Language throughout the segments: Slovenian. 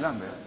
Zelandia.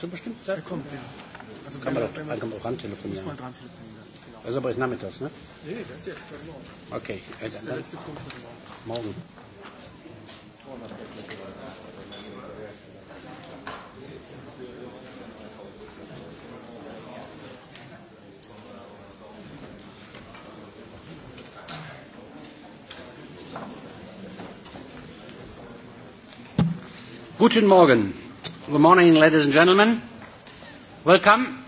zu bestimmten Zeit er kommt. Ja. Also kann man, man, man auch ran telefonieren. Muss man dran telefonieren. Ja, genau. Das ist aber jetzt nachmittags, ne? Nee, das ist jetzt für morgen. Okay, das ist der letzte Punkt für morgen. Morgen. Guten Morgen. Good morning, ladies and gentlemen. Welcome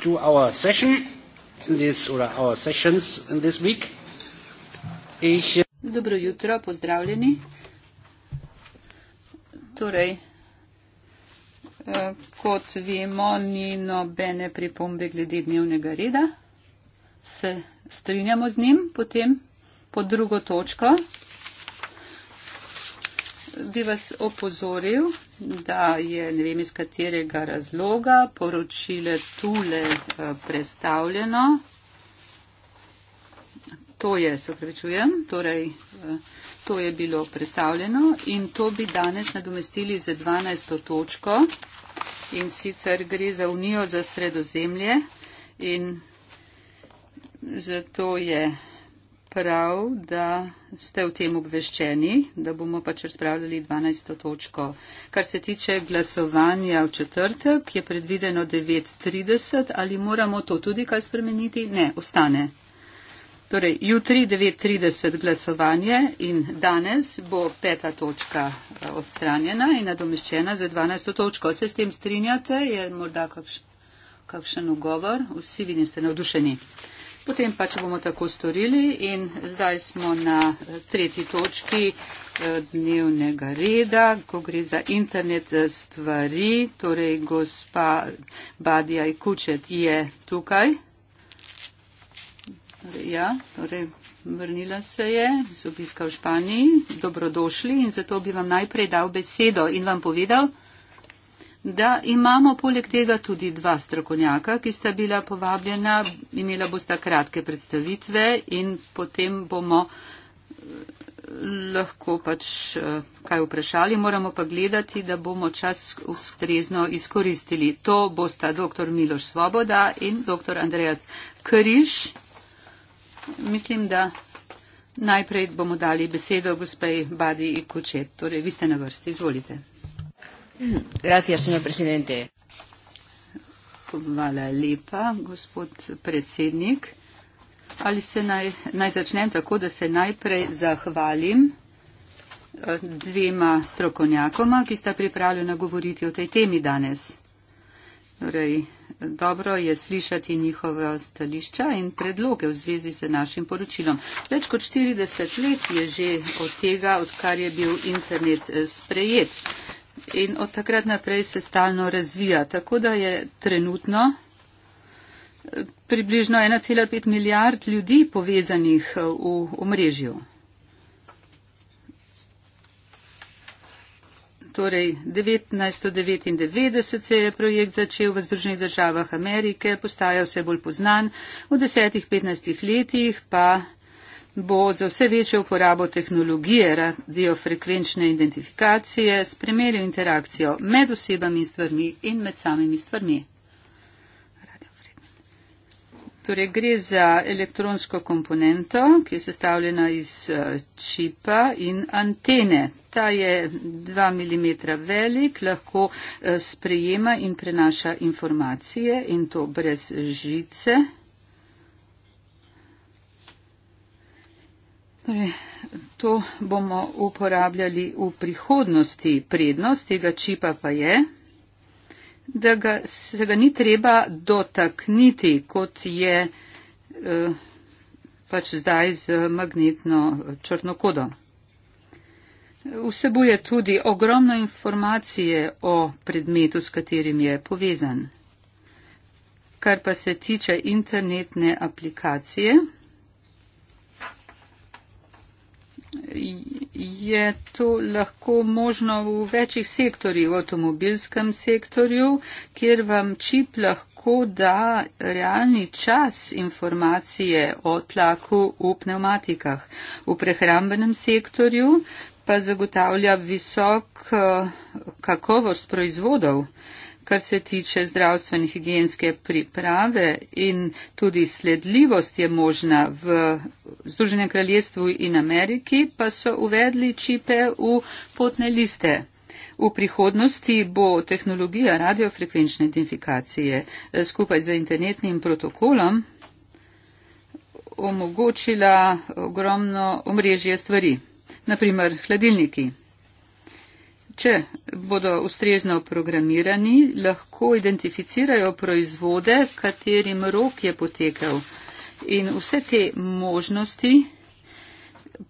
to our session in this, or our sessions in this week. Äh, Dobro jutro, pozdravljeni. Torej, eh, kot vemo, ni nobene pripombe glede dnevnega reda. Se strinjamo z njim? Potem pod drugo točko bi vas opozoril, da je ne vem iz katerega razloga poročile tule eh, predstavljeno. To je, se prevečujem, torej eh, to je bilo predstavljeno in to bi danes nadomestili z 12. točko in sicer gre za Unijo za sredozemlje in zato je prav, da ste v tem obveščeni, da bomo pač razpravljali 12. točko. Kar se tiče glasovanja v četrtek, je predvideno 9.30, ali moramo to tudi kaj spremeniti? Ne, ostane. Torej, jutri 9.30 glasovanje in danes bo peta točka eh, odstranjena in nadomeščena za 12. točko. Se s tem strinjate? Je morda kakšen, kakšen ugovor? Vsi vi niste navdušeni potem pač bomo tako storili in zdaj smo na eh, tretji točki eh, dnevnega reda, ko gre za internet eh, stvari, torej gospa Badija Kučet je tukaj. Torej, ja, torej vrnila se je z obiska v Španiji, dobrodošli in zato bi vam najprej dal besedo in vam povedal, da imamo poleg tega tudi dva strokovnjaka, ki sta bila povabljena, imela bosta kratke predstavitve in potem bomo eh, lahko pač eh, kaj vprašali, moramo pa gledati, da bomo čas ustrezno izkoristili. To bosta dr. Miloš Svoboda in dr. Andrejas Kriš. Mislim, da najprej bomo dali besedo gospej Badi Kučet. Torej, vi ste na vrsti, izvolite. Gracias, Hvala lepa, gospod predsednik. Ali se naj, naj začnem tako, da se najprej zahvalim eh, dvema strokovnjakoma, ki sta pripravljena govoriti o tej temi danes. Torej, dobro je slišati njihova stališča in predloge v zvezi z našim poročilom. Več kot 40 let je že od tega, odkar je bil internet eh, sprejet in od takrat naprej se stalno razvija. Tako da je trenutno eh, približno 1,5 milijard ljudi povezanih eh, v omrežju. Torej, 1999 se je projekt začel v Združenih državah Amerike, postaja vse bolj poznan, v 10-15 letih pa bo za vse večjo uporabo tehnologije radiofrekvenčne identifikacije s primeri interakcijo med osebami in stvarmi in med samimi stvarmi. Torej, gre za elektronsko komponento, ki je sestavljena iz eh, čipa in antene. Ta je 2 mm velik, lahko eh, sprejema in prenaša informacije in to brez žice. Torej, to bomo uporabljali v prihodnosti. Prednost tega čipa pa je, da ga, se ga ni treba dotakniti, kot je eh, pač zdaj z magnetno eh, črnokodo. Vsebuje tudi ogromno informacije o predmetu, s katerim je povezan. Kar pa se tiče internetne aplikacije, je to lahko možno v večjih sektorjih, v avtomobilskem sektorju, kjer vam čip lahko da realni čas informacije o tlaku v pneumatikah. V prehrambenem sektorju pa zagotavlja visok eh, kakovost proizvodov kar se tiče zdravstvene higijenske priprave in tudi sledljivost je možna v Združenem kraljestvu in Ameriki, pa so uvedli čipe v potne liste. V prihodnosti bo tehnologija radiofrekvenčne identifikacije eh, skupaj z internetnim protokolom omogočila ogromno omrežje stvari, naprimer hladilniki če bodo ustrezno programirani, lahko identificirajo proizvode, katerim rok je potekel. In vse te možnosti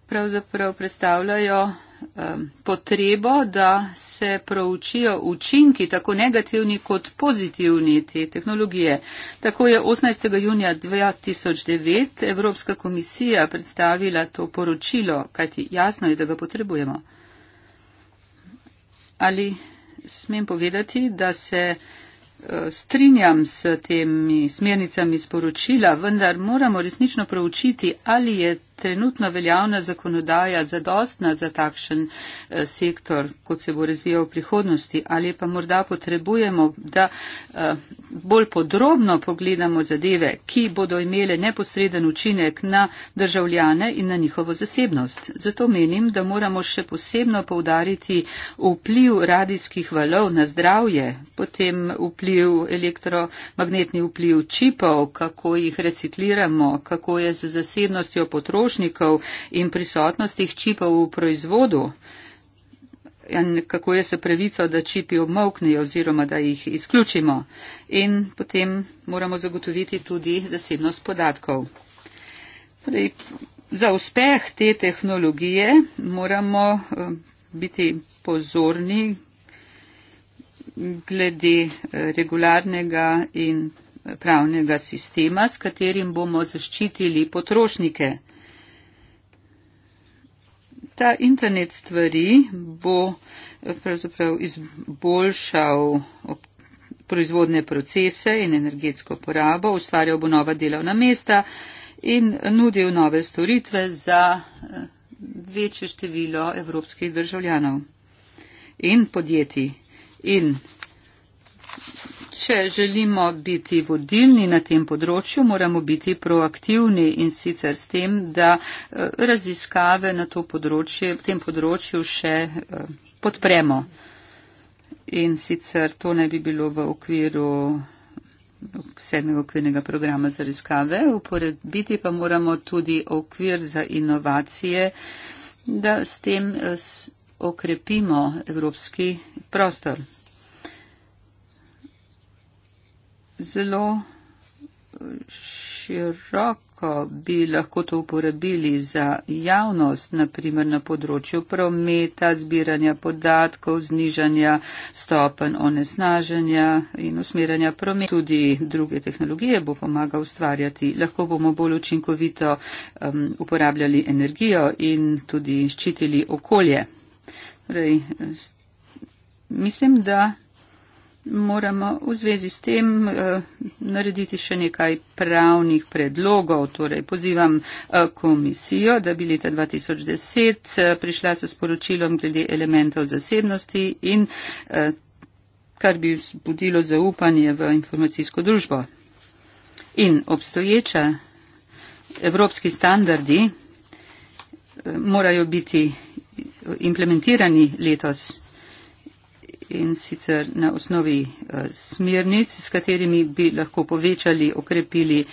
pravzaprav predstavljajo um, potrebo, da se proučijo učinki tako negativni kot pozitivni te tehnologije. Tako je 18. junija 2009 Evropska komisija predstavila to poročilo, kajti jasno je, da ga potrebujemo ali smem povedati, da se eh, strinjam s temi smernicami sporočila, vendar moramo resnično proučiti, ali je trenutno veljavna zakonodaja zadostna za takšen eh, sektor, kot se bo razvijal v prihodnosti, ali pa morda potrebujemo, da eh, bolj podrobno pogledamo zadeve, ki bodo imele neposreden učinek na državljane in na njihovo zasebnost. Zato menim, da moramo še posebno povdariti vpliv radijskih valov na zdravje, potem vpliv elektromagnetni vpliv čipov, kako jih recikliramo, kako je z zasebnostjo potrošnja, potrošnikov in prisotnostih čipov v proizvodu. In kako je se pravico, da čipi obmoknejo oziroma da jih izključimo. In potem moramo zagotoviti tudi zasebnost podatkov. Torej, za uspeh te tehnologije moramo eh, biti pozorni glede eh, regularnega in eh, pravnega sistema, s katerim bomo zaščitili potrošnike ta internet stvari bo eh, pravzaprav izboljšal proizvodne procese in energetsko porabo, ustvarjal bo nova delovna mesta in nudil nove storitve za eh, večje število evropskih državljanov in podjetij. In Če želimo biti vodilni na tem področju, moramo biti proaktivni in sicer s tem, da eh, raziskave na področje, tem področju še eh, podpremo. In sicer to naj bi bilo v okviru sedmega okvirnega programa za raziskave, uporediti pa moramo tudi okvir za inovacije, da s tem eh, okrepimo evropski prostor. zelo široko bi lahko to uporabili za javnost, naprimer na področju prometa, zbiranja podatkov, znižanja stopen onesnaženja in usmerjanja prometa. Tudi druge tehnologije bo pomaga ustvarjati. Lahko bomo bolj učinkovito um, uporabljali energijo in tudi ščitili okolje. Torej, mislim, da moramo v zvezi s tem eh, narediti še nekaj pravnih predlogov. Torej, pozivam eh, komisijo, da bi leta 2010 eh, prišla se sporočilom glede elementov zasebnosti in kar bi vzbudilo zaupanje v informacijsko družbo. In obstoječa evropski standardi morajo biti implementirani letos in sicer na osnovi eh, smernic, s katerimi bi lahko povečali, okrepili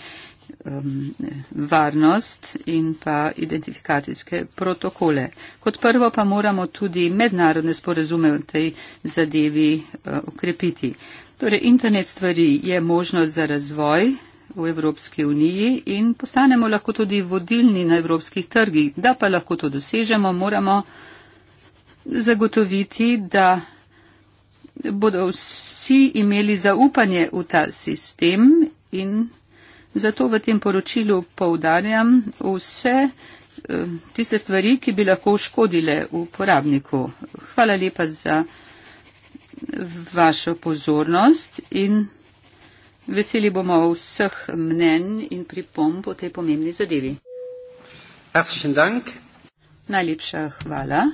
varnost in pa identifikacijske protokole. Kot prvo pa moramo tudi mednarodne sporezume v tej zadevi eh, okrepiti. Torej, internet stvari je možnost za razvoj v Evropski uniji in postanemo lahko tudi vodilni na evropskih trgih. Da pa lahko to dosežemo, moramo zagotoviti, da bodo vsi imeli zaupanje v ta sistem in zato v tem poročilu povdarjam vse eh, tiste stvari, ki bi lahko škodile uporabniku. Hvala lepa za vašo pozornost in veseli bomo vseh mnen in pripomb o tej pomembni zadevi. Najlepša hvala.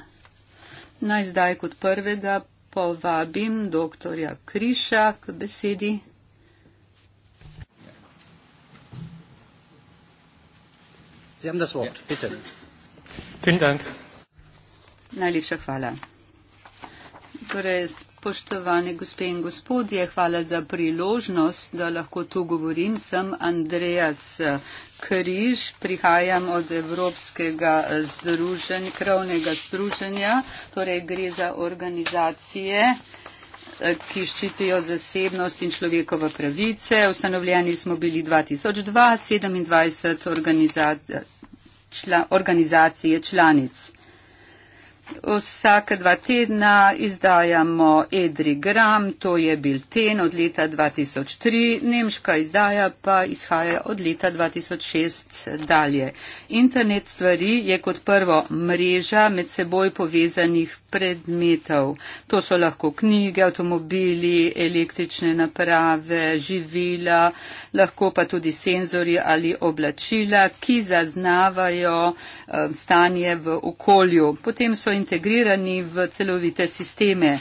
Naj zdaj kot prvega povabim dr. Kriša k besedi. Najlepša hvala. Torej, spoštovane gospe in gospodje, hvala za priložnost, da lahko tu govorim. Sem Andreas Križ, prihajam od Evropskega združenja, krovnega združenja, torej gre za organizacije, eh, ki ščitijo zasebnost in človekove pravice. Ustanovljeni smo bili 2002, 27 organizacij je članic. Vsak dva tedna izdajamo Edrigram, to je bilten od leta 2003, nemška izdaja pa izhaja od leta 2006 dalje. Internet stvari je kot prvo mreža med seboj povezanih predmetov. To so lahko knjige, avtomobili, električne naprave, živila, lahko pa tudi senzori ali oblačila, ki zaznavajo eh, stanje v okolju. Potem so integrirani v celovite sisteme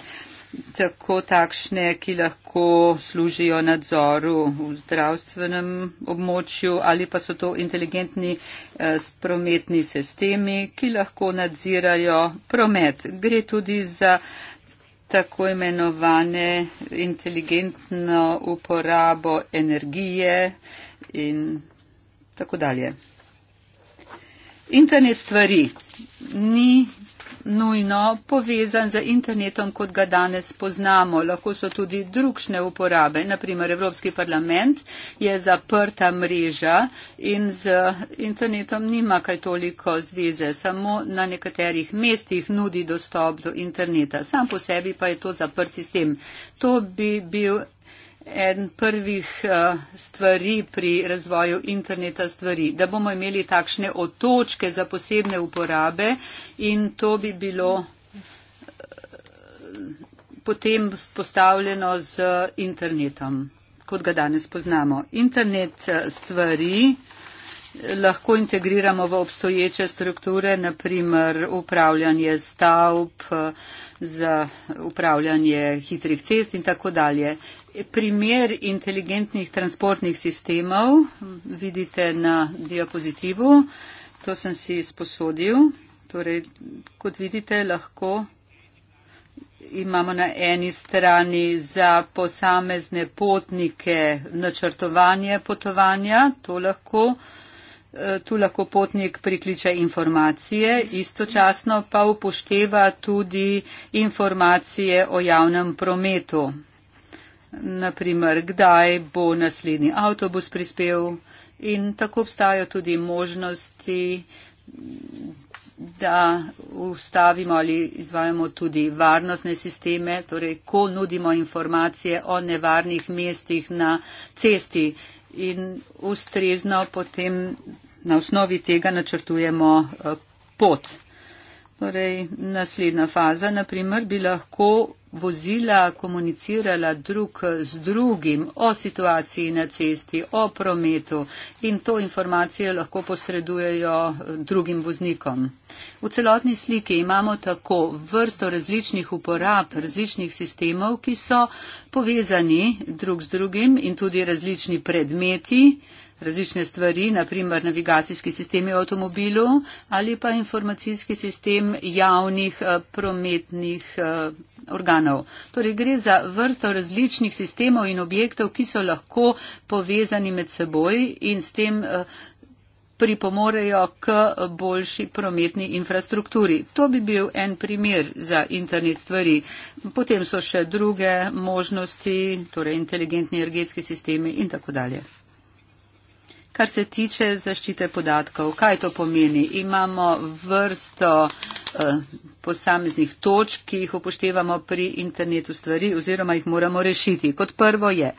tako takšne, ki lahko služijo nadzoru v zdravstvenem območju ali pa so to inteligentni eh, prometni sistemi, ki lahko nadzirajo promet. Gre tudi za tako imenovane inteligentno uporabo energije in tako dalje. Internet stvari ni nujno povezan z internetom, kot ga danes poznamo. Lahko so tudi drugšne uporabe. Naprimer, Evropski parlament je zaprta mreža in z internetom nima kaj toliko zveze, samo na nekaterih mestih nudi dostop do interneta. Sam po sebi pa je to zaprt sistem. To bi bil eden prvih eh, stvari pri razvoju interneta stvari, da bomo imeli takšne otočke za posebne uporabe in to bi bilo eh, potem postavljeno z internetom, kot ga danes poznamo. Internet eh, stvari lahko integriramo v obstoječe strukture, naprimer upravljanje stavb, za upravljanje hitrih cest in tako dalje primer inteligentnih transportnih sistemov vidite na diapozitivu. To sem si sposodil. Torej, kot vidite, lahko imamo na eni strani za posamezne potnike načrtovanje potovanja. Lahko, eh, tu lahko potnik prikliče informacije, istočasno pa upošteva tudi informacije o javnem prometu naprimer kdaj bo naslednji avtobus prispel in tako obstajajo tudi možnosti, da ustavimo ali izvajamo tudi varnostne sisteme, torej ko nudimo informacije o nevarnih mestih na cesti in ustrezno potem na osnovi tega načrtujemo eh, pot. Torej, naslednja faza, naprimer, bi lahko vozila komunicirala drug z drugim o situaciji na cesti, o prometu in to informacijo lahko posredujejo eh, drugim voznikom. V celotni sliki imamo tako vrsto različnih uporab, različnih sistemov, ki so povezani drug z drugim in tudi različni predmeti, različne stvari, naprimer navigacijski sistemi v avtomobilu ali pa informacijski sistem javnih eh, prometnih eh, organov. Torej gre za vrsto različnih sistemov in objektov, ki so lahko povezani med seboj in s tem eh, pripomorejo k eh, boljši prometni infrastrukturi. To bi bil en primer za internet stvari. Potem so še druge možnosti, torej inteligentni energetski sistemi in tako dalje. Kar se tiče zaščite podatkov, kaj to pomeni? Imamo vrsto. Uh, posameznih točk, ki jih upoštevamo pri internetu stvari oziroma jih moramo rešiti. Kot prvo je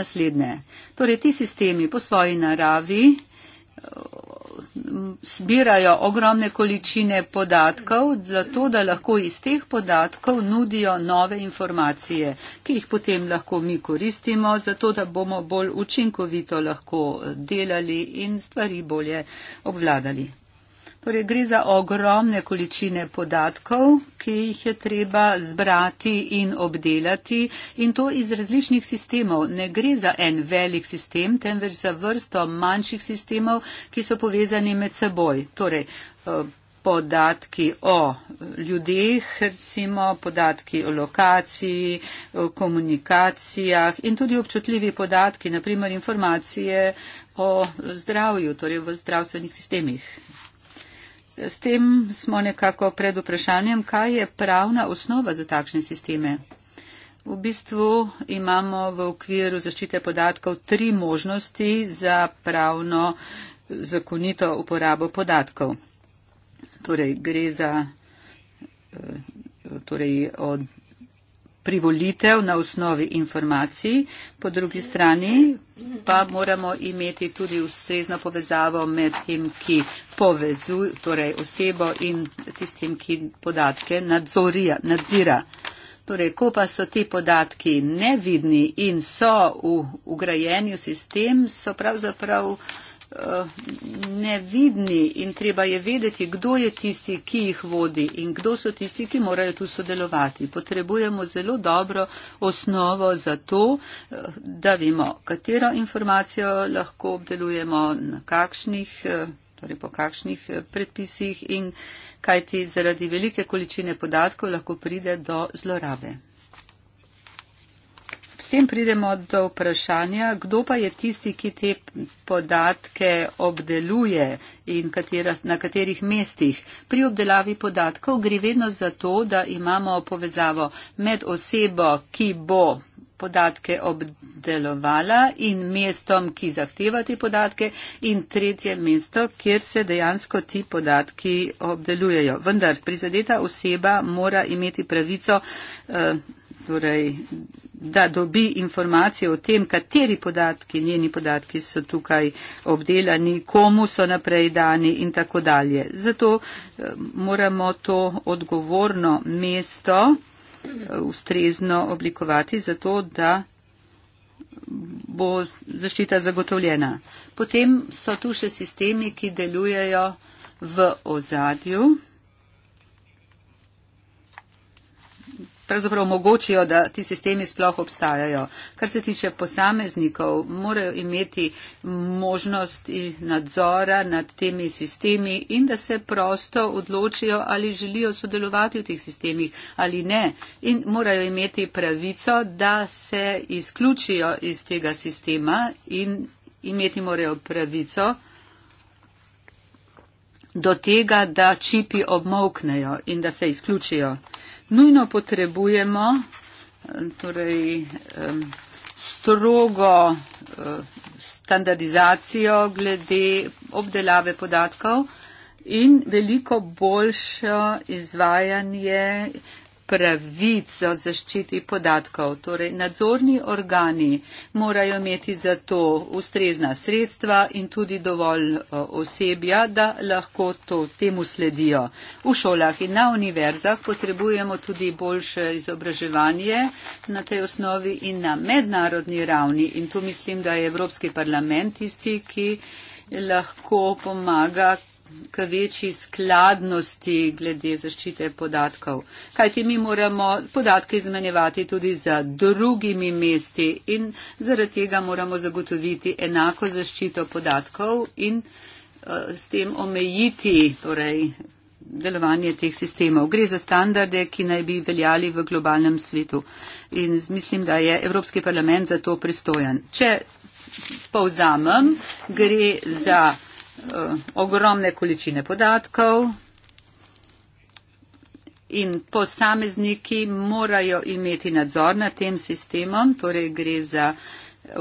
naslednje. Torej, ti sistemi po svoji naravi eh, zbirajo ogromne količine podatkov, zato da lahko iz teh podatkov nudijo nove informacije, ki jih potem lahko mi koristimo, zato da bomo bolj učinkovito lahko delali in stvari bolje obvladali. Torej, gre za ogromne količine podatkov, ki jih je treba zbrati in obdelati in to iz različnih sistemov. Ne gre za en velik sistem, temveč za vrsto manjših sistemov, ki so povezani med seboj. Torej, eh, podatki o ljudeh, recimo podatki o lokaciji, o komunikacijah in tudi občutljivi podatki, naprimer informacije o zdravju, torej v zdravstvenih sistemih. S tem smo nekako pred vprašanjem, kaj je pravna osnova za takšne sisteme. V bistvu imamo v okviru zaščite podatkov tri možnosti za pravno zakonito uporabo podatkov. Torej, gre za eh, torej, od privolitev na osnovi informacij, po drugi strani pa moramo imeti tudi ustrezno povezavo med tem, ki povezuje torej osebo in tistim, ki podatke nadzorija, nadzira. Torej, ko pa so ti podatki nevidni in so v, ugrajeni v sistem, so pravzaprav. Uh, Eh, nevidni in treba je vedeti, kdo je tisti, ki jih vodi in kdo so tisti, ki morajo tu sodelovati. Potrebujemo zelo dobro osnovo za to, eh, da vemo, katero informacijo lahko obdelujemo, na kakšnih, eh, torej po kakšnih predpisih in kajti zaradi velike količine podatkov lahko pride do zlorabe. S tem pridemo do vprašanja, kdo pa je tisti, ki te podatke obdeluje in katera, na katerih mestih. Pri obdelavi podatkov gre vedno za to, da imamo povezavo med osebo, ki bo podatke obdelovala in mestom, ki zahteva te podatke in tretje mesto, kjer se dejansko ti podatki obdelujejo. Vendar prizadeta oseba mora imeti pravico. Uh, torej, da dobi informacije o tem, kateri podatki, njeni podatki so tukaj obdelani, komu so naprej dani in tako dalje. Zato eh, moramo to odgovorno mesto eh, ustrezno oblikovati, zato da bo zaščita zagotovljena. Potem so tu še sistemi, ki delujejo v ozadju. pravzaprav omogočijo, da ti sistemi sploh obstajajo. Kar se tiče posameznikov, morajo imeti možnost nadzora nad temi sistemi in da se prosto odločijo, ali želijo sodelovati v teh sistemih ali ne. In morajo imeti pravico, da se izključijo iz tega sistema in imeti morajo pravico do tega, da čipi obmoknejo in da se izključijo nujno potrebujemo eh, torej, strogo eh, standardizacijo glede obdelave podatkov in veliko boljše izvajanje pravico zaščiti podatkov. Torej, nadzorni organi morajo imeti za to ustrezna sredstva in tudi dovolj eh, osebja, da lahko to temu sledijo. V šolah in na univerzah potrebujemo tudi boljše izobraževanje na tej osnovi in na mednarodni ravni. In tu mislim, da je Evropski parlament tisti, ki lahko pomaga k večji skladnosti glede zaščite podatkov. Kajti mi moramo podatke izmenjevati tudi za drugimi mesti in zaradi tega moramo zagotoviti enako zaščito podatkov in uh, s tem omejiti torej, delovanje teh sistemov. Gre za standarde, ki naj bi veljali v globalnem svetu in mislim, da je Evropski parlament za to pristojen. Če povzamem, gre za. Eh, ogromne količine podatkov in posamezniki morajo imeti nadzor nad tem sistemom, torej gre za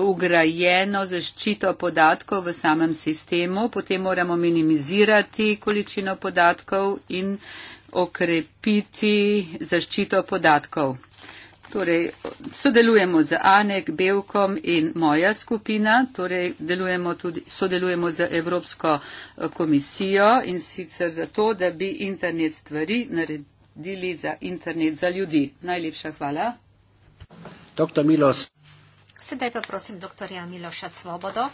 ugrajeno zaščito podatkov v samem sistemu, potem moramo minimizirati količino podatkov in okrepiti zaščito podatkov. Torej, sodelujemo z Anek, Belkom in moja skupina, torej tudi, sodelujemo z Evropsko eh, komisijo in sicer zato, da bi internet stvari naredili za internet za ljudi. Najlepša hvala. Doktor Miloš. Sedaj pa prosim doktorja Miloša Svobodo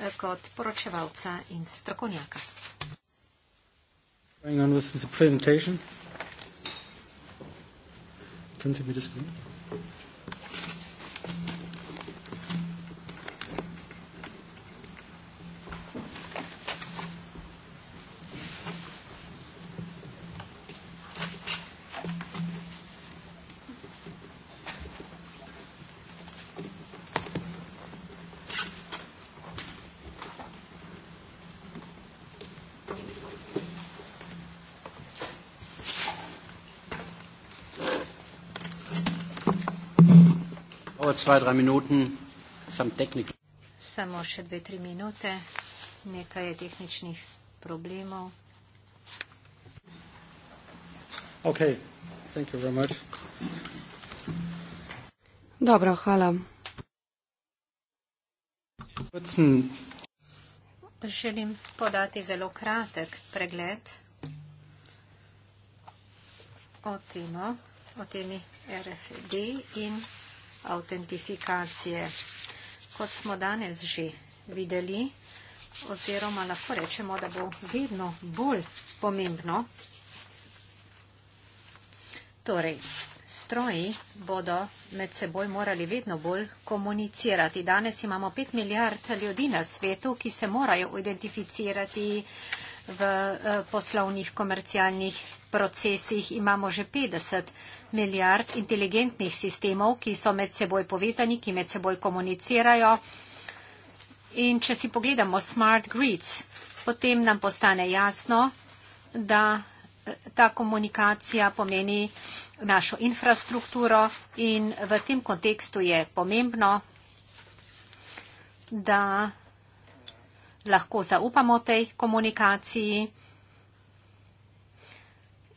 eh, kot poročevalca in strokovnjaka. Können Sie mir das geben? zwei, drei Minuten samt Technik. Samo še dve, tri minute, nekaj je tehničnih problemov. Okay. Thank you very much. Dobro, hvala. Želim podati zelo kratek pregled o temo, o temi RFD in autentifikacije. Kot smo danes že videli, oziroma lahko rečemo, da bo vedno bolj pomembno. Torej, stroji bodo med seboj morali vedno bolj komunicirati. Danes imamo 5 milijard ljudi na svetu, ki se morajo identificirati v eh, poslovnih komercialnih procesih imamo že 50 milijard inteligentnih sistemov, ki so med seboj povezani, ki med seboj komunicirajo. In če si pogledamo smart grids, potem nam postane jasno, da eh, ta komunikacija pomeni našo infrastrukturo in v tem kontekstu je pomembno, da lahko zaupamo tej komunikaciji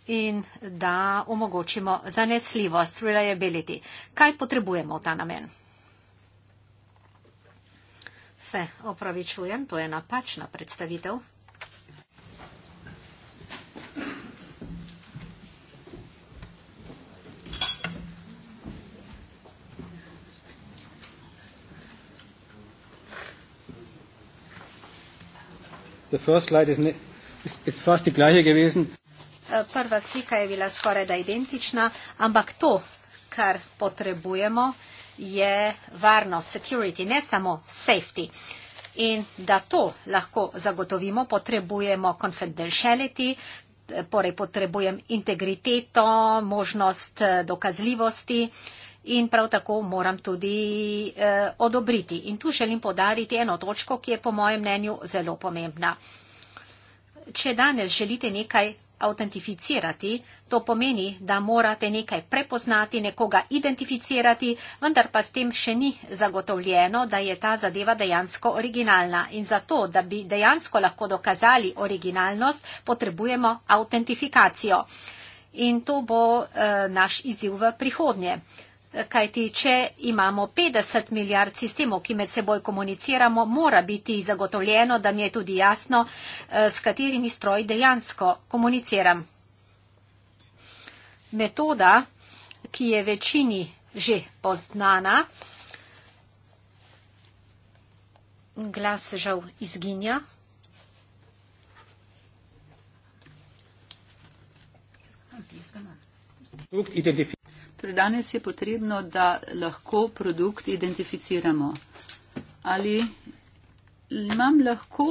in da omogočimo zanesljivost, reliability. Kaj potrebujemo v ta namen? Se opravičujem, to je napačna predstavitev. The first slide is, is, is fast die gleiche gewesen prva slika je bila skoraj da identična, ampak to, kar potrebujemo, je varnost, security, ne samo safety. In da to lahko zagotovimo, potrebujemo confidentiality, torej potrebujem integriteto, možnost eh, dokazljivosti in prav tako moram tudi eh, odobriti. In tu želim podariti eno točko, ki je po mojem mnenju zelo pomembna. Če danes želite nekaj autentificirati, to pomeni, da morate nekaj prepoznati, nekoga identificirati, vendar pa s tem še ni zagotovljeno, da je ta zadeva dejansko originalna. In zato, da bi dejansko lahko dokazali originalnost, potrebujemo autentifikacijo. In to bo uh, naš izziv v prihodnje. Uh, Kajti, če imamo 50 milijard sistemov, ki med seboj komuniciramo, mora biti zagotovljeno, da mi je tudi jasno, eh, s katerimi stroj dejansko komuniciram. Metoda, ki je večini že poznana, glas žal izginja. Produkt identifikacije. Torej danes je potrebno, da lahko produkt identificiramo. Ali imam lahko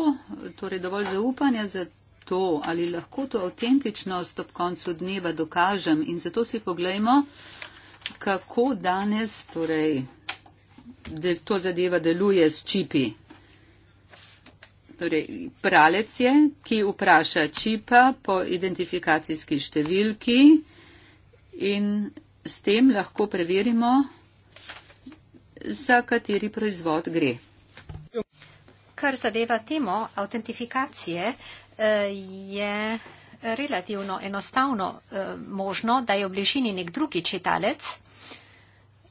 torej dovolj zaupanja za to, ali lahko to avtentičnost ob koncu dneva dokažem in zato si pogledajmo, kako danes torej, del, to zadeva deluje s čipi. Torej, pralec je, ki vpraša čipa po identifikacijski številki in s tem lahko preverimo, za kateri proizvod gre. Kar zadeva temo autentifikacije, eh, je relativno enostavno eh, možno, da je v bližini nek drugi čitalec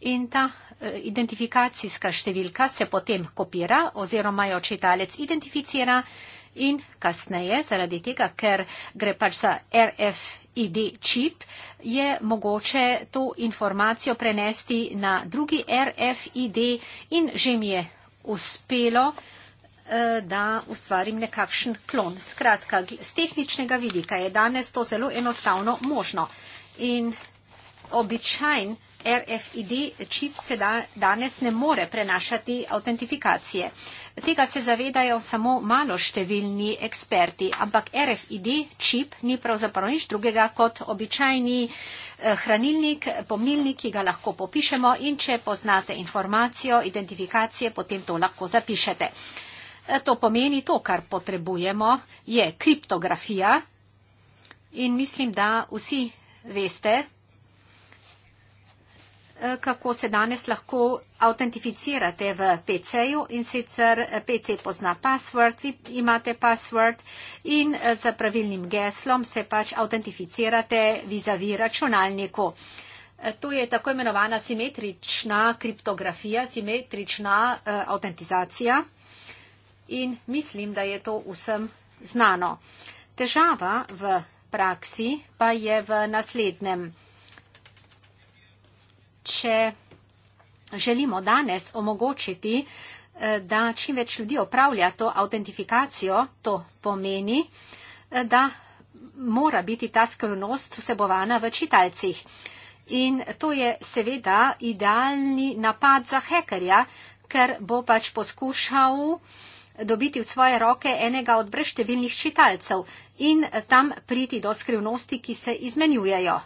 in ta eh, identifikacijska številka se potem kopira oziroma jo čitalec identificira in kasneje, zaradi tega, ker gre pač za RFID čip, je mogoče to informacijo prenesti na drugi RFID in že mi je uspelo, eh, da ustvarim nekakšen klon. Skratka, z tehničnega vidika je danes to zelo enostavno možno. In običajen RFID čip se da, danes ne more prenašati autentifikacije. Tega se zavedajo samo malo številni eksperti, ampak RFID čip ni pravzaprav nič drugega kot običajni eh, hranilnik, pomnilnik, ki ga lahko popišemo in če poznate informacijo identifikacije, potem to lahko zapišete. Eh, to pomeni, to, kar potrebujemo, je kriptografija in mislim, da vsi veste, Eh, kako se danes lahko autentificirate v PC-ju in sicer eh, PC pozna password, vi imate password in eh, z pravilnim geslom se pač autentificirate vizavi računalniku. To je tako imenovana simetrična kriptografija, simetrična uh, autentizacija in mislim, da je to vsem znano. Težava v praksi pa je v naslednjem če želimo danes omogočiti, eh, da čim več ljudi opravlja to autentifikacijo, to pomeni, eh, da mora biti ta skrivnost vsebovana v čitalcih. In to je seveda idealni napad za hekerja, ker bo pač poskušal dobiti v svoje roke enega od breštevilnih čitalcev in tam priti do skrivnosti, ki se izmenjujejo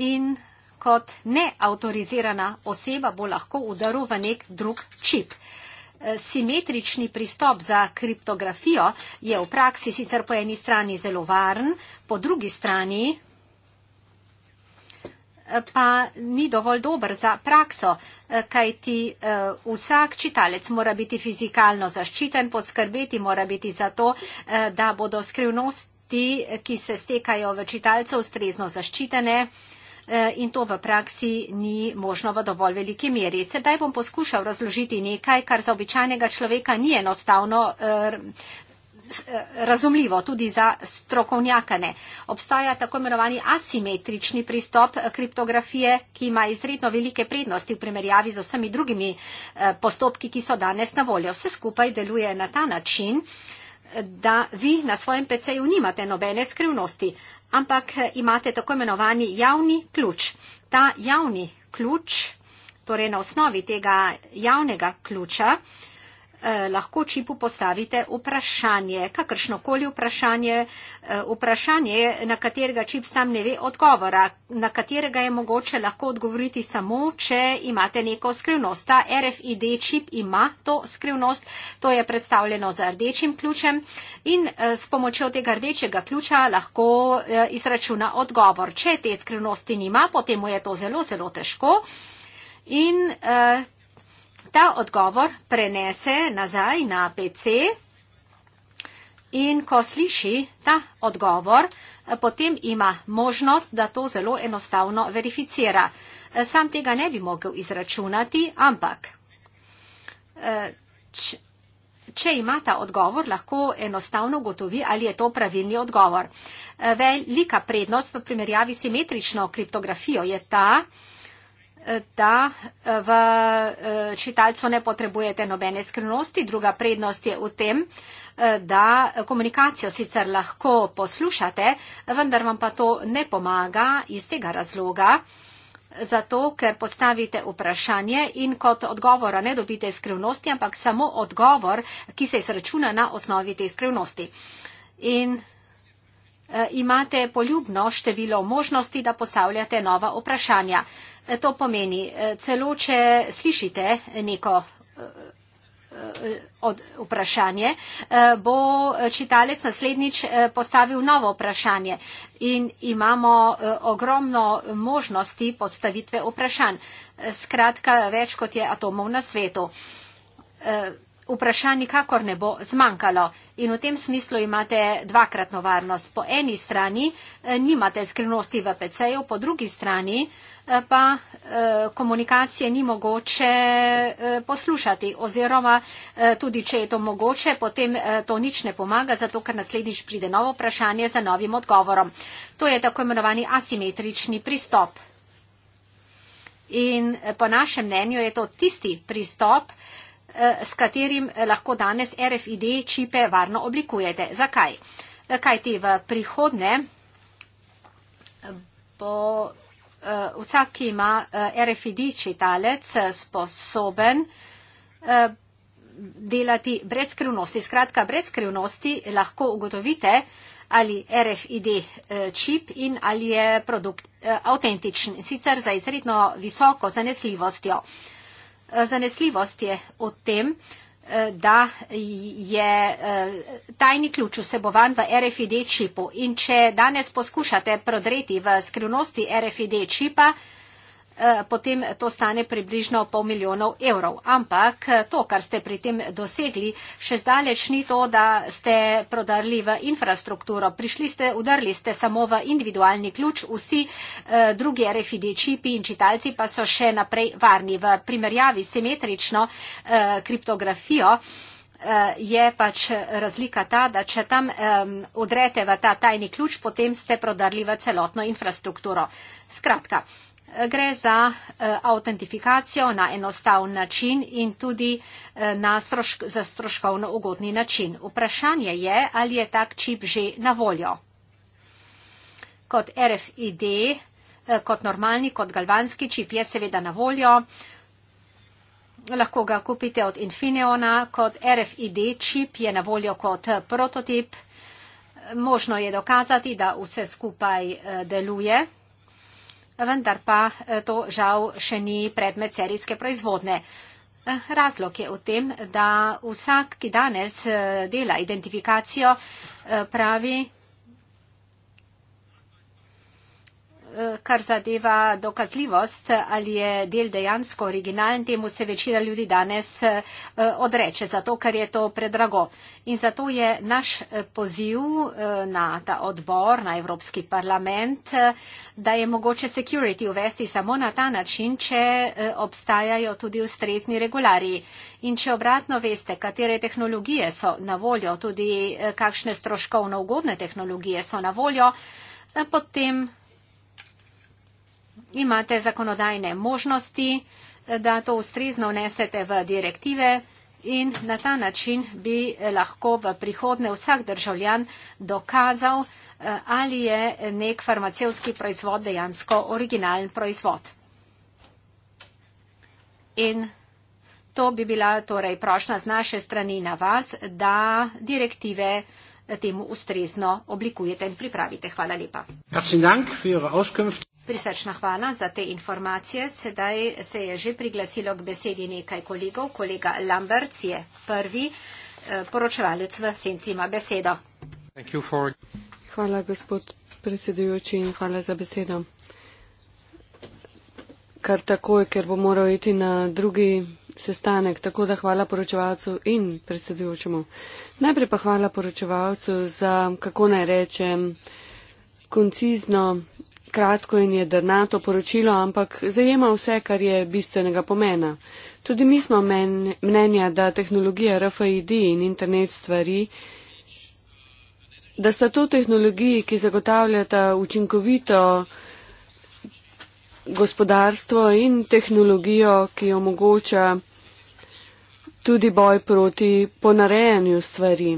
in kot neautorizirana oseba bo lahko udaril v nek drug čip. E, simetrični pristop za kriptografijo je v praksi sicer po eni strani zelo varen, po drugi strani e, pa ni dovolj dober za prakso, e, kajti vsak čitalec mora biti fizikalno zaščiten, poskrbeti mora biti za to, da bodo skrivnosti, ki se stekajo v čitalce, ustrezno zaščitene. E, in to v praksi ni možno v dovolj veliki meri. Sedaj bom poskušal razložiti nekaj, kar za običajnega človeka ni enostavno e, e, razumljivo, tudi za strokovnjakane. Obstaja tako imenovani asimetrični pristop kriptografije, ki ima izredno velike prednosti v primerjavi z vsemi drugimi postopki, ki so danes na voljo. Vse skupaj deluje na ta način da vi na svojem PC-ju nimate nobene skrivnosti ampak eh, imate tako imenovani javni ključ. Ta javni ključ, torej na osnovi tega javnega ključa, uh, Eh, lahko čipu postavite vprašanje, kakršnokoli vprašanje, eh, vprašanje, na katerega čip sam ne ve odgovora, na katerega je mogoče lahko odgovoriti samo, če imate neko skrivnost. Ta RFID čip ima to skrivnost, to je predstavljeno z rdečim ključem in eh, s pomočjo tega rdečega ključa lahko izračuna odgovor. Če te skrivnosti nima, potem mu je to zelo, zelo težko. In, ta odgovor prenese nazaj na PC in ko sliši ta odgovor, potem ima možnost, da to zelo enostavno verificira. Sam tega ne bi mogel izračunati, ampak eh, če ima ta odgovor, lahko enostavno gotovi, ali je to pravilni odgovor. Eh, velika prednost v primerjavi simetrično kriptografijo je ta, da da v eh, čitalcu ne potrebujete nobene skrivnosti. Druga prednost je v tem, eh, da komunikacijo sicer lahko poslušate, vendar vam pa to ne pomaga iz tega razloga, zato ker postavite vprašanje in kot odgovora ne dobite skrivnosti, ampak samo odgovor, ki se izračuna na osnovi te skrivnosti. In Eh, imate poljubno število možnosti, da postavljate nova vprašanja. Eh, to pomeni, eh, celo če slišite neko od vprašanje, bo čitalec naslednjič postavil novo vprašanje in imamo ogromno možnosti postavitve vprašanj. Skratka, več kot je atomov na svetu vprašanj kakor ne bo zmanjkalo. In v tem smislu imate dvakratno varnost. Po eni strani eh, nimate skrivnosti v PC-ju, po drugi strani eh, pa eh, komunikacije ni mogoče poslušati oziroma tudi, če je to mogoče, potem to nič ne pomaga, zato ker naslednjič pride novo vprašanje za novim odgovorom. To je tako imenovani asimetrični pristop. In po našem mnenju je to tisti pristop, Eh, s katerim eh, lahko danes RFID čipe varno oblikujete. Zakaj? Eh, Kaj ti v prihodne bo vsak, ki ima RFID čitalec, sposoben delati brez skrivnosti. Skratka, brez skrivnosti lahko ugotovite, ali RFID čip in ali je produkt autentičen, sicer za izredno visoko zanesljivostjo zanesljivost je o tem, eh, da je eh, tajni ključ vsebovan v RFID čipu. In če danes poskušate prodreti v skrivnosti RFID čipa, Eh, potem to stane približno pol milijonov evrov. Ampak eh, to, kar ste pri tem dosegli, še zdaleč ni to, da ste prodarli v infrastrukturo. Prišli ste, udarli ste samo v individualni ključ, vsi eh, drugi RFID čipi in čitalci pa so še naprej varni. V primerjavi simetrično eh, kriptografijo eh, je pač razlika ta, da če tam eh, odrete v ta tajni ključ, potem ste prodarli v celotno infrastrukturo. Skratka gre za eh, avtentifikacijo na enostavn način in tudi eh, na strošk, za stroškovno ugodni način. Vprašanje je, ali je tak čip že na voljo. Kot RFID, eh, kot normalni, kot galvanski čip je seveda na voljo. Lahko ga kupite od Infineona, kot RFID čip je na voljo kot prototip. Možno je dokazati, da vse skupaj deluje vendar pa eh, to žal še ni predmet serijske proizvodne. Eh, razlog je v tem, da vsak, ki danes eh, dela identifikacijo, pravi, kar zadeva dokazljivost, ali je del dejansko originalen, temu se večina ljudi danes eh, odreče, zato ker je to predrago. In zato je naš eh, poziv eh, na ta odbor, na Evropski parlament, da je mogoče security uvesti samo na ta način, če obstajajo tudi ustrezni regulari. In če obratno veste, katere tehnologije so na voljo, tudi kakšne stroškovno ugodne tehnologije so na voljo, potem imate zakonodajne možnosti, da to ustrezno vnesete v direktive in na ta način bi lahko v prihodne vsak državljan dokazal, eh, ali je nek farmacijski proizvod dejansko originalen proizvod. In to bi bila torej prošnja z naše strani na vas, da direktive eh, temu ustrezno oblikujete in pripravite. Hvala lepa. Prisrčna hvala za te informacije. Sedaj se je že priglasilo k besedi nekaj kolegov. Kolega Lamberts je prvi eh, poročevalec v senci ima besedo. For... Hvala, gospod predsedujoči, in hvala za besedo. Kar takoj, ker bo moral iti na drugi sestanek, tako da hvala poročevalcu in predsedujočemu. Najprej pa hvala poročevalcu za, kako naj rečem, koncizno Kratko in je drnato poročilo, ampak zajema vse, kar je bistvenega pomena. Tudi mi smo men, mnenja, da tehnologija RFID in internet stvari, da sta to tehnologiji, ki zagotavljata učinkovito gospodarstvo in tehnologijo, ki omogoča tudi boj proti ponarejanju stvari.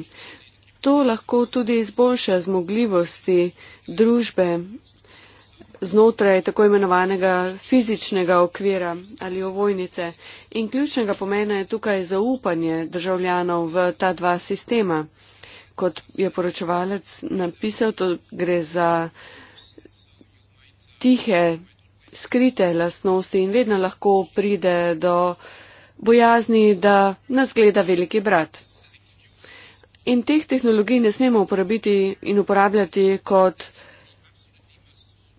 To lahko tudi izboljša zmogljivosti družbe znotraj tako imenovanega fizičnega okvira ali ovojnice. In ključnega pomena je tukaj zaupanje državljanov v ta dva sistema. Kot je poročevalec napisal, to gre za tihe, skrite lastnosti in vedno lahko pride do bojazni, da nas gleda veliki brat. In teh tehnologij ne smemo uporabiti in uporabljati kot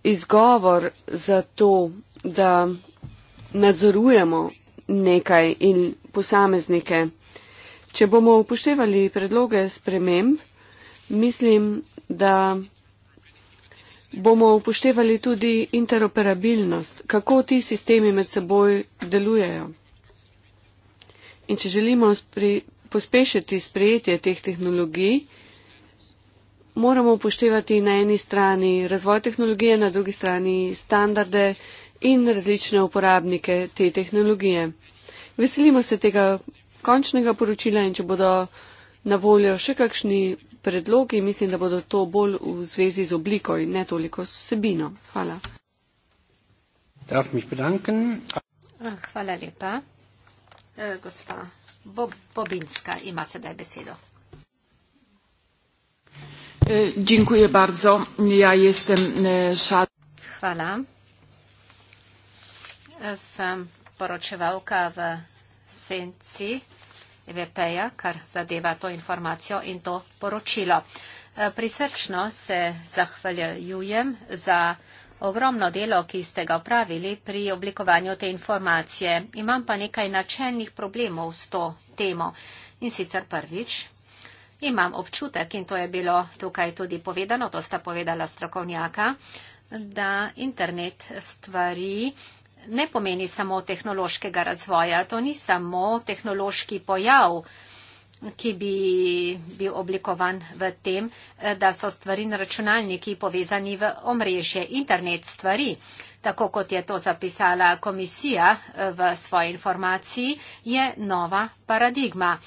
izgovor za to, da nadzorujemo nekaj in posameznike. Če bomo upoštevali predloge sprememb, mislim, da bomo upoštevali tudi interoperabilnost, kako ti sistemi med seboj delujejo. In če želimo pospešiti sprejetje teh tehnologij, moramo upoštevati na eni strani razvoj tehnologije, na drugi strani standarde in različne uporabnike te tehnologije. Veselimo se tega končnega poročila in če bodo na voljo še kakšni predlogi, mislim, da bodo to bolj v zvezi z obliko in ne toliko s sebino. Hvala. Darf mich bedanken. Ah, hvala lepa. Eh, gospa Bobinska ima sedaj besedo. E, ja e, hvala sem poročevalka v senci EVP-ja, kar zadeva to informacijo in to poročilo. E, prisrčno se zahvaljujem za ogromno delo, ki ste ga opravili pri oblikovanju te informacije. Imam pa nekaj načelnih problemov s to temo. In sicer prvič, imam občutek in to je bilo tukaj tudi povedano, to sta povedala strokovnjaka, da internet stvari ne pomeni samo tehnološkega razvoja, to ni samo tehnološki pojav, ki bi bil oblikovan v tem, da so stvari na računalniki povezani v omrežje. Internet stvari, tako kot je to zapisala komisija v svoji informaciji, je nova paradigma.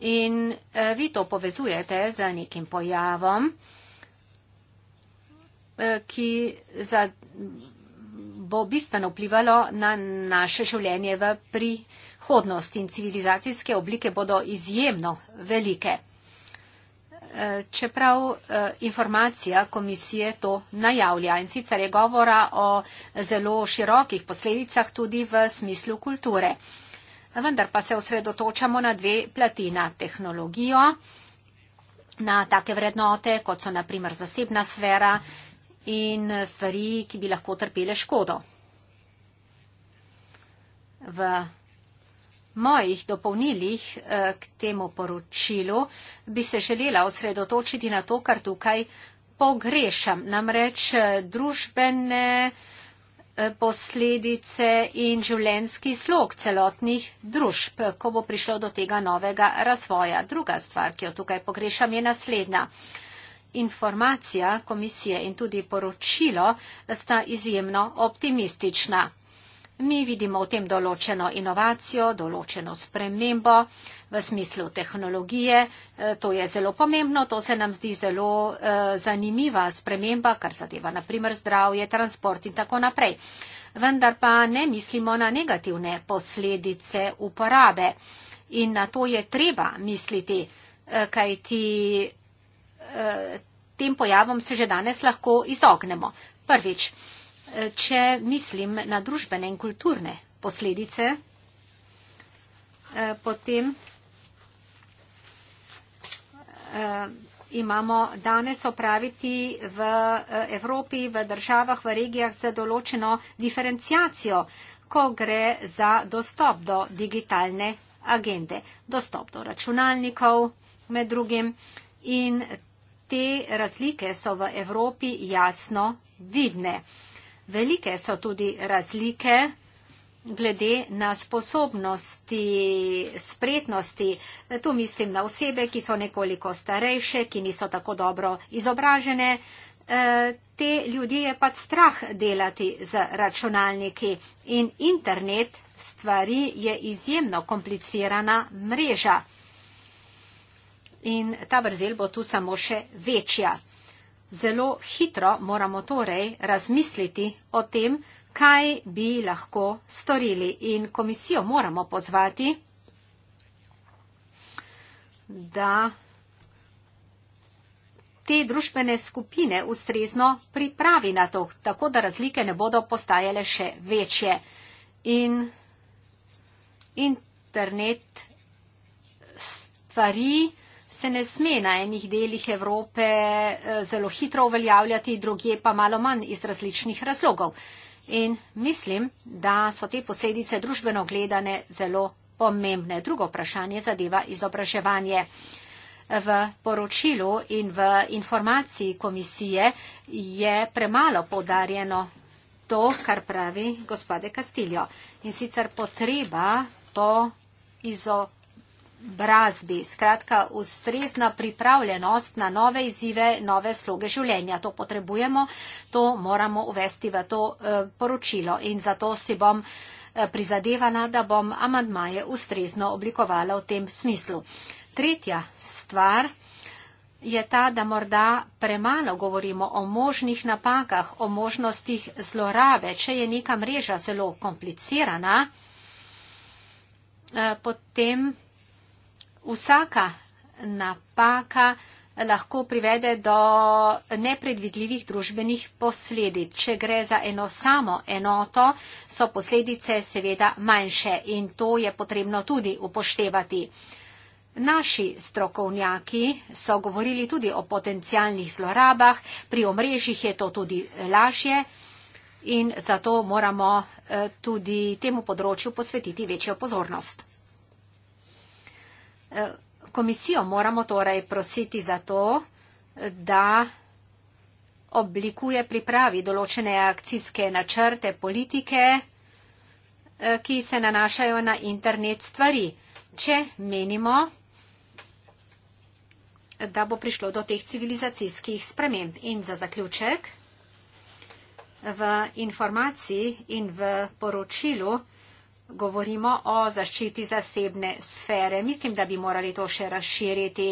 In eh, vi to povezujete z nekim pojavom, eh, ki bo bistveno vplivalo na naše življenje v prihodnosti in civilizacijske oblike bodo izjemno velike. Eh, čeprav informacija komisije to najavlja in sicer je govora o zelo širokih posledicah tudi v smislu kulture vendar pa se osredotočamo na dve plati, na tehnologijo, na take vrednote, kot so naprimer zasebna sfera in stvari, ki bi lahko trpele škodo. V mojih dopolnilih eh, k temu poročilu bi se želela osredotočiti na to, kar tukaj pogrešam, namreč eh, družbene Eh, posledice in življenski slog celotnih družb, ko bo prišlo do tega novega razvoja. Druga stvar, ki jo tukaj pogrešam, je naslednja. Informacija komisije in tudi poročilo sta izjemno optimistična. Mi vidimo v tem določeno inovacijo, določeno spremembo v smislu tehnologije. E, to je zelo pomembno, to se nam zdi zelo e, zanimiva sprememba, kar zadeva naprimer zdravje, transport in tako naprej. Vendar pa ne mislimo na negativne posledice uporabe in na to je treba misliti, e, kaj ti tem pojavom se že danes lahko izognemo. Prvič če mislim na družbene in kulturne posledice, eh, potem eh, imamo danes opraviti v eh, Evropi, v državah, v regijah za določeno diferencijacijo, ko gre za dostop do digitalne agende, dostop do računalnikov med drugim in te razlike so v Evropi jasno vidne. Velike so tudi razlike glede na sposobnosti, spretnosti. Tu mislim na osebe, ki so nekoliko starejše, ki niso tako dobro izobražene. E, te ljudi je pač strah delati z računalniki in internet stvari je izjemno komplicirana mreža. In ta vrzel bo tu samo še večja zelo hitro moramo torej razmisliti o tem, kaj bi lahko storili. In komisijo moramo pozvati, da te družbene skupine ustrezno pripravi na to, tako da razlike ne bodo postajale še večje. In internet stvari, se ne sme na enih delih Evrope eh, zelo hitro uveljavljati, druge pa malo manj iz različnih razlogov. In mislim, da so te posledice družbeno gledane zelo pomembne. Drugo vprašanje zadeva izobraževanje. V poročilu in v informaciji komisije je premalo podarjeno to, kar pravi gospode Kastiljo. In sicer potreba po izobraževanju izobrazbi. Skratka, ustrezna pripravljenost na nove izzive, nove sloge življenja. To potrebujemo, to moramo uvesti v to eh, poročilo in zato si bom eh, prizadevana, da bom amadmaje ustrezno oblikovala v tem smislu. Tretja stvar je ta, da morda premalo govorimo o možnih napakah, o možnostih zlorabe. Če je neka mreža zelo komplicirana, eh, potem vsaka napaka lahko privede do nepredvidljivih družbenih posledic. Če gre za eno samo enoto, so posledice seveda manjše in to je potrebno tudi upoštevati. Naši strokovnjaki so govorili tudi o potencijalnih zlorabah, pri omrežjih je to tudi lažje in zato moramo eh, tudi temu področju posvetiti večjo pozornost. Komisijo moramo torej prositi za to, da oblikuje pripravi določene akcijske načrte politike, eh, ki se nanašajo na internet stvari, če menimo, da bo prišlo do teh civilizacijskih sprememb. In za zaključek, v informaciji in v poročilu, govorimo o zaščiti zasebne sfere. Mislim, da bi morali to še razširiti.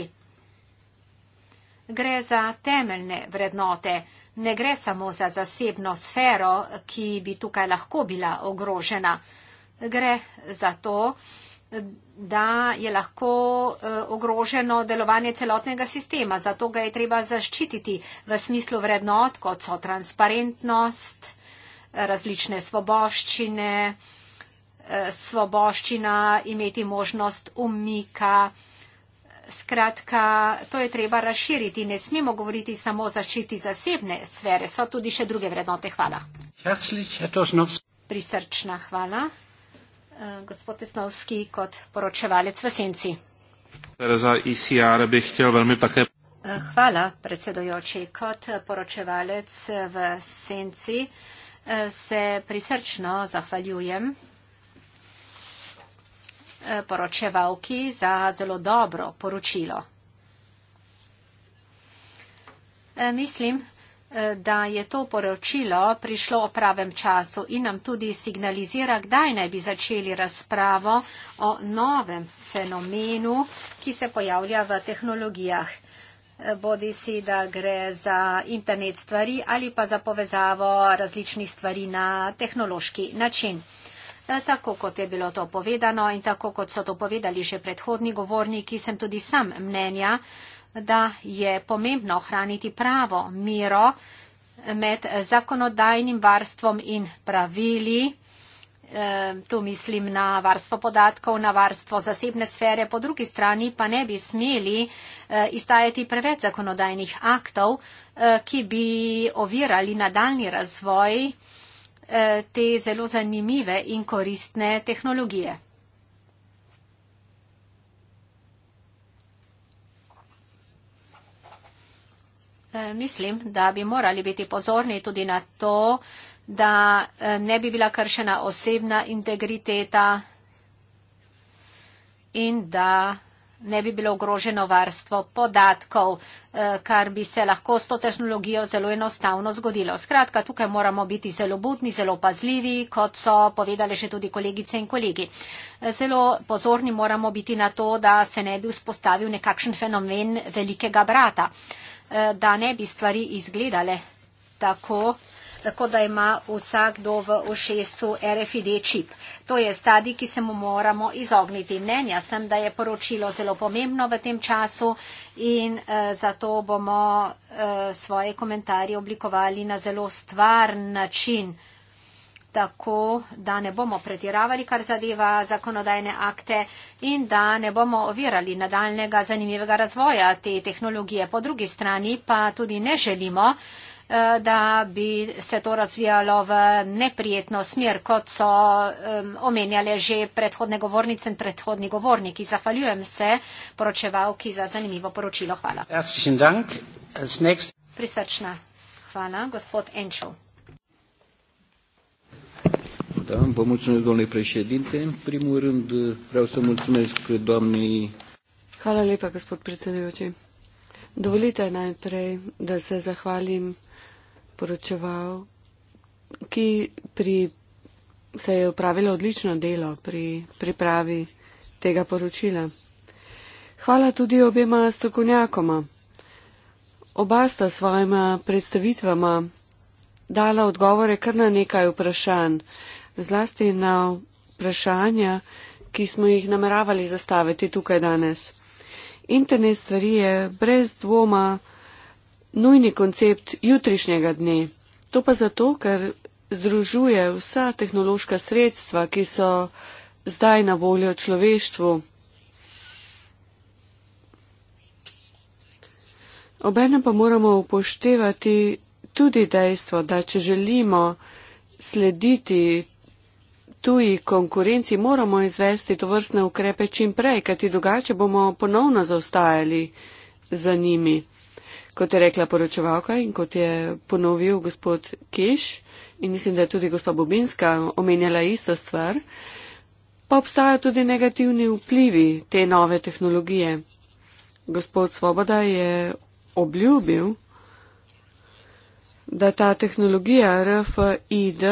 Gre za temeljne vrednote. Ne gre samo za zasebno sfero, ki bi tukaj lahko bila ogrožena. Gre za to, da je lahko e, ogroženo delovanje celotnega sistema. Zato ga je treba zaščititi v smislu vrednot, kot so transparentnost, različne svoboščine, Eh, svoboščina, imeti možnost umika. Skratka, to je treba razširiti. Ne smemo govoriti samo o zaščiti zasebne sfere, so tudi še druge vrednote. Hvala. Prisrčna hvala. Eh, gospod Tesnovski, kot poročevalec v Senci. Torej, e eh, hvala, predsedojoči. Kot poročevalec v Senci se prisrčno zahvaljujem. Eh, poročevalki za zelo dobro poročilo. Eh, mislim, eh, da je to poročilo prišlo o pravem času in nam tudi signalizira, kdaj naj bi začeli razpravo o novem fenomenu, ki se pojavlja v tehnologijah. Bodi si, da gre za internet stvari ali pa za povezavo različnih stvari na tehnološki način. Eh, tako kot je bilo to povedano in tako kot so to povedali že predhodni govorniki, sem tudi sam mnenja, da je pomembno ohraniti pravo miro med zakonodajnim varstvom in pravili. Eh, tu mislim na varstvo podatkov, na varstvo zasebne sfere, po drugi strani pa ne bi smeli eh, izdajati preveč zakonodajnih aktov, ki bi ovirali nadaljni razvoj te zelo zanimive in koristne tehnologije. E, mislim, da bi morali biti pozorni tudi na to, da e, ne bi bila kršena osebna integriteta in da ne bi bilo ogroženo varstvo podatkov, eh, kar bi se lahko s to tehnologijo zelo enostavno zgodilo. Skratka, tukaj moramo biti zelo budni, zelo pazljivi, kot so povedali že tudi kolegice in kolegi. Eh, zelo pozorni moramo biti na to, da se ne bi vzpostavil nekakšen fenomen velikega brata, eh, da ne bi stvari izgledale tako tako da ima vsakdo v ošesu RFID čip. To je stadij, ki se mu moramo izogniti. Mnenja sem, da je poročilo zelo pomembno v tem času in eh, zato bomo eh, svoje komentarje oblikovali na zelo stvarn način. Tako, da ne bomo pretiravali, kar zadeva zakonodajne akte in da ne bomo ovirali nadaljnega zanimivega razvoja te tehnologije. Po drugi strani pa tudi ne želimo, da bi se to razvijalo v neprijetno smer, kot so um, omenjale že predhodne govornice in predhodni govorniki. Zahvaljujem se poročevalki za zanimivo poročilo. Hvala. Prisrčna. Hvala. Gospod Enčov. Da, vă mulțumesc, domnule președinte. În primul rând, vreau să mulțumesc doamnei. Hvala lepa, gospod predsedujoči. Dovolite najprej, da se zahvalim poročeval, ki pri, se je upravilo odlično delo pri pripravi tega poročila. Hvala tudi obema strokovnjakoma. Oba sta svojima predstavitvama dala odgovore kar na nekaj vprašanj, zlasti na vprašanja, ki smo jih nameravali zastaviti tukaj danes. Internet stvari je brez dvoma, nujni koncept jutrišnjega dne. To pa zato, ker združuje vsa tehnološka sredstva, ki so zdaj na voljo človeštvu. Obenem pa moramo upoštevati tudi dejstvo, da če želimo slediti tuji konkurenci, moramo izvesti to vrstne ukrepe čim prej, kajti drugače bomo ponovno zaostajali za njimi kot je rekla poročevalka in kot je ponovil gospod Kiš in mislim, da je tudi gospa Bobinska omenjala isto stvar, pa obstajajo tudi negativni vplivi te nove tehnologije. Gospod Svoboda je obljubil, da ta tehnologija RFID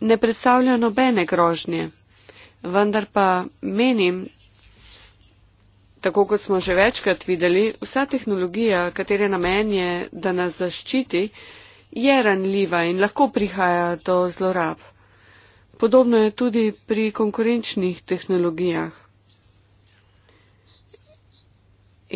ne predstavlja nobene grožnje. Vendar pa menim, Tako kot smo že večkrat videli, vsa tehnologija, katere namen je, da nas zaščiti, je ranljiva in lahko prihaja do zlorab. Podobno je tudi pri konkurenčnih tehnologijah.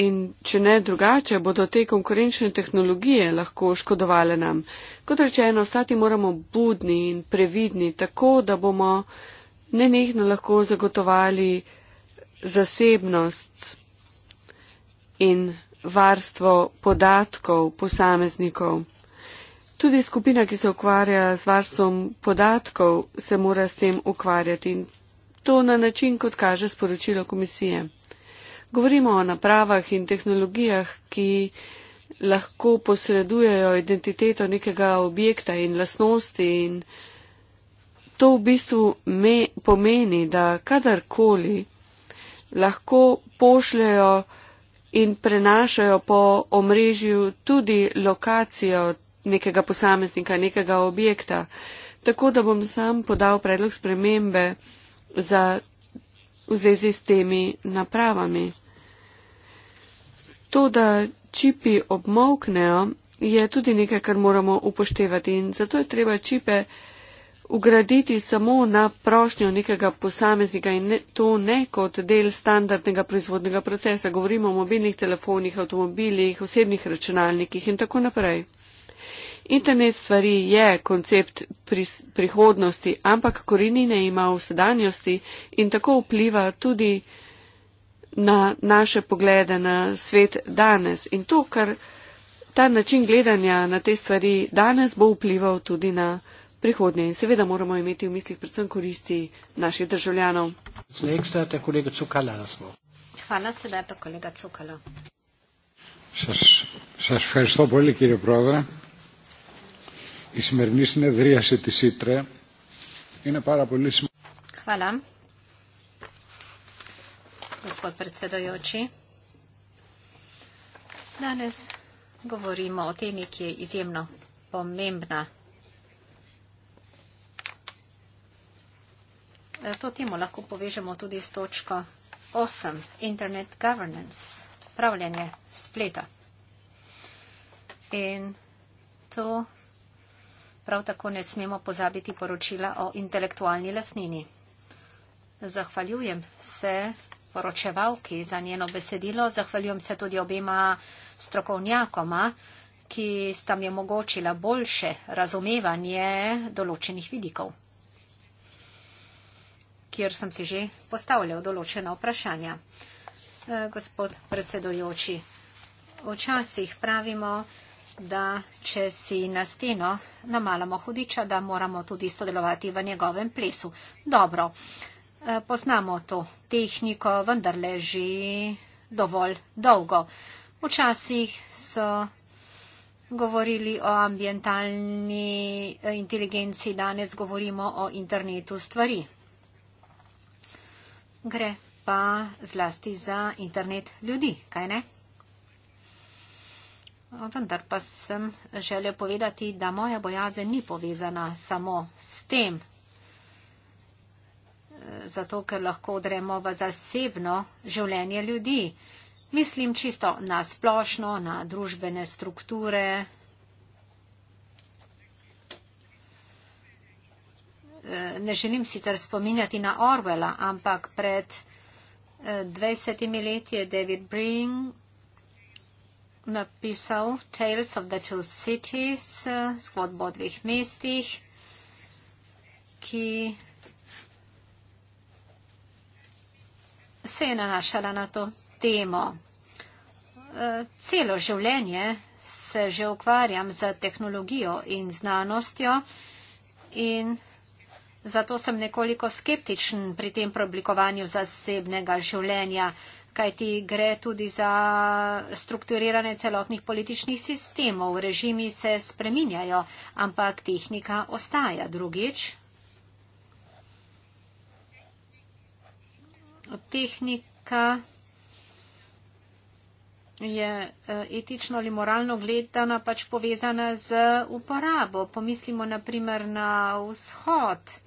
In če ne drugače, bodo te konkurenčne tehnologije lahko škodovale nam. Kot rečeno, ostati moramo budni in previdni, tako da bomo nenehno lahko zagotovali zasebnost in varstvo podatkov posameznikov. Tudi skupina, ki se ukvarja z varstvom podatkov, se mora s tem ukvarjati in to na način, kot kaže sporočilo komisije. Govorimo o napravah in tehnologijah, ki lahko posredujejo identiteto nekega objekta in lasnosti in to v bistvu me, pomeni, da kadarkoli lahko pošljajo in prenašajo po omrežju tudi lokacijo nekega posameznika, nekega objekta. Tako da bom sam podal predlog spremembe za v zvezi s temi napravami. To, da čipi obmoknejo, je tudi nekaj, kar moramo upoštevati in zato je treba čipe ugraditi samo na prošnjo nekega posameznika in ne, to ne kot del standardnega proizvodnega procesa. Govorimo o mobilnih telefonih, avtomobilih, osebnih računalnikih in tako naprej. Internet stvari je koncept pri, prihodnosti, ampak korenine ima v sedanjosti in tako vpliva tudi na naše poglede na svet danes. In to, kar ta način gledanja na te stvari danes bo vplival tudi na prihodnje. In seveda moramo imeti v mislih predvsem koristi naših državljanov. Eh, Hvala sedaj pa kolega Cukala. Σας ευχαριστώ πολύ κύριε Πρόεδρε. Η σημερινή συνεδρίαση της ΣΥΤΡΕ είναι πάρα πολύ σημαντική. Gospod predsedojoči, danes govorimo o temi, ki je izjemno pomembna to temo lahko povežemo tudi s točko 8, Internet Governance, pravljanje spleta. In to prav tako ne smemo pozabiti poročila o intelektualni lasnini. Zahvaljujem se poročevalki za njeno besedilo, zahvaljujem se tudi obema strokovnjakoma, ki sta mi omogočila boljše razumevanje določenih vidikov kjer sem si že postavljal določena vprašanja. Eh, gospod predsedujoči, včasih pravimo, da če si na steno namalamo hudiča, da moramo tudi sodelovati v njegovem plesu. Dobro, eh, poznamo to tehniko, vendar leži dovolj dolgo. Včasih so govorili o ambientalni eh, inteligenci, danes govorimo o internetu stvari gre pa zlasti za internet ljudi, kaj ne? No, vendar pa sem želel povedati, da moja bojaze ni povezana samo s tem, zato ker lahko odremo v zasebno življenje ljudi. Mislim čisto na splošno, na družbene strukture, ne želim sicer spominjati na Orwella, ampak pred 20 eh, leti je David Bring napisal Tales of the Two Cities, skvodbo eh, o dveh mestih, ki se je nanašala na to temo. Eh, celo življenje se že ukvarjam z tehnologijo in znanostjo in znanostjo. Zato sem nekoliko skeptičen pri tem preoblikovanju zasebnega življenja, kajti gre tudi za strukturiranje celotnih političnih sistemov. Režimi se spreminjajo, ampak tehnika ostaja drugič. Tehnika je eh, etično ali moralno gledana pač povezana z uporabo. Pomislimo naprimer na vzhod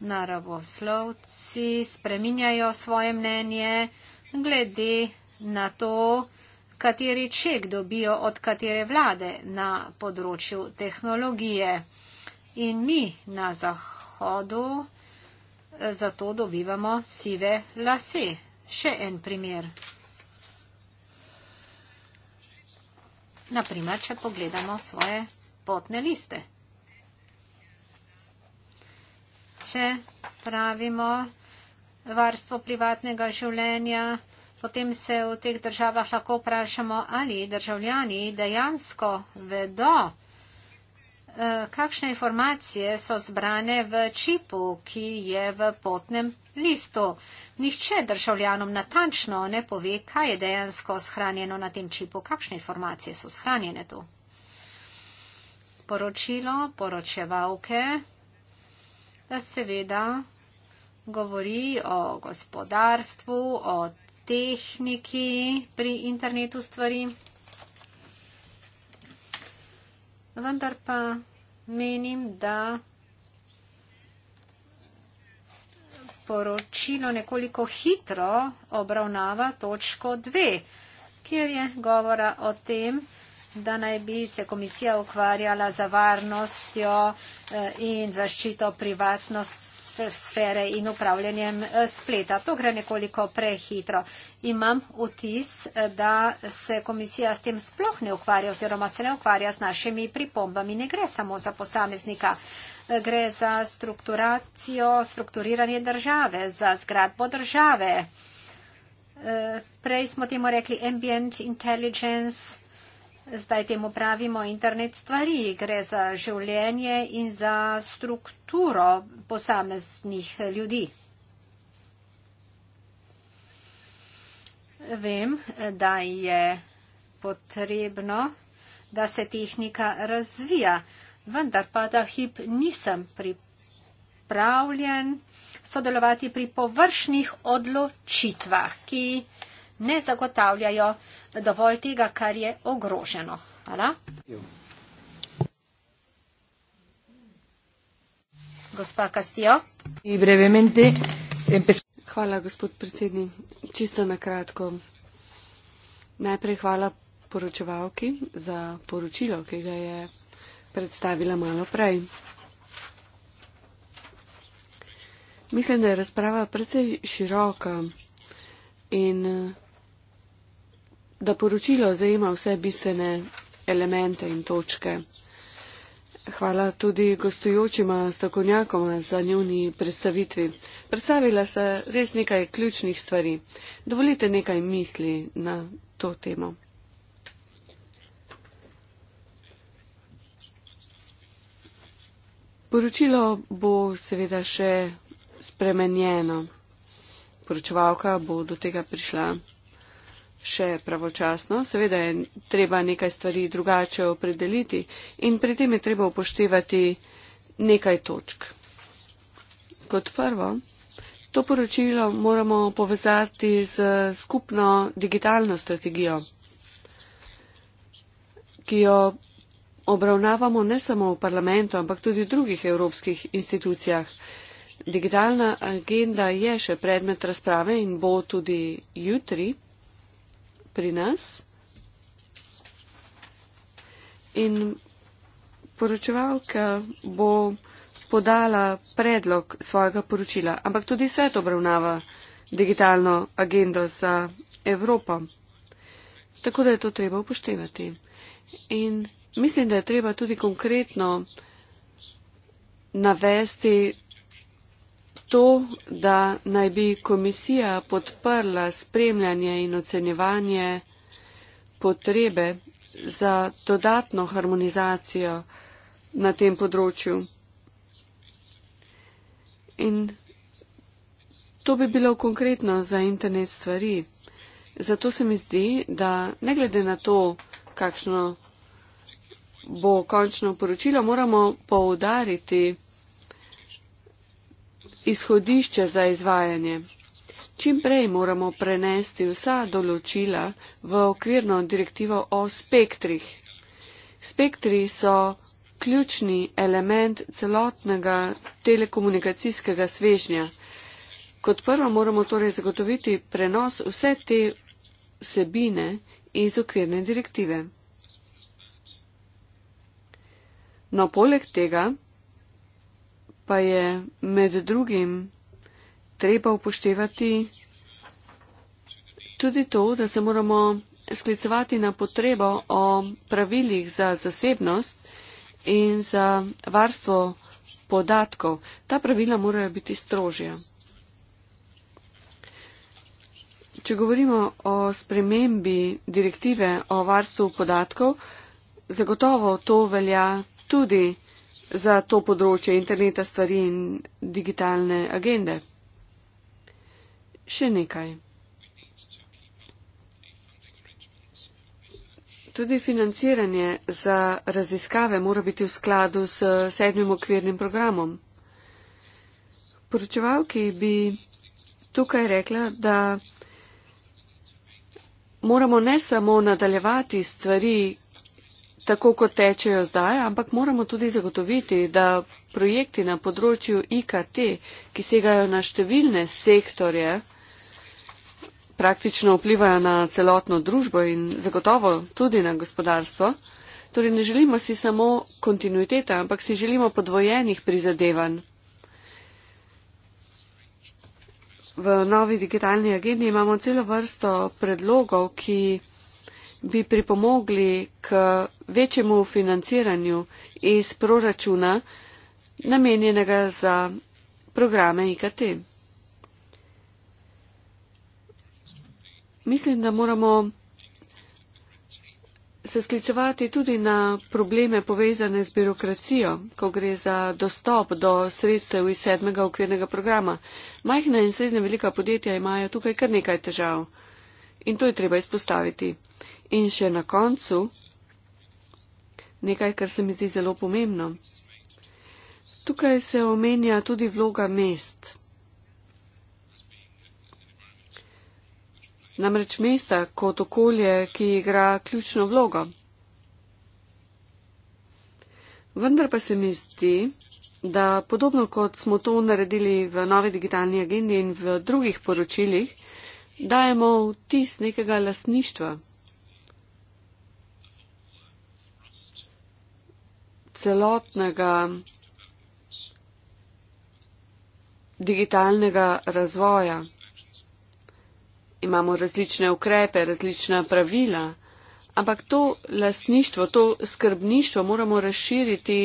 naravoslovci spreminjajo svoje mnenje glede na to, kateri ček dobijo od katere vlade na področju tehnologije. In mi na zahodu eh, zato dobivamo sive lase. Še en primer. Naprimer, če pogledamo svoje potne liste. če pravimo varstvo privatnega življenja, potem se v teh državah lahko vprašamo, ali državljani dejansko vedo, eh, kakšne informacije so zbrane v čipu, ki je v potnem listu. Nihče državljanom natančno ne pove, kaj je dejansko shranjeno na tem čipu, kakšne informacije so shranjene tu. Poročilo poročevalke. Okay seveda govori o gospodarstvu, o tehniki pri internetu stvari. Vendar pa menim, da poročilo nekoliko hitro obravnava točko 2, kjer je govora o tem, da naj bi se komisija ukvarjala za varnostjo eh, in zaščito privatnosti sfere in upravljanjem eh, spleta. To gre nekoliko prehitro. Imam vtis, eh, da se komisija s tem sploh ne ukvarja oziroma se ne ukvarja z našimi pripombami. Ne gre samo za posameznika. Gre za strukturacijo, strukturiranje države, za zgradbo države. Prej smo temu rekli ambient intelligence, Zdaj temu pravimo internet stvari, gre za življenje in za strukturo posameznih ljudi. Vem, da je potrebno, da se tehnika razvija, vendar pa da hip nisem pripravljen sodelovati pri površnih odločitvah, ki ne zagotavljajo dovolj tega, kar je ogroženo. Hvala. Gospa Kastijo. Hvala, gospod predsednik. Čisto na kratko. Najprej hvala poročevalki za poročilo, ki ga je predstavila malo prej. Mislim, da je razprava precej široka in da poročilo zajema vse bistvene elemente in točke. Hvala tudi gostujočima strokovnjakoma za njuni predstavitvi. Predstavila se res nekaj ključnih stvari. Dovolite nekaj misli na to temo. Poročilo bo seveda še spremenjeno. Poročevalka bo do tega prišla še pravočasno. Seveda je treba nekaj stvari drugače opredeliti in pri tem je treba upoštevati nekaj točk. Kot prvo, to poročilo moramo povezati z skupno digitalno strategijo, ki jo obravnavamo ne samo v parlamentu, ampak tudi v drugih evropskih institucijah. Digitalna agenda je še predmet razprave in bo tudi jutri pri nas in poročevalka bo podala predlog svojega poročila, ampak tudi svet obravnava digitalno agendo za Evropo. Tako da je to treba upoštevati. In mislim, da je treba tudi konkretno navesti to, da naj bi komisija podprla spremljanje in ocenjevanje potrebe za dodatno harmonizacijo na tem področju. In to bi bilo konkretno za internet stvari. Zato se mi zdi, da ne glede na to, kakšno bo končno poročilo, moramo poudariti, izhodišče za izvajanje. Čim prej moramo prenesti vsa določila v okvirno direktivo o spektrih. Spektri so ključni element celotnega telekomunikacijskega svežnja. Kot prvo moramo torej zagotoviti prenos vse te vsebine iz okvirne direktive. No, poleg tega pa je med drugim treba upoštevati tudi to, da se moramo sklicovati na potrebo o pravilih za zasebnost in za varstvo podatkov. Ta pravila morajo biti strožja. Če govorimo o spremembi direktive o varstvu podatkov, zagotovo to velja tudi za to področje interneta stvari in digitalne agende. Še nekaj. Tudi financiranje za raziskave mora biti v skladu s sedmim okvirnim programom. Poročevalki bi tukaj rekla, da moramo ne samo nadaljevati stvari, tako, kot tečejo zdaj, ampak moramo tudi zagotoviti, da projekti na področju IKT, ki segajo na številne sektorje, praktično vplivajo na celotno družbo in zagotovo tudi na gospodarstvo. Torej ne želimo si samo kontinuitete, ampak si želimo podvojenih prizadevanj. V novi digitalni agendi imamo celo vrsto predlogov, ki bi pripomogli k večjemu financiranju iz proračuna namenjenega za programe IKT. Mislim, da moramo se sklicevati tudi na probleme povezane z birokracijo, ko gre za dostop do sredstev iz sedmega okvirnega programa. Majhna in srednja velika podjetja imajo tukaj kar nekaj težav in to je treba izpostaviti. In še na koncu nekaj, kar se mi zdi zelo pomembno. Tukaj se omenja tudi vloga mest. Namreč mesta kot okolje, ki igra ključno vlogo. Vendar pa se mi zdi, da podobno kot smo to naredili v nove digitalni agendi in v drugih poročilih, dajemo vtis nekega lastništva. celotnega digitalnega razvoja. Imamo različne ukrepe, različna pravila, ampak to lastništvo, to skrbništvo moramo razširiti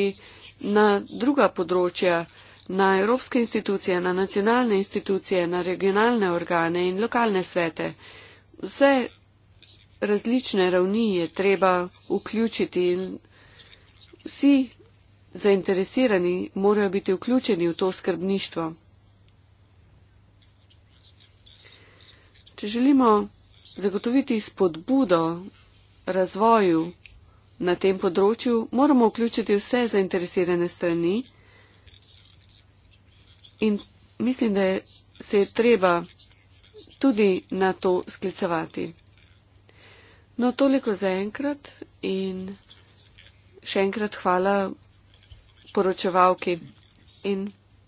na druga področja, na evropske institucije, na nacionalne institucije, na regionalne organe in lokalne svete. Vse različne ravni je treba vključiti in vsi zainteresirani morajo biti vključeni v to skrbništvo. Če želimo zagotoviti spodbudo razvoju na tem področju, moramo vključiti vse zainteresirane strani in mislim, da se je treba tudi na to sklicevati. No, toliko za enkrat in še enkrat hvala poročevalki in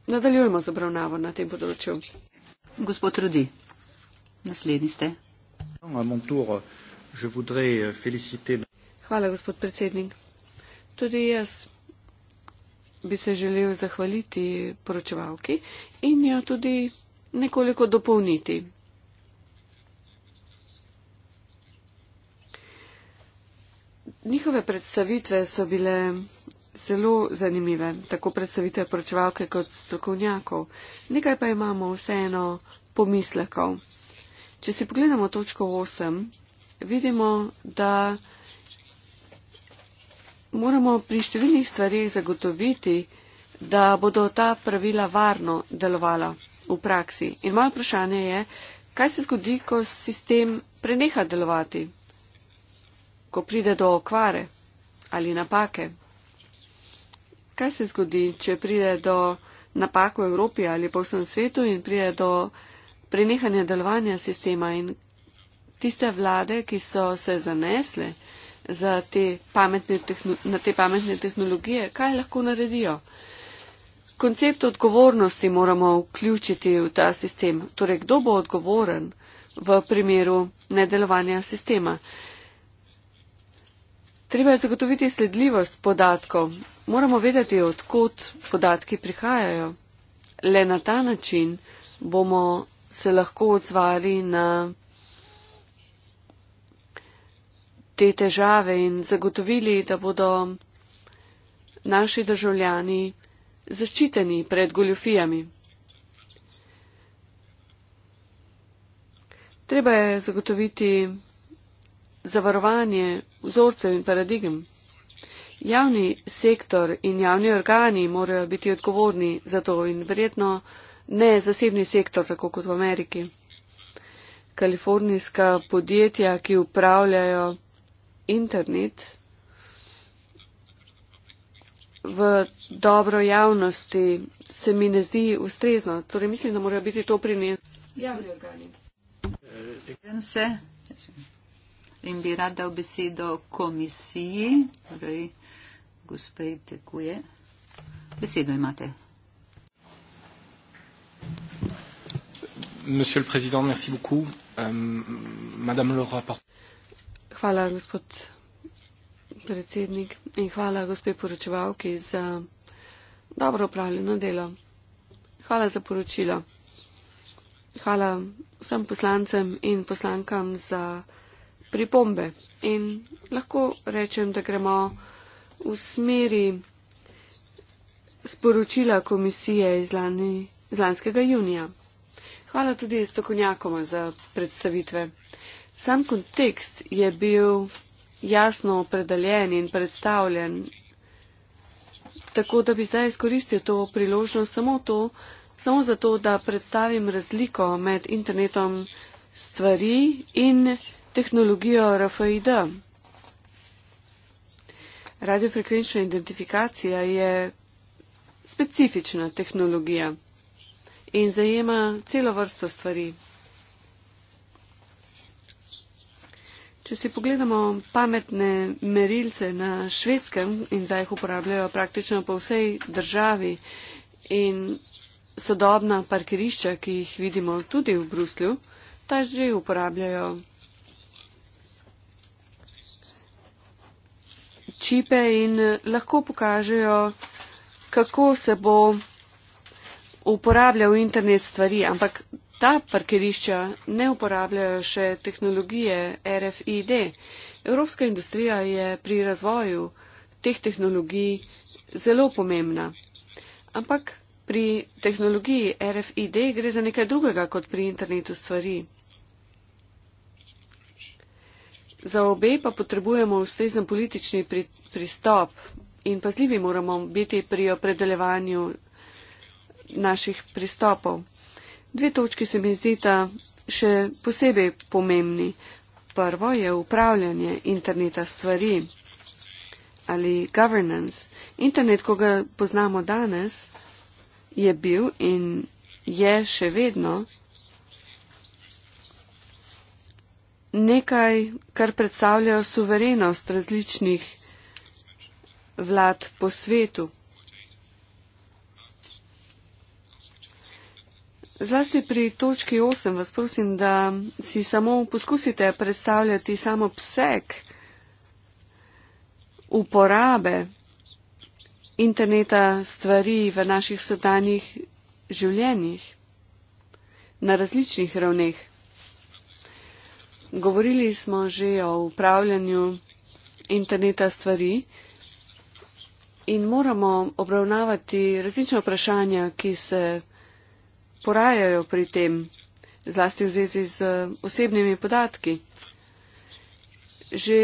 nadaljujemo z obravnavo na tem področju. Gospod Rudi, naslednji ste. Euh, hvala, gospod predsednik. Tudi jaz bi se želel zahvaliti poročevalki in jo tudi nekoliko dopolniti. njihove predstavitve so bile zelo zanimive, tako predstavitve poročevalke kot strokovnjakov. Nekaj pa imamo vseeno pomislekov. Če si pogledamo točko 8, vidimo, da moramo pri številnih stvarih zagotoviti, da bodo ta pravila varno delovala v praksi. In moje vprašanje je, kaj se zgodi, ko sistem preneha delovati, ko pride do okvare ali napake? Kaj se zgodi, če pride do napako v Evropi ali po vsem svetu in pride do prenehanja delovanja sistema in tiste vlade, ki so se zanesle za te na te pametne tehnologije, kaj lahko naredijo? Koncept odgovornosti moramo vključiti v ta sistem. Torej, kdo bo odgovoren v primeru nedelovanja sistema? Treba je zagotoviti sledljivost podatkov. Moramo vedeti, odkot podatki prihajajo. Le na ta način bomo se lahko odzvali na te težave in zagotovili, da bodo naši državljani zaščiteni pred goljofijami. Treba je zagotoviti zavarovanje vzorcev in paradigem. Javni sektor in javni organi morajo biti odgovorni za to in verjetno ne zasebni sektor, tako kot v Ameriki. Kalifornijska podjetja, ki upravljajo internet, v dobro javnosti se mi ne zdi ustrezno. Torej mislim, da morajo biti to pri njih. Javni organi. Se in bi rad dal besedo komisiji. Torej, gospe, tekuje. Besedo imate. Monsieur le Président, merci beaucoup. Um, Madame le rapporteur. Hvala, gospod predsednik in hvala, gospe poročevalki, za dobro upravljeno delo. Hvala za poročilo. Hvala vsem poslancem in poslankam za pripombe. In lahko rečem, da gremo v smeri sporočila komisije iz, lani, iz lanskega junija. Hvala tudi strokovnjakoma za predstavitve. Sam kontekst je bil jasno opredeljen in predstavljen, tako da bi zdaj izkoristil to priložnost samo, to, samo zato, da predstavim razliko med internetom stvari in tehnologijo RFID. Radiofrekvenčna identifikacija je specifična tehnologija in zajema celo vrsto stvari. Če si pogledamo pametne merilce na švedskem in zdaj jih uporabljajo praktično po vsej državi in sodobna parkirišča, ki jih vidimo tudi v Bruslju, ta že uporabljajo čipe in eh, lahko pokažejo, kako se bo uporabljal internet stvari, ampak ta parkirišča ne uporabljajo še tehnologije RFID. Evropska industrija je pri razvoju teh tehnologij zelo pomembna. Ampak pri tehnologiji RFID gre za nekaj drugega kot pri internetu stvari. Za obe pa potrebujemo ustrezen politični pri, pristop in pazljivi moramo biti pri opredeljevanju naših pristopov. Dve točki se mi zdita še posebej pomembni. Prvo je upravljanje interneta stvari ali governance. Internet, ko ga poznamo danes, je bil in je še vedno nekaj, kar predstavljajo suverenost različnih vlad po svetu. Zlasti pri točki 8 vas prosim, da si samo poskusite predstavljati samo obseg uporabe interneta stvari v naših sedanjih življenjih na različnih ravneh. Govorili smo že o upravljanju interneta stvari in moramo obravnavati različne vprašanja, ki se porajajo pri tem, zlasti v zvezi z eh, osebnimi podatki. Že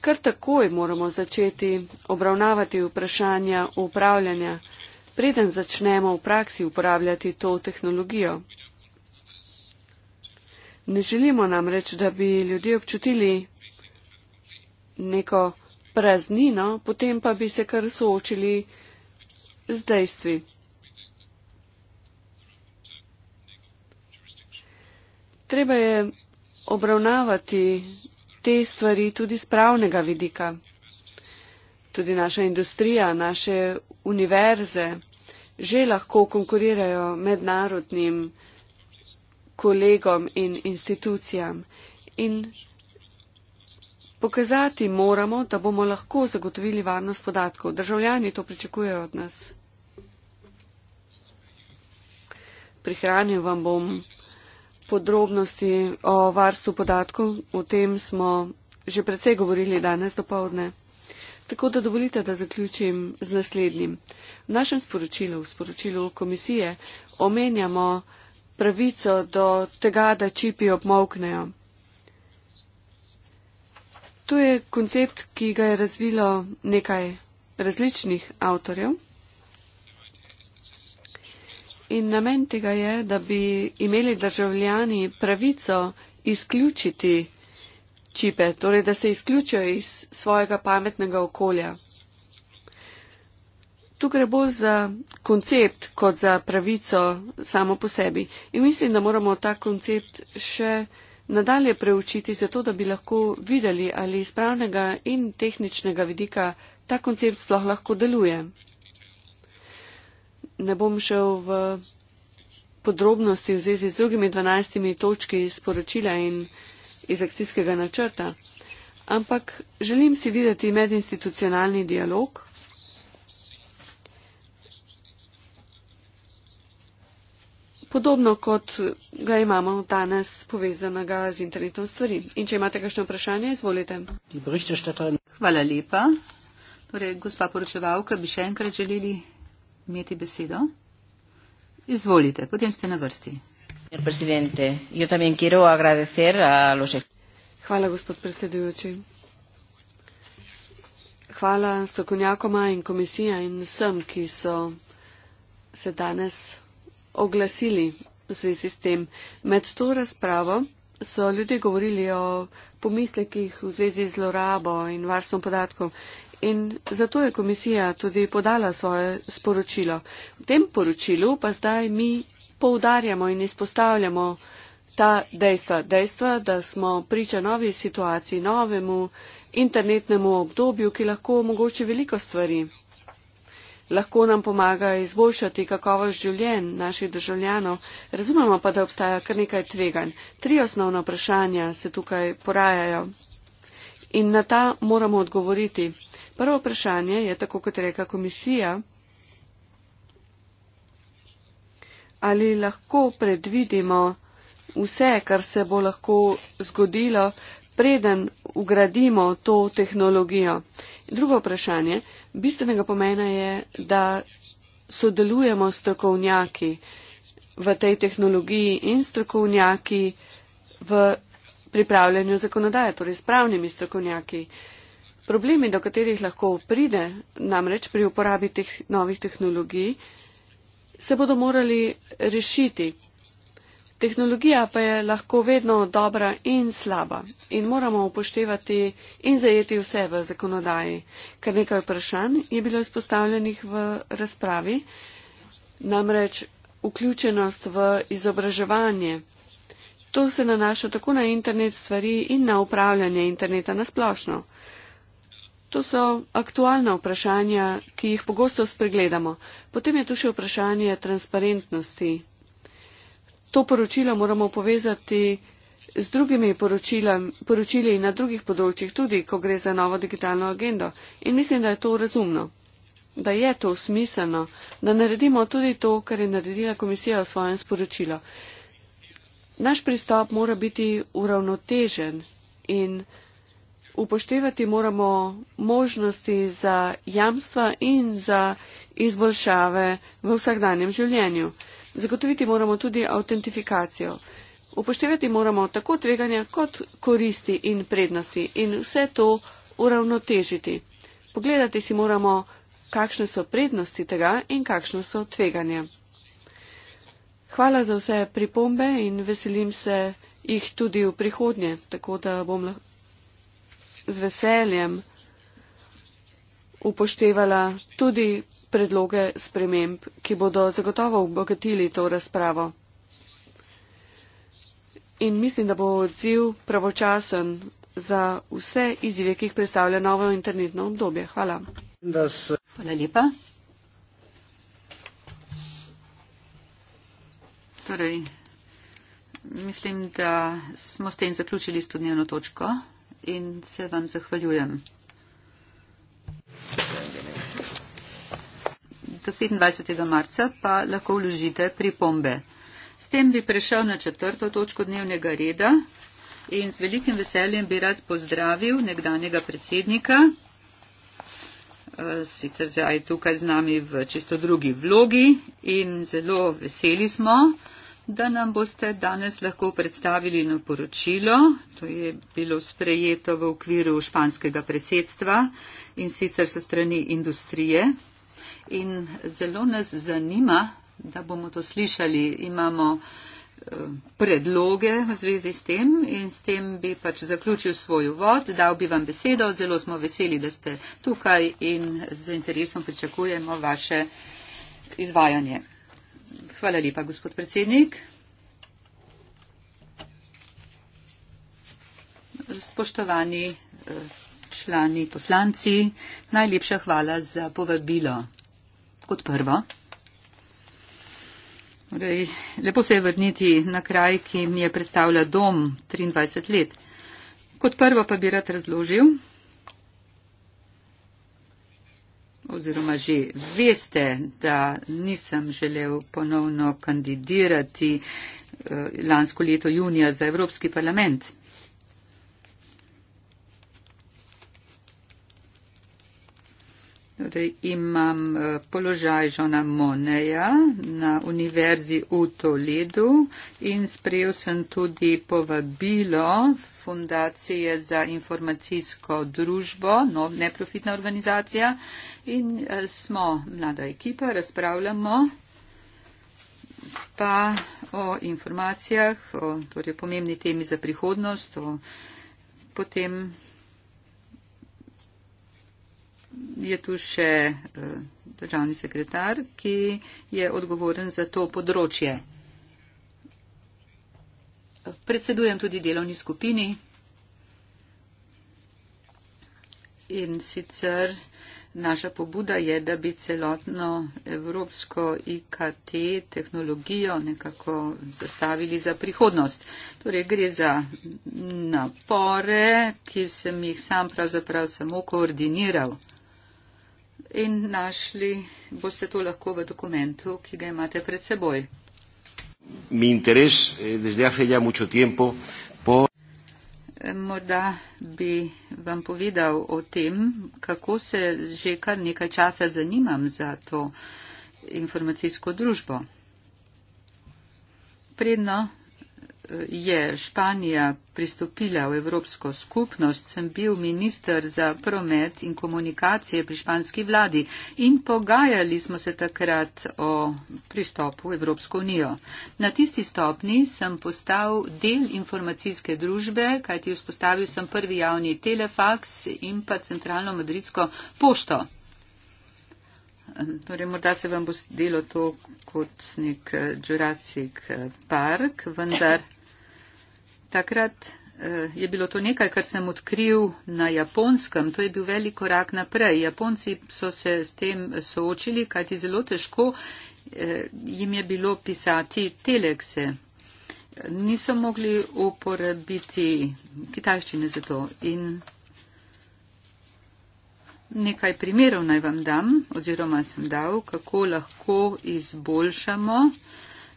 kar takoj moramo začeti obravnavati vprašanja upravljanja, preden začnemo v praksi uporabljati to tehnologijo. Ne želimo namreč, da bi ljudje občutili neko praznino, potem pa bi se kar soočili z dejstvi. Treba je obravnavati te stvari tudi z pravnega vidika. Tudi naša industrija, naše univerze že lahko konkurirajo mednarodnim kolegom in institucijam. In pokazati moramo, da bomo lahko zagotovili varnost podatkov. Državljani to pričakujejo od nas. Prihranil vam bom podrobnosti o varstvu podatkov. O tem smo že predvsej govorili danes do povdne. Tako da dovolite, da zaključim z naslednjim. V našem sporočilu, v sporočilu komisije, omenjamo, pravico do tega, da čipi obmoknejo. To je koncept, ki ga je razvilo nekaj različnih avtorjev. In namen tega je, da bi imeli državljani pravico izključiti čipe, torej da se izključijo iz svojega pametnega okolja. Tu gre bolj za koncept kot za pravico samo po sebi. In mislim, da moramo ta koncept še nadalje preučiti, zato da bi lahko videli, ali iz pravnega in tehničnega vidika ta koncept sploh lahko deluje. Ne bom šel v podrobnosti v zvezi z drugimi dvanajstimi točki iz poročila in iz akcijskega načrta, ampak želim si videti medinstitucionalni dialog podobno kot ga imamo danes povezanega z internetom stvari. In če imate kakšno vprašanje, izvolite. Hvala lepa. Torej, gospa poročevalka, bi še enkrat želeli imeti besedo. Izvolite, potem ste na vrsti. Hvala, gospod predsedujoči. Hvala strokovnjakoma in komisija in vsem, ki so se danes oglasili v zvezi s tem. Med to razpravo so ljudje govorili o pomislekih v zvezi z zlorabo in varstvom podatkov. In zato je komisija tudi podala svoje sporočilo. V tem poročilu pa zdaj mi poudarjamo in izpostavljamo ta dejstva. Dejstva, da smo priča novi situaciji, novemu internetnemu obdobju, ki lahko omogoče veliko stvari. Lahko nam pomaga izboljšati kakovost življenj naših državljanov, razumemo pa, da obstaja kar nekaj tveganj. Tri osnovna vprašanja se tukaj porajajo in na ta moramo odgovoriti. Prvo vprašanje je, tako kot je reka komisija, ali lahko predvidimo vse, kar se bo lahko zgodilo, preden ugradimo to tehnologijo. Drugo vprašanje, bistvenega pomena je, da sodelujemo s strokovnjaki v tej tehnologiji in strokovnjaki v pripravljanju zakonodaje, torej s pravnimi strokovnjaki. Problemi, do katerih lahko pride namreč pri uporabi teh novih tehnologij, se bodo morali rešiti. Tehnologija pa je lahko vedno dobra in slaba in moramo upoštevati in zajeti vse v zakonodaji. Kar nekaj vprašanj je bilo izpostavljenih v razpravi, namreč vključenost v izobraževanje. To se nanaša tako na internet stvari in na upravljanje interneta nasplošno. To so aktualna vprašanja, ki jih pogosto spregledamo. Potem je tu še vprašanje transparentnosti to poročilo moramo povezati z drugimi poročili na drugih področjih, tudi ko gre za novo digitalno agendo. In mislim, da je to razumno, da je to smiselno, da naredimo tudi to, kar je naredila komisija v svojem sporočilu. Naš pristop mora biti uravnotežen in upoštevati moramo možnosti za jamstva in za izboljšave v vsakdanjem življenju. Zagotoviti moramo tudi autentifikacijo. Upoštevati moramo tako tveganja kot koristi in prednosti in vse to uravnotežiti. Pogledati si moramo, kakšne so prednosti tega in kakšne so tveganja. Hvala za vse pripombe in veselim se jih tudi v prihodnje, tako da bom z veseljem upoštevala tudi predloge sprememb, ki bodo zagotovo obogatili to razpravo. In mislim, da bo odziv pravočasen za vse izzive, ki jih predstavlja novo internetno obdobje. Hvala. Hvala lepa. Torej, mislim, da smo s tem zaključili studnjeno točko in se vam zahvaljujem. 25. marca pa lahko vložite pripombe. S tem bi prešel na četrto točko dnevnega reda in z velikim veseljem bi rad pozdravil nekdanjega predsednika, eh, sicer zdaj je tukaj z nami v čisto drugi vlogi in zelo veseli smo, da nam boste danes lahko predstavili na poročilo. To je bilo sprejeto v okviru španskega predsedstva in sicer se strani industrije in zelo nas zanima, da bomo to slišali. Imamo eh, predloge v zvezi s tem in s tem bi pač zaključil svoj uvod, dal bi vam besedo, zelo smo veseli, da ste tukaj in z interesom pričakujemo vaše izvajanje. Hvala lepa, gospod predsednik. Spoštovani eh, člani poslanci, najlepša hvala za povabilo kot prvo. Rej, lepo se je vrniti na kraj, ki mi je predstavlja dom 23 let. Kot prvo pa bi rad razložil, oziroma že veste, da nisem želel ponovno kandidirati eh, lansko leto junija za Evropski parlament. Torej, imam eh, položaj žona Moneja na univerzi v Toledu in sprejel sem tudi povabilo Fundacije za informacijsko družbo, no, neprofitna organizacija in eh, smo mlada ekipa, razpravljamo pa o informacijah, o torej, pomembni temi za prihodnost, o potem je tu še eh, državni sekretar, ki je odgovoren za to področje. Predsedujem tudi delovni skupini in sicer naša pobuda je, da bi celotno evropsko IKT tehnologijo nekako zastavili za prihodnost. Torej gre za napore, ki sem jih sam pravzaprav samo koordiniral in našli boste to lahko v dokumentu, ki ga imate pred seboj. Eh, eh, morda bi vam povedal o tem, kako se že kar nekaj časa zanimam za to informacijsko družbo. Predno je Španija pristopila v Evropsko skupnost, sem bil minister za promet in komunikacije pri španski vladi in pogajali smo se takrat o pristopu v Evropsko unijo. Na tisti stopni sem postal del informacijske družbe, kajti vzpostavil sem prvi javni telefaks in pa centralno madridsko pošto. Torej, morda se vam bo delo to kot nek eh, Jurassic eh, Park, vendar takrat eh, je bilo to nekaj, kar sem odkril na japonskem. To je bil velik korak naprej. Japonci so se s tem soočili, kajti zelo težko eh, jim je bilo pisati telekse. Niso mogli uporabiti kitajščine za to. In nekaj primerov naj vam dam, oziroma sem dal, kako lahko izboljšamo.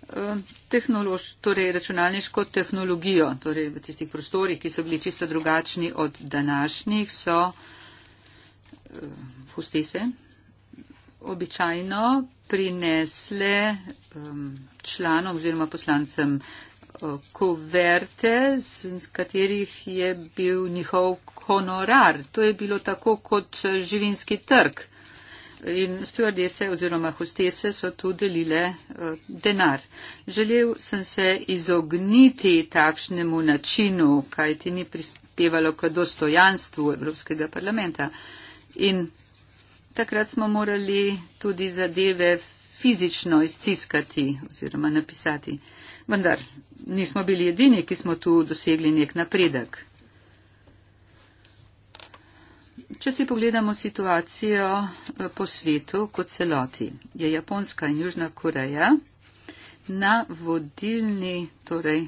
Eh, tehnološ, torej računalniško tehnologijo, torej v tistih prostorih, ki so bili čisto drugačni od današnjih, so uh, hostese običajno prinesle um, članom oziroma poslancem eh, koverte, z katerih je bil njihov honorar. To je bilo tako kot živinski trg in stuardese oziroma hostese so tu delile uh, denar. Želel sem se izogniti takšnemu načinu, kaj ti ni prispevalo k dostojanstvu Evropskega parlamenta. In takrat smo morali tudi zadeve fizično iztiskati oziroma napisati. Vendar nismo bili edini, ki smo tu dosegli nek napredek. Če si pogledamo situacijo eh, po svetu kot celoti, je Japonska in Južna Koreja na vodilni, torej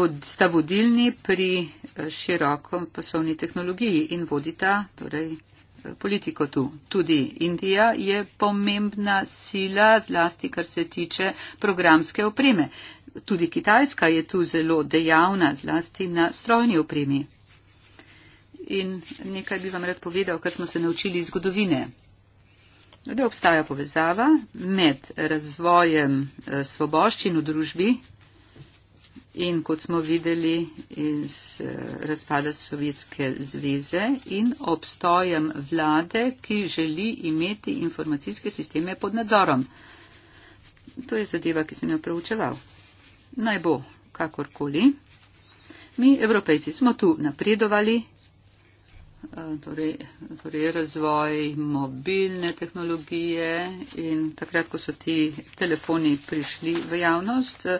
vod, sta vodilni pri eh, široko pasovni tehnologiji in vodita torej, eh, politiko tu. Tudi Indija je pomembna sila, zlasti kar se tiče programske opreme. Tudi Kitajska je tu zelo dejavna, zlasti na strojni opremi in nekaj bi vam rad povedal, kar smo se naučili iz zgodovine. Da obstaja povezava med razvojem eh, svoboščin v družbi in, kot smo videli, iz eh, razpada Sovjetske zveze in obstojem vlade, ki želi imeti informacijske sisteme pod nadzorom. To je zadeva, ki sem jo preučeval. Naj bo kakorkoli. Mi, evropejci, smo tu napredovali, Eh, torej, torej razvoj mobilne tehnologije in takrat, ko so ti telefoni prišli v javnost, eh,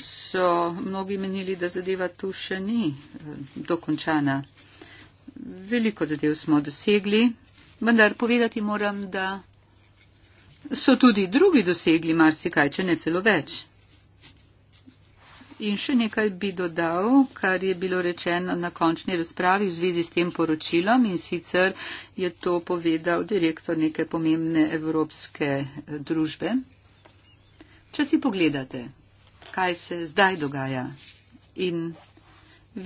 so mnogi menili, da zadeva tu še ni eh, dokončana. Veliko zadev smo dosegli, vendar povedati moram, da so tudi drugi dosegli marsikaj, če ne celo več. In še nekaj bi dodal, kar je bilo rečeno na končni razpravi v zvezi s tem poročilom in sicer je to povedal direktor neke pomembne evropske eh, družbe. Če si pogledate, kaj se zdaj dogaja in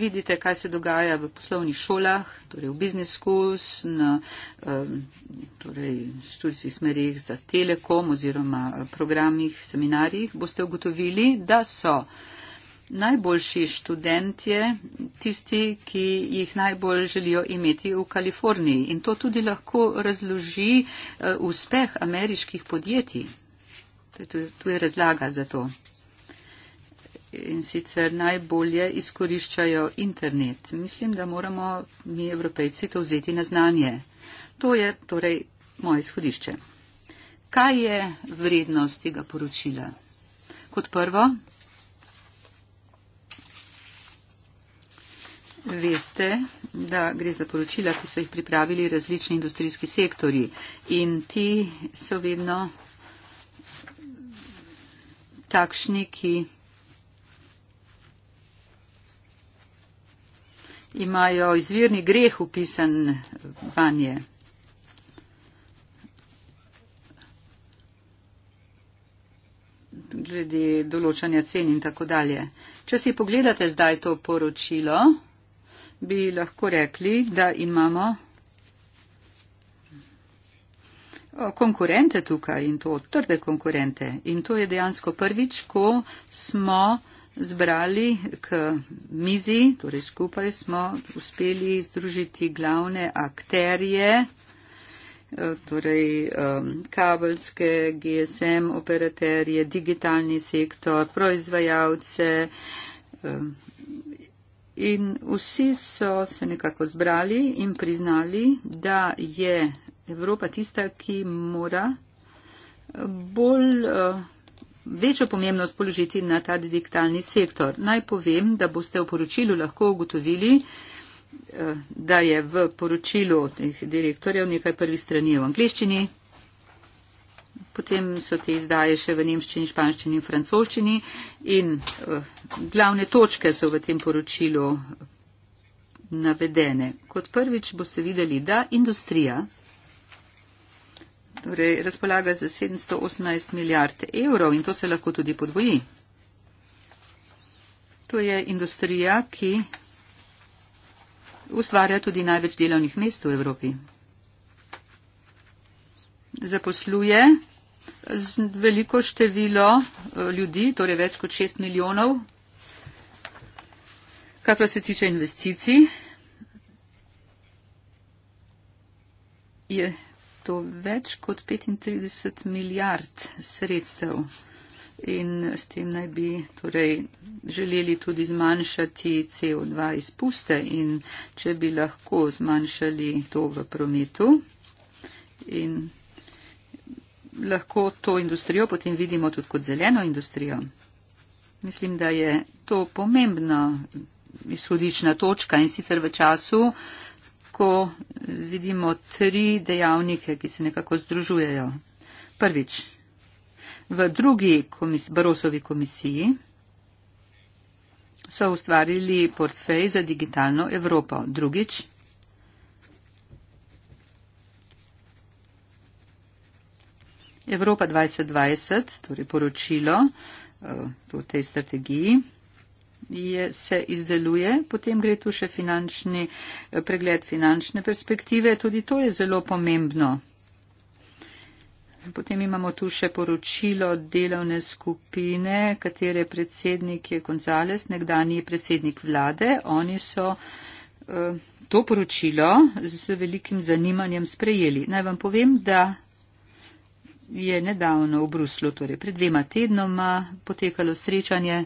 vidite, kaj se dogaja v poslovnih šolah, torej v business schools, na eh, torej študijskih smerih za telekom oziroma eh, programih, seminarjih, boste ugotovili, da so najboljši študentje tisti, ki jih najbolj želijo imeti v Kaliforniji. In to tudi lahko razloži uh, uspeh ameriških podjetij. Tu je razlaga za to. In sicer najbolje izkoriščajo internet. Mislim, da moramo mi, evropejci, to vzeti na znanje. To je torej moje izhodišče. Kaj je vrednost tega poročila? Kot prvo, veste, da gre za poročila, ki so jih pripravili različni industrijski sektori in ti so vedno takšni, ki imajo izvirni greh upisan vanje. glede določanja cen in tako dalje. Če si pogledate zdaj to poročilo, bi lahko rekli, da imamo eh, konkurente tukaj in to trde konkurente. In to je dejansko prvič, ko smo zbrali k mizi, torej skupaj smo uspeli združiti glavne akterje, eh, torej eh, kabelske, GSM operaterje, digitalni sektor, proizvajalce, In vsi so se nekako zbrali in priznali, da je Evropa tista, ki mora eh, bolj eh, večjo pomembnost položiti na ta digitalni sektor. Naj povem, da boste v poročilu lahko ugotovili, eh, da je v poročilu teh direktorjev nekaj prvih strani v angliščini, potem so te izdaje še v nemščini, španščini in francoščini in uh, glavne točke so v tem poročilu eh, navedene. Kot prvič boste videli, da industrija torej, razpolaga za 718 milijard evrov in to se lahko tudi podvoji. To je industrija, ki ustvarja tudi največ delovnih mest v Evropi. Zaposluje z veliko število eh, ljudi, torej več kot 6 milijonov. Kar pa se tiče investicij, je to več kot 35 milijard sredstev in s tem naj bi torej želeli tudi zmanjšati CO2 izpuste in če bi lahko zmanjšali to v prometu in lahko to industrijo potem vidimo tudi kot zeleno industrijo. Mislim, da je to pomembna izhodična točka in sicer v času, ko vidimo tri dejavnike, ki se nekako združujejo. Prvič, v drugi komis Barosovi komisiji so ustvarili portfej za digitalno Evropo. Drugič, Evropa 2020, torej poročilo eh, o tej strategiji, je, se izdeluje. Potem gre tu še finančni eh, pregled finančne perspektive. Tudi to je zelo pomembno. Potem imamo tu še poročilo delovne skupine, katere predsednik je Gonzales, nekdani predsednik vlade. Oni so eh, to poročilo z velikim zanimanjem sprejeli. Naj vam povem, da je nedavno v Bruslu, torej pred dvema tednoma, potekalo srečanje,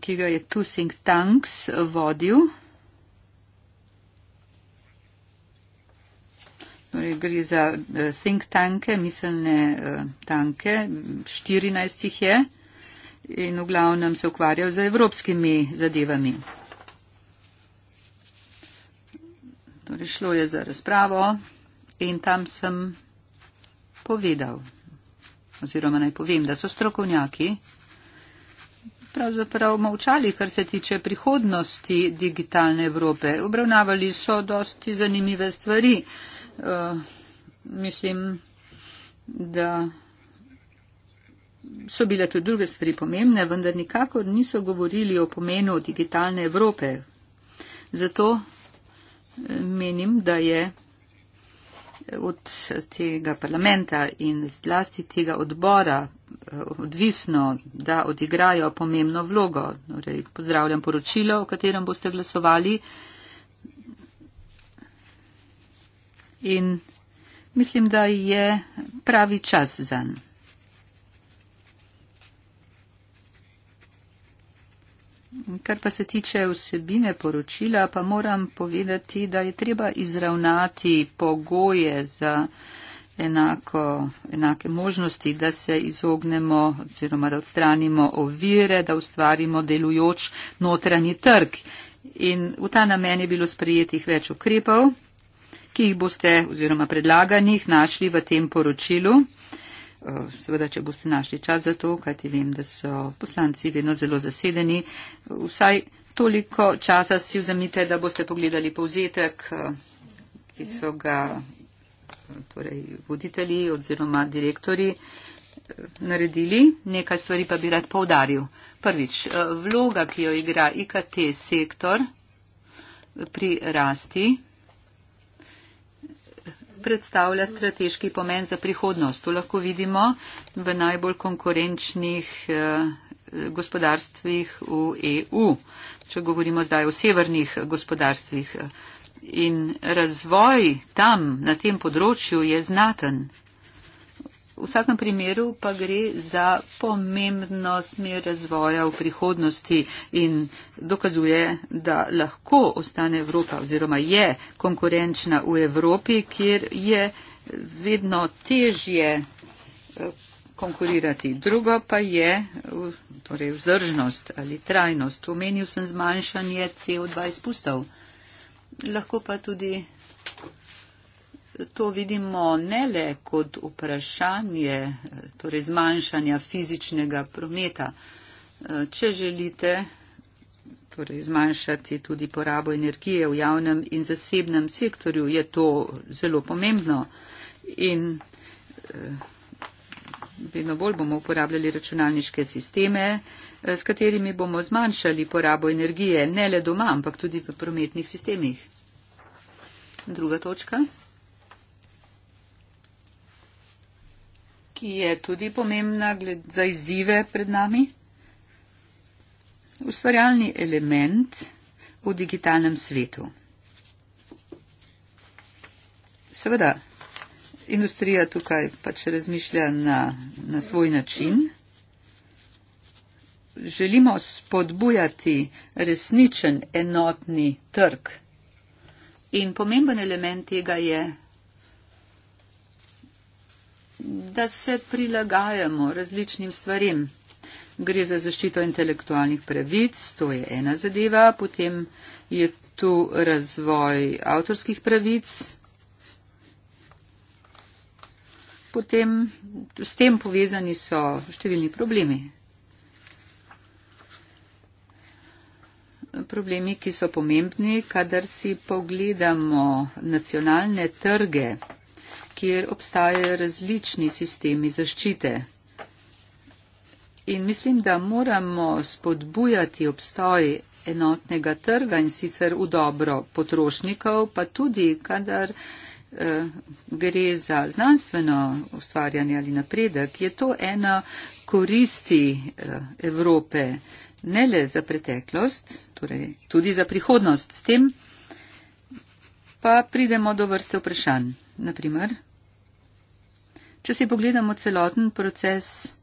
ki ga je Tusing Tanks vodil. Torej, gre za eh, think tanke, miselne eh, tanke, 14 jih je in v glavnem se ukvarjajo z evropskimi zadevami. Torej, šlo je za razpravo in tam sem povedal, oziroma naj povem, da so strokovnjaki pravzaprav močali, kar se tiče prihodnosti digitalne Evrope. Obravnavali so dosti zanimive stvari. Uh, mislim, da so bile tudi druge stvari pomembne, vendar nikakor niso govorili o pomenu digitalne Evrope. Zato eh, menim, da je od tega parlamenta in zlasti tega odbora eh, odvisno, da odigrajo pomembno vlogo. Torej, pozdravljam poročilo, o katerem boste glasovali. In mislim, da je pravi čas za njo. Kar pa se tiče vsebine poročila, pa moram povedati, da je treba izravnati pogoje za enako, enake možnosti, da se izognemo oziroma da odstranimo ovire, da ustvarimo delujoč notranji trg. In v ta namen je bilo sprejetih več ukrepov, ki jih boste oziroma predlaganih našli v tem poročilu seveda, če boste našli čas za to, kajti vem, da so poslanci vedno zelo zasedeni. Vsaj toliko časa si vzamite, da boste pogledali povzetek, ki so ga torej, voditelji oziroma direktori eh, naredili. Nekaj stvari pa bi rad povdaril. Prvič, eh, vloga, ki jo igra IKT sektor pri rasti predstavlja strateški pomen za prihodnost. Tu lahko vidimo v najbolj konkurenčnih eh, gospodarstvih v EU, če govorimo zdaj o severnih gospodarstvih. In razvoj tam, na tem področju, je znaten. V vsakem primeru pa gre za pomembno smer razvoja v prihodnosti in dokazuje, da lahko ostane Evropa oziroma je konkurenčna v Evropi, kjer je vedno težje eh, konkurirati. Drugo pa je torej vzdržnost ali trajnost. Omenil sem zmanjšanje CO2 izpustov. Lahko pa tudi To vidimo ne le kot vprašanje torej zmanjšanja fizičnega prometa. Če želite torej zmanjšati tudi porabo energije v javnem in zasebnem sektorju, je to zelo pomembno. In eh, vedno bolj bomo uporabljali računalniške sisteme, eh, s katerimi bomo zmanjšali porabo energije ne le doma, ampak tudi v prometnih sistemih. Druga točka. ki je tudi pomembna za izzive pred nami. Ustvarjalni element v digitalnem svetu. Seveda, industrija tukaj pač razmišlja na, na svoj način. Želimo spodbujati resničen enotni trg. In pomemben element tega je da se prilagajamo različnim stvarem. Gre za zaščito intelektualnih pravic, to je ena zadeva, potem je tu razvoj avtorskih pravic, potem s tem povezani so številni problemi. Problemi, ki so pomembni, kadar si pogledamo nacionalne trge kjer obstajajo različni sistemi zaščite. In mislim, da moramo spodbujati obstoj enotnega trga in sicer v dobro potrošnikov, pa tudi, kadar eh, gre za znanstveno ustvarjanje ali napredek, je to ena koristi eh, Evrope ne le za preteklost, torej tudi za prihodnost. S tem pa pridemo do vrste vprašanj. Naprimer, če si pogledamo celoten proces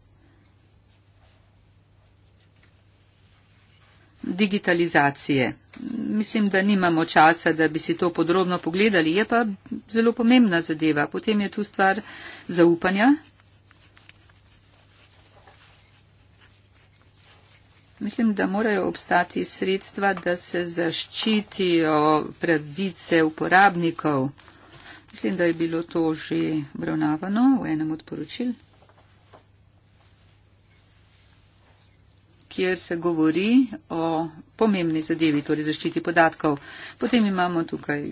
digitalizacije. Mislim, da nimamo časa, da bi si to podrobno pogledali. Je pa zelo pomembna zadeva. Potem je tu stvar zaupanja. Mislim, da morajo obstati sredstva, da se zaščitijo pravice uporabnikov. Mislim, da je bilo to že obravnavano v enem od poročil, kjer se govori o pomembni zadevi, torej zaščiti podatkov. Potem imamo tukaj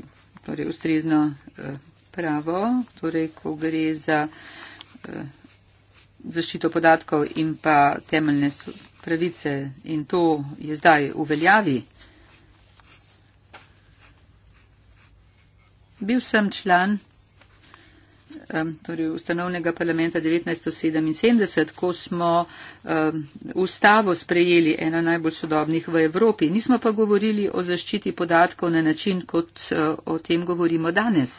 torej, ustrezno eh, pravo, torej, ko gre za eh, zaščito podatkov in pa temeljne pravice in to je zdaj v veljavi. Bil sem član um, torej ustanovnega parlamenta 1977, ko smo um, ustavo sprejeli, ena najbolj sodobnih v Evropi. Nismo pa govorili o zaščiti podatkov na način, kot uh, o tem govorimo danes.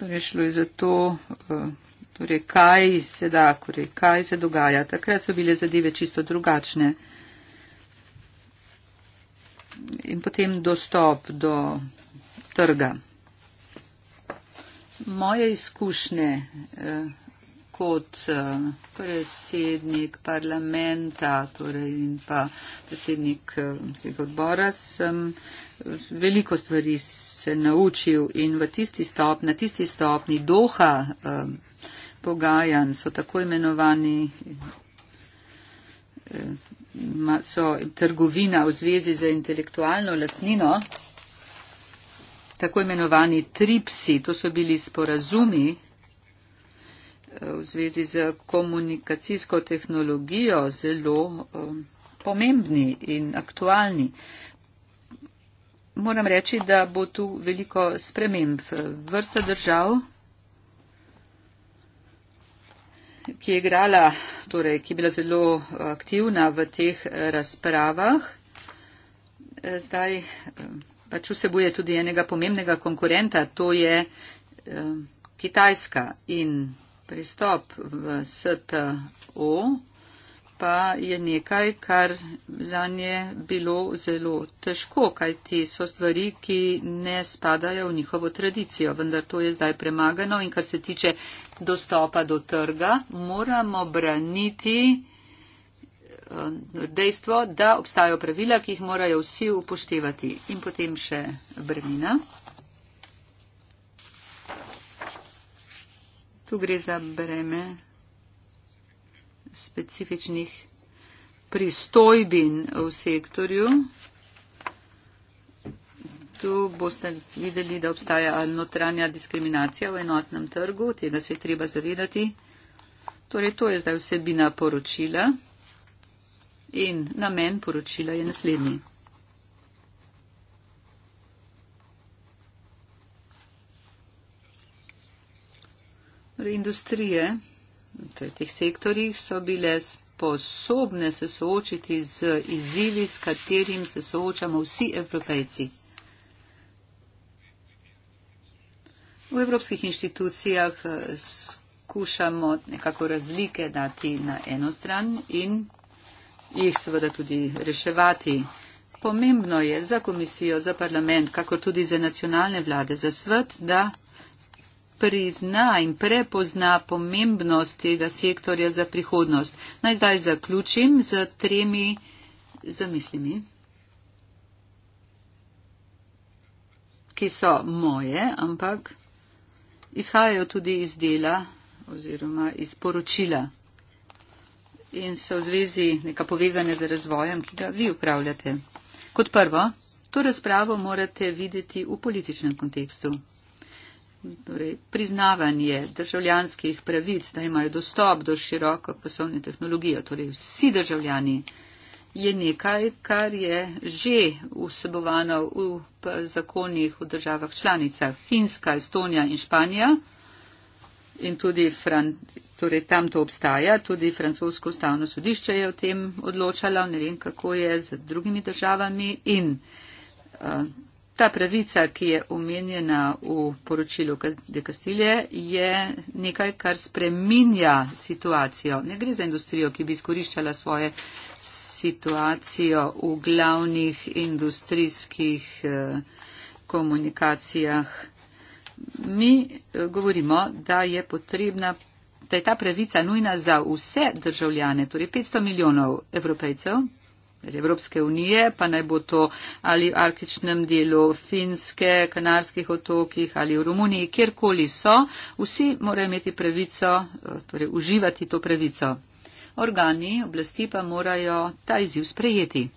Torej šlo je za to, e, torej kaj, se da, torej kaj se dogaja. Takrat so bile zadeve čisto drugačne in potem dostop do trga. Moje izkušnje eh, kot eh, predsednik parlamenta torej in pa predsednik tega eh, odbora sem veliko stvari se naučil in tisti stop, na tisti stopni doha pogajanj so tako imenovani so trgovina v zvezi z intelektualno lastnino, tako imenovani tripsi, to so bili sporazumi eh, v zvezi z komunikacijsko tehnologijo, zelo eh, pomembni in aktualni. Moram reči, da bo tu veliko sprememb. Vrsta držav. ki je igrala, torej, ki je bila zelo aktivna v teh razpravah, eh, zdaj eh, pač vsebuje tudi enega pomembnega konkurenta, to je eh, Kitajska in pristop v STO pa je nekaj, kar za nje bilo zelo težko, kajti so stvari, ki ne spadajo v njihovo tradicijo, vendar to je zdaj premagano in kar se tiče dostopa do trga, moramo braniti um, dejstvo, da obstajajo pravila, ki jih morajo vsi upoštevati. In potem še brnina. Tu gre za breme specifičnih pristojbin v sektorju. Tu boste videli, da obstaja notranja diskriminacija v enotnem trgu, tega se je treba zavedati. Torej, to je zdaj vsebina poročila in namen poročila je naslednji. Torej, industrije, tretjih sektorjih so bile sposobne se soočiti z izzivi, s katerim se soočamo vsi evropejci. V evropskih inštitucijah eh, skušamo nekako razlike dati na eno stran in jih seveda tudi reševati. Pomembno je za komisijo, za parlament, kako tudi za nacionalne vlade, za svet, da prizna in prepozna pomembnost tega sektorja za prihodnost. Naj zdaj zaključim z tremi zamislimi, ki so moje, ampak izhajajo tudi iz dela oziroma iz poročila in so v zvezi neka povezane z razvojem, ki ga vi upravljate. Kot prvo, to razpravo morate videti v političnem kontekstu torej priznavanje državljanskih pravic, da imajo dostop do široko poslovne tehnologije, torej vsi državljani, je nekaj, kar je že vsebovano v zakonih v državah članicah Finska, Estonija in Španija. In tudi Fran, torej tam to obstaja, tudi francosko ustavno sodišče je o tem odločalo, ne vem, kako je z drugimi državami. In, uh, ta pravica, ki je omenjena v poročilu De Castilje, je nekaj, kar spreminja situacijo. Ne gre za industrijo, ki bi izkoriščala svoje situacijo v glavnih industrijskih eh, komunikacijah. Mi eh, govorimo, da je potrebna da je ta pravica nujna za vse državljane, torej 500 milijonov evropejcev, Evropske unije, pa naj bo to ali v arktičnem delu Finske, Kanarskih otokih ali v Romuniji, kjerkoli so, vsi morajo imeti pravico, eh, torej uživati to pravico. Organi, oblasti pa morajo ta izziv sprejeti.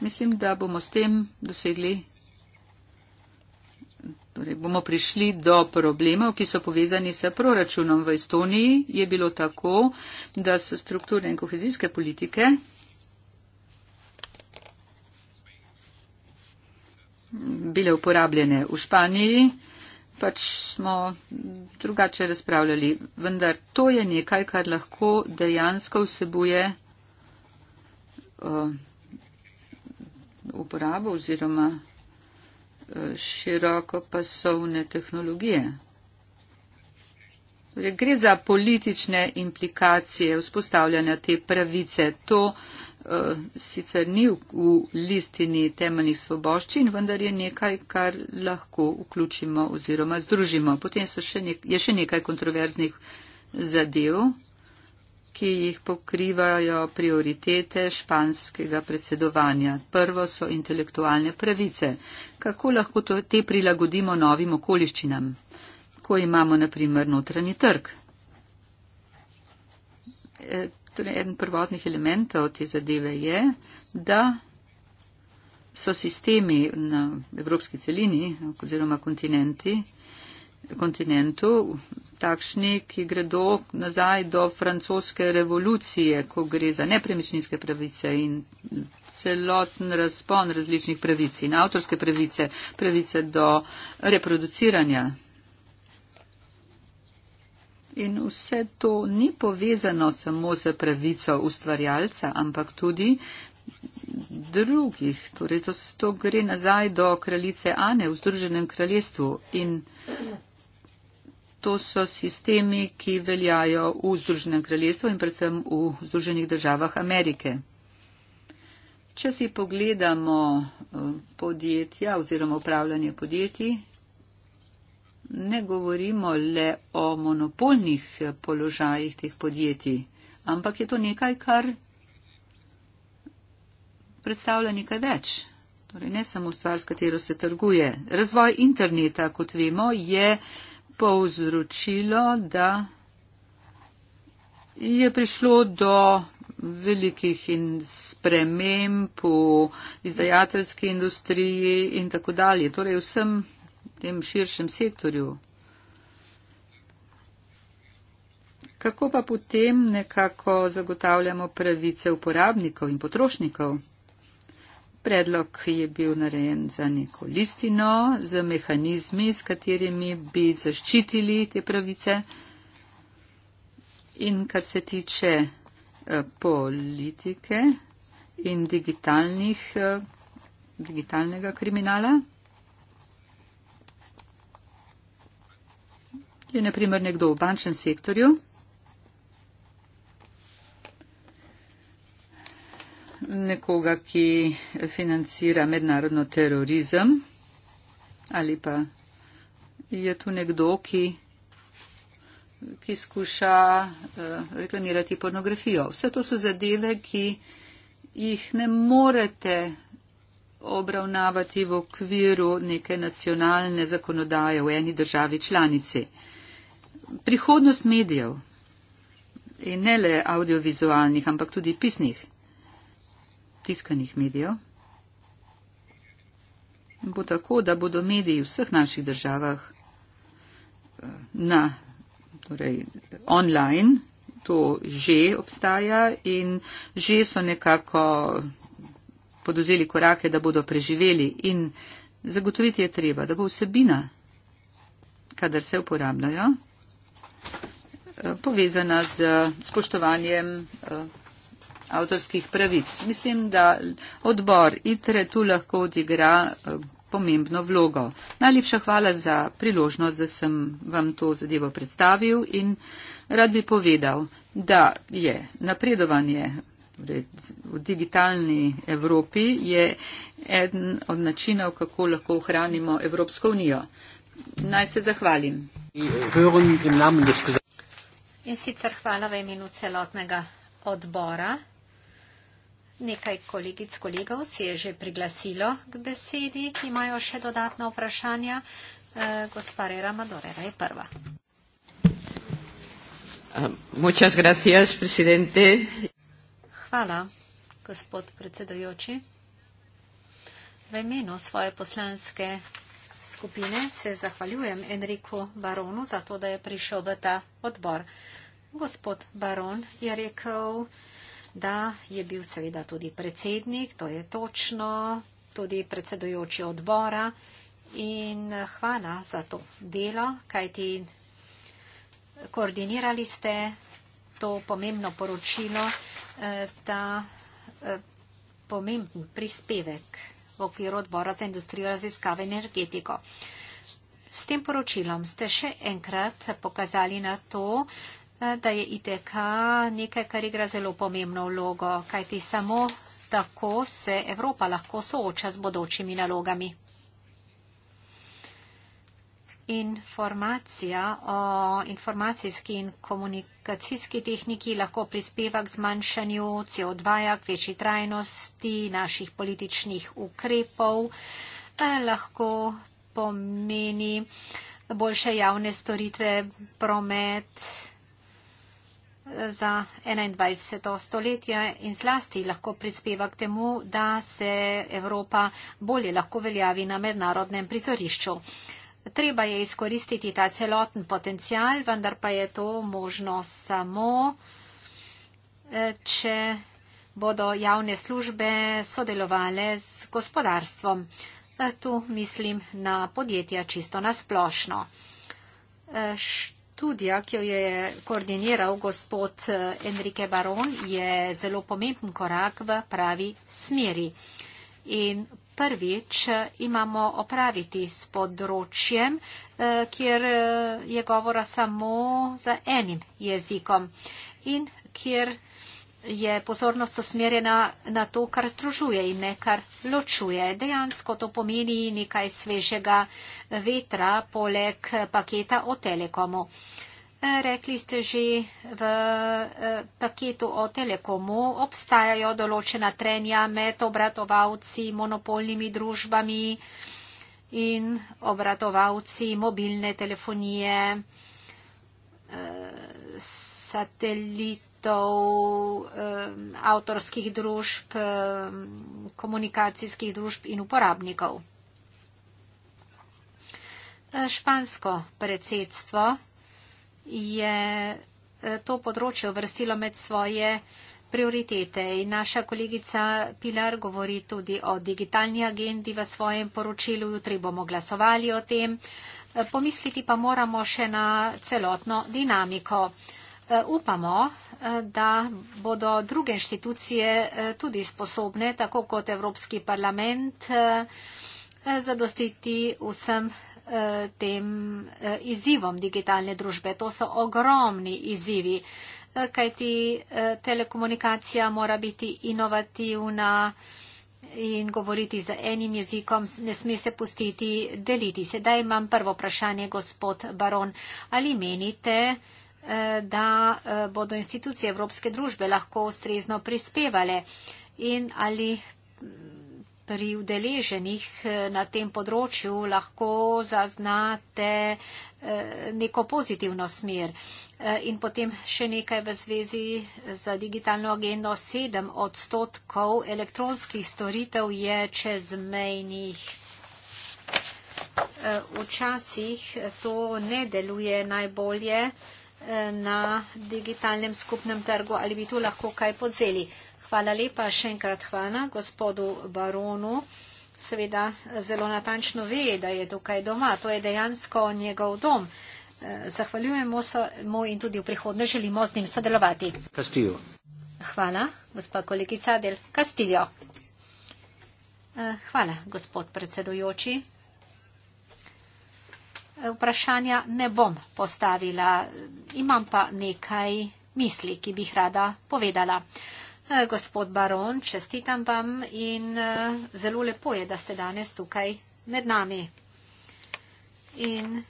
Mislim, da bomo s tem dosegli Torej, bomo prišli do problemov, ki so povezani s proračunom. V Estoniji je bilo tako, da so strukturne in kohezijske politike bile uporabljene v Španiji, pač smo drugače razpravljali. Vendar to je nekaj, kar lahko dejansko vsebuje uh, uporabo oziroma širokopasovne tehnologije. Torej, gre za politične implikacije vzpostavljanja te pravice. To uh, sicer ni v, v listini temeljnih svoboščin, vendar je nekaj, kar lahko vključimo oziroma združimo. Potem še nek, je še nekaj kontroverznih zadev, ki jih pokrivajo prioritete španskega predsedovanja. Prvo so intelektualne pravice. Kako lahko to, te prilagodimo novim okoliščinam, ko imamo naprimer notranji trg? E, torej, eden prvotnih elementov te zadeve je, da so sistemi na evropski celini oziroma kontinenti kontinentu, takšni, ki gredo nazaj do francoske revolucije, ko gre za nepremičninske pravice in celoten razpon različnih pravic in avtorske pravice, pravice do reproduciranja. In vse to ni povezano samo z pravico ustvarjalca, ampak tudi drugih. Torej, to, to gre nazaj do kraljice Ane v Združenem kraljestvu in To so sistemi, ki veljajo v Združenem kraljestvu in predvsem v Združenih državah Amerike. Če si pogledamo eh, podjetja oziroma upravljanje podjetij, ne govorimo le o monopolnih eh, položajih teh podjetij, ampak je to nekaj, kar predstavlja nekaj več. Torej, ne samo stvar, s katero se trguje. Razvoj interneta, kot vemo, je uh, povzročilo, da je prišlo do velikih in sprememb v izdajateljski industriji in tako dalje, torej v vsem tem širšem sektorju. Kako pa potem nekako zagotavljamo pravice uporabnikov in potrošnikov? Predlog je bil narejen za neko listino z mehanizmi, s katerimi bi zaščitili te pravice. In kar se tiče eh, politike in eh, digitalnega kriminala, je naprimer nekdo v bančnem sektorju. nekoga, ki financira mednarodno terorizem ali pa je tu nekdo, ki, ki skuša eh, reklamirati pornografijo. Vse to so zadeve, ki jih ne morete obravnavati v okviru neke nacionalne zakonodaje v eni državi članici. Prihodnost medijev in ne le audiovizualnih, ampak tudi pisnih tiskanih medijev, bo tako, da bodo mediji v vseh naših državah eh, na, torej, online, to že obstaja in že so nekako podozeli korake, da bodo preživeli in zagotoviti je treba, da bo vsebina, kadar se uporabljajo, eh, povezana z spoštovanjem eh, avtorskih pravic. Mislim, da odbor ITRE tu lahko odigra eh, pomembno vlogo. Najlepša hvala za priložnost, da sem vam to zadevo predstavil in rad bi povedal, da je napredovanje v digitalni Evropi je eden od načinov, kako lahko ohranimo Evropsko unijo. Naj se zahvalim. In sicer hvala v imenu celotnega odbora. Nekaj kolegic, kolegov se je že priglasilo k besedi, imajo še dodatna vprašanja. Eh, gospa Rera Madorera je prva. Ah, muchas gracias, presidente. Hvala, gospod predsedujoči. V imenu svoje poslanske skupine se zahvaljujem Enriku Baronu za to, da je prišel v ta odbor. Gospod Baron je rekel, da je bil seveda tudi predsednik, to je točno, tudi predsedujoči odbora in hvala za to delo, kajti koordinirali ste to pomembno poročilo, eh, ta eh, pomemben prispevek v okviru odbora za industrijo raziskave energetiko. S tem poročilom ste še enkrat pokazali na to, da je ITK nekaj, kar igra zelo pomembno vlogo, kajti samo tako se Evropa lahko sooča z bodočimi nalogami. Informacija o informacijski in komunikacijski tehniki lahko prispeva k zmanjšanju CO2, k večji trajnosti naših političnih ukrepov, lahko pomeni boljše javne storitve, promet, za 21. stoletje in zlasti lahko prispeva k temu, da se Evropa bolje lahko veljavi na mednarodnem prizorišču. Treba je izkoristiti ta celoten potencial, vendar pa je to možno samo, eh, če bodo javne službe sodelovale z gospodarstvom. Eh, tu mislim na podjetja čisto nasplošno. Eh, študija, ki jo je koordiniral gospod eh, Enrique Baron, je zelo pomemben korak v pravi smeri. In prvič eh, imamo opraviti s področjem, eh, kjer je govora samo za enim jezikom in kjer je pozornost usmerjena na to, kar združuje in ne kar ločuje. Dejansko to pomeni nekaj svežega vetra poleg paketa o telekomu. Rekli ste že, v eh, paketu o telekomu obstajajo določena trenja med obratovalci, monopolnimi družbami in obratovalci mobilne telefonije, eh, satelit projektov, avtorskih družb, komunikacijskih družb in uporabnikov. E, špansko predsedstvo je e, to področje uvrstilo med svoje prioritete in naša kolegica Pilar govori tudi o digitalni agendi v svojem poročilu. Jutri bomo glasovali o tem. E, pomisliti pa moramo še na celotno dinamiko. Upamo, Eh, da bodo druge inštitucije eh, tudi sposobne, tako kot Evropski parlament, eh, zadostiti vsem tem izzivom digitalne družbe. To so ogromni izzivi, kajti telekomunikacija mora biti inovativna in govoriti z enim jezikom, ne sme se pustiti deliti. Sedaj imam prvo vprašanje, gospod Baron. Ali menite, Eh, da eh, bodo institucije Evropske družbe lahko ustrezno prispevale in ali pri udeleženih eh, na tem področju lahko zaznate neko pozitivno smer. In potem še nekaj v zvezi z digitalno agendo. 7 odstotkov elektronskih storitev je čezmejnih. Včasih to ne deluje najbolje na digitalnem skupnem trgu, ali bi tu lahko kaj podzeli. Hvala lepa, še enkrat hvala gospodu baronu. Seveda zelo natančno ve, da je tukaj doma. To je dejansko njegov dom. Eh, zahvaljujemo se mu in tudi v prihodnje želimo z njim sodelovati. Kastiljo. Hvala, gospod kolegica Del Kastiljo. Eh, hvala, gospod predsedujoči vprašanja ne bom postavila, imam pa nekaj misli, ki bi jih rada povedala. E, gospod baron, čestitam vam in e, zelo lepo je, da ste danes tukaj med nami. In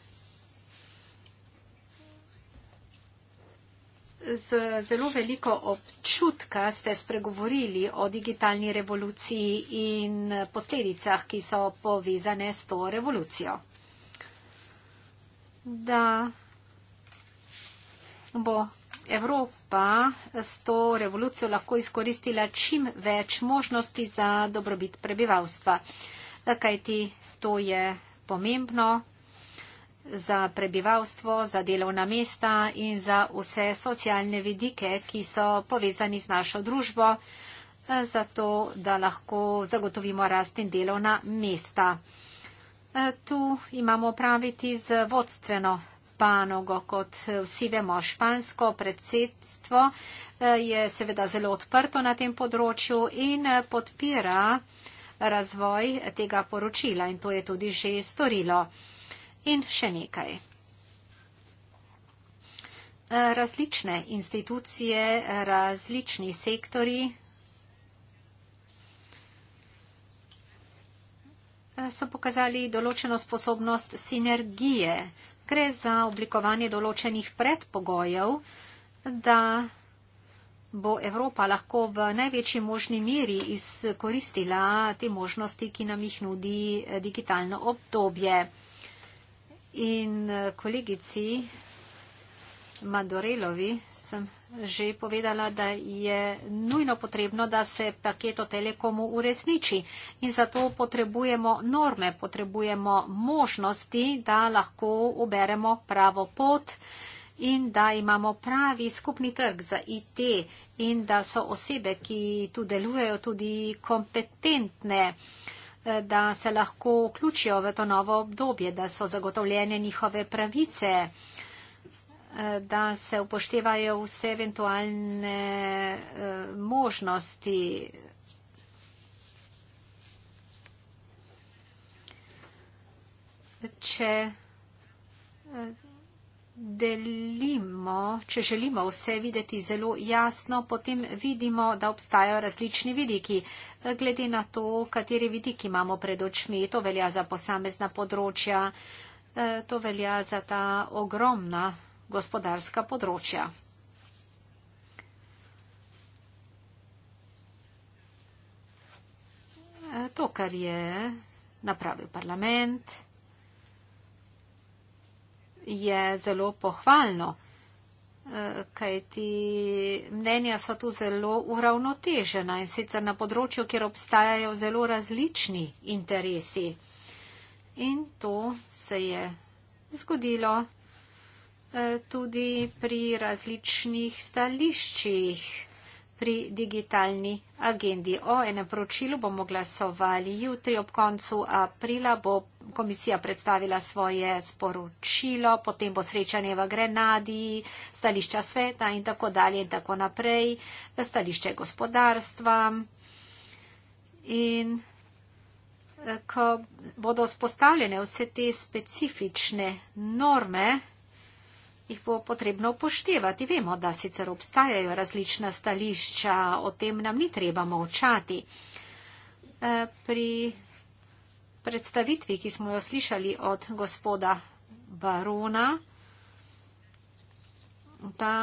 z zelo veliko občutka ste spregovorili o digitalni revoluciji in posledicah, ki so povezane s to revolucijo da bo Evropa s to revolucijo lahko izkoristila čim več možnosti za dobrobit prebivalstva. Kaj ti to je pomembno za prebivalstvo, za delovna mesta in za vse socialne vidike, ki so povezani z našo družbo, zato da lahko zagotovimo rast in delovna mesta. E, tu imamo opraviti z vodstveno panogo, kot vsi vemo, špansko predsedstvo e, je seveda zelo odprto na tem področju in podpira razvoj tega poročila in to je tudi že storilo. In še nekaj. E, različne institucije, različni sektori Eh, so pokazali določeno sposobnost sinergije. Gre za oblikovanje določenih predpogojev, da bo Evropa lahko v največji možni meri izkoristila te možnosti, ki nam jih nudi eh, digitalno obdobje. In eh, kolegici Madorelovi sem že povedala, da je nujno potrebno, da se paket o telekomu uresniči in zato potrebujemo norme, potrebujemo možnosti, da lahko uberemo pravo pot in da imamo pravi skupni trg za IT in da so osebe, ki tu delujejo, tudi kompetentne da se lahko vključijo v to novo obdobje, da so zagotovljene njihove pravice. Uh, da se upoštevajo vse eventualne eh, možnosti. Če eh, delimo, če želimo vse videti zelo jasno, potem vidimo, da obstajajo različni vidiki. Eh, glede na to, kateri vidiki imamo pred očmi, to velja za posamezna področja, to velja za ta ogromna gospodarska področja. E, to, kar je napravil parlament, je zelo pohvalno, e, kajti mnenja so tu zelo uravnotežena in sicer na področju, kjer obstajajo zelo različni interesi. In to se je zgodilo. Eh, tudi pri različnih stališčih pri digitalni agendi. O enem poročilu bomo glasovali jutri ob koncu aprila. Bo komisija predstavila svoje sporočilo, potem bo srečanje v Grenadi, stališča sveta in tako dalje in tako naprej, stališče gospodarstva. In eh, ko bodo spostavljene vse te specifične norme, jih bo potrebno upoštevati. Vemo, da sicer obstajajo različna stališča, o tem nam ni treba molčati. E, pri predstavitvi, ki smo jo slišali od gospoda barona, pa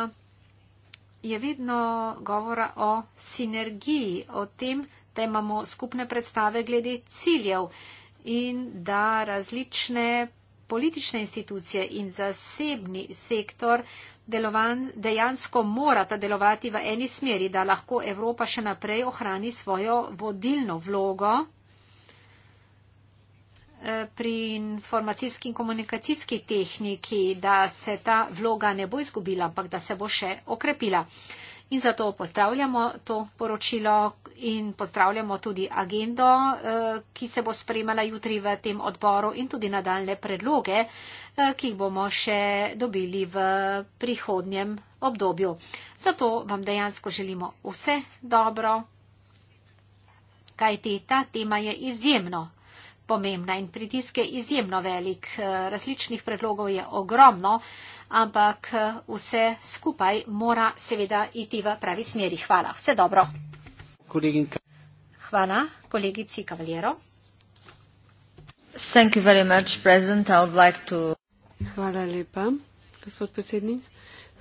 je vedno govora o sinergiji, o tem, da imamo skupne predstave glede ciljev in da različne politične institucije in zasebni sektor delovan, dejansko morata delovati v eni smeri, da lahko Evropa še naprej ohrani svojo vodilno vlogo eh, pri informacijski in komunikacijski tehniki, da se ta vloga ne bo izgubila, ampak da se bo še okrepila. In zato pozdravljamo to poročilo in pozdravljamo tudi agendo, eh, ki se bo spremala jutri v tem odboru in tudi nadaljne predloge, eh, ki jih bomo še dobili v prihodnjem obdobju. Zato vam dejansko želimo vse dobro, kajti ta tema je izjemno pomembna in pritisk je izjemno velik. Eh, različnih predlogov je ogromno, ampak eh, vse skupaj mora seveda iti v pravi smeri. Hvala. Vse dobro. Koleginka. Hvala kolegici Kavaljero. Like to... Hvala lepa, gospod predsednik.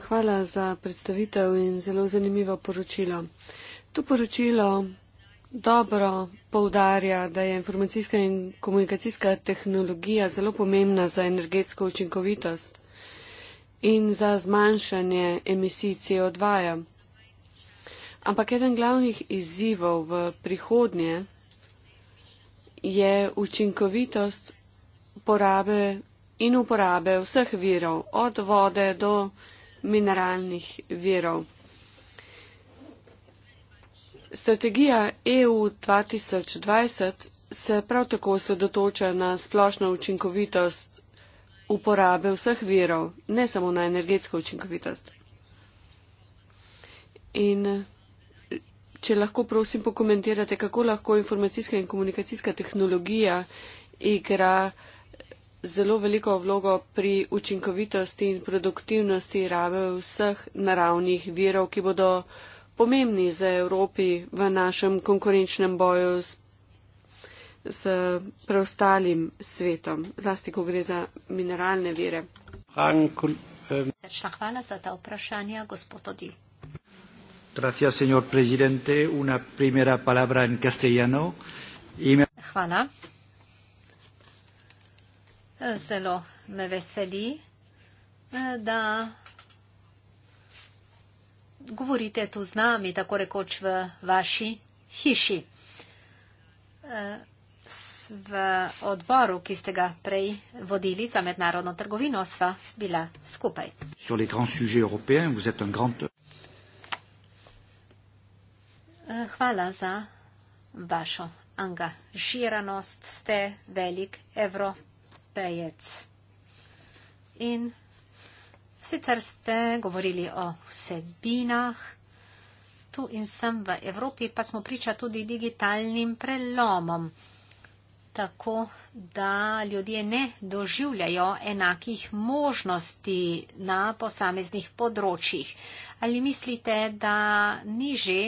Hvala za predstavitev in zelo zanimivo poročilo. To poročilo dobro poudarja, da je informacijska in komunikacijska tehnologija zelo pomembna za energetsko učinkovitost in za zmanjšanje emisij CO2. -ja. Ampak eden glavnih izzivov v prihodnje je učinkovitost porabe in uporabe vseh virov, od vode do mineralnih virov. Strategija EU 2020 se prav tako sredotoča na splošno učinkovitost uporabe vseh virov, ne samo na energetsko učinkovitost. In če lahko prosim pokomentirate, kako lahko informacijska in komunikacijska tehnologija igra zelo veliko vlogo pri učinkovitosti in produktivnosti rabe vseh naravnih virov, ki bodo pomembni za Evropi v našem konkurenčnem boju s, s preostalim svetom, zlasti ko gre za mineralne vire. Srečna eh, hvala za ta vprašanja, gospod Odi. Gracias, señor presidente. Una primera palabra en castellano. Me... Hvala. Zelo me veseli, eh, da govorite tu z nami, tako rekoč v vaši hiši. E, v odboru, ki ste ga prej vodili za mednarodno trgovino, sva bila skupaj. Grand... E, hvala za vašo angažiranost. Ste velik evropejec. In Sicer ste govorili o vsebinah, tu in sem v Evropi, pa smo priča tudi digitalnim prelomom, tako da ljudje ne doživljajo enakih možnosti na posameznih področjih. Ali mislite, da ni že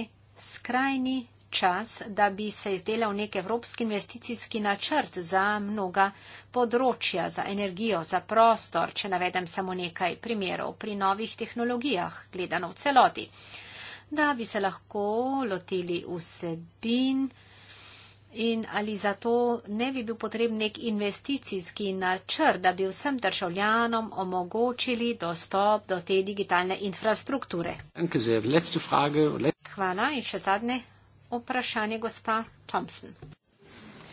skrajni čas, da bi se izdelal nek evropski investicijski načrt za mnoga področja, za energijo, za prostor, če navedem samo nekaj primerov pri novih tehnologijah, gledano v celoti. Da bi se lahko lotili vsebin in ali zato ne bi bil potreben nek investicijski načrt, da bi vsem državljanom omogočili dostop do te digitalne infrastrukture. Hvala in še zadnje Vprašanje gospa Thompson.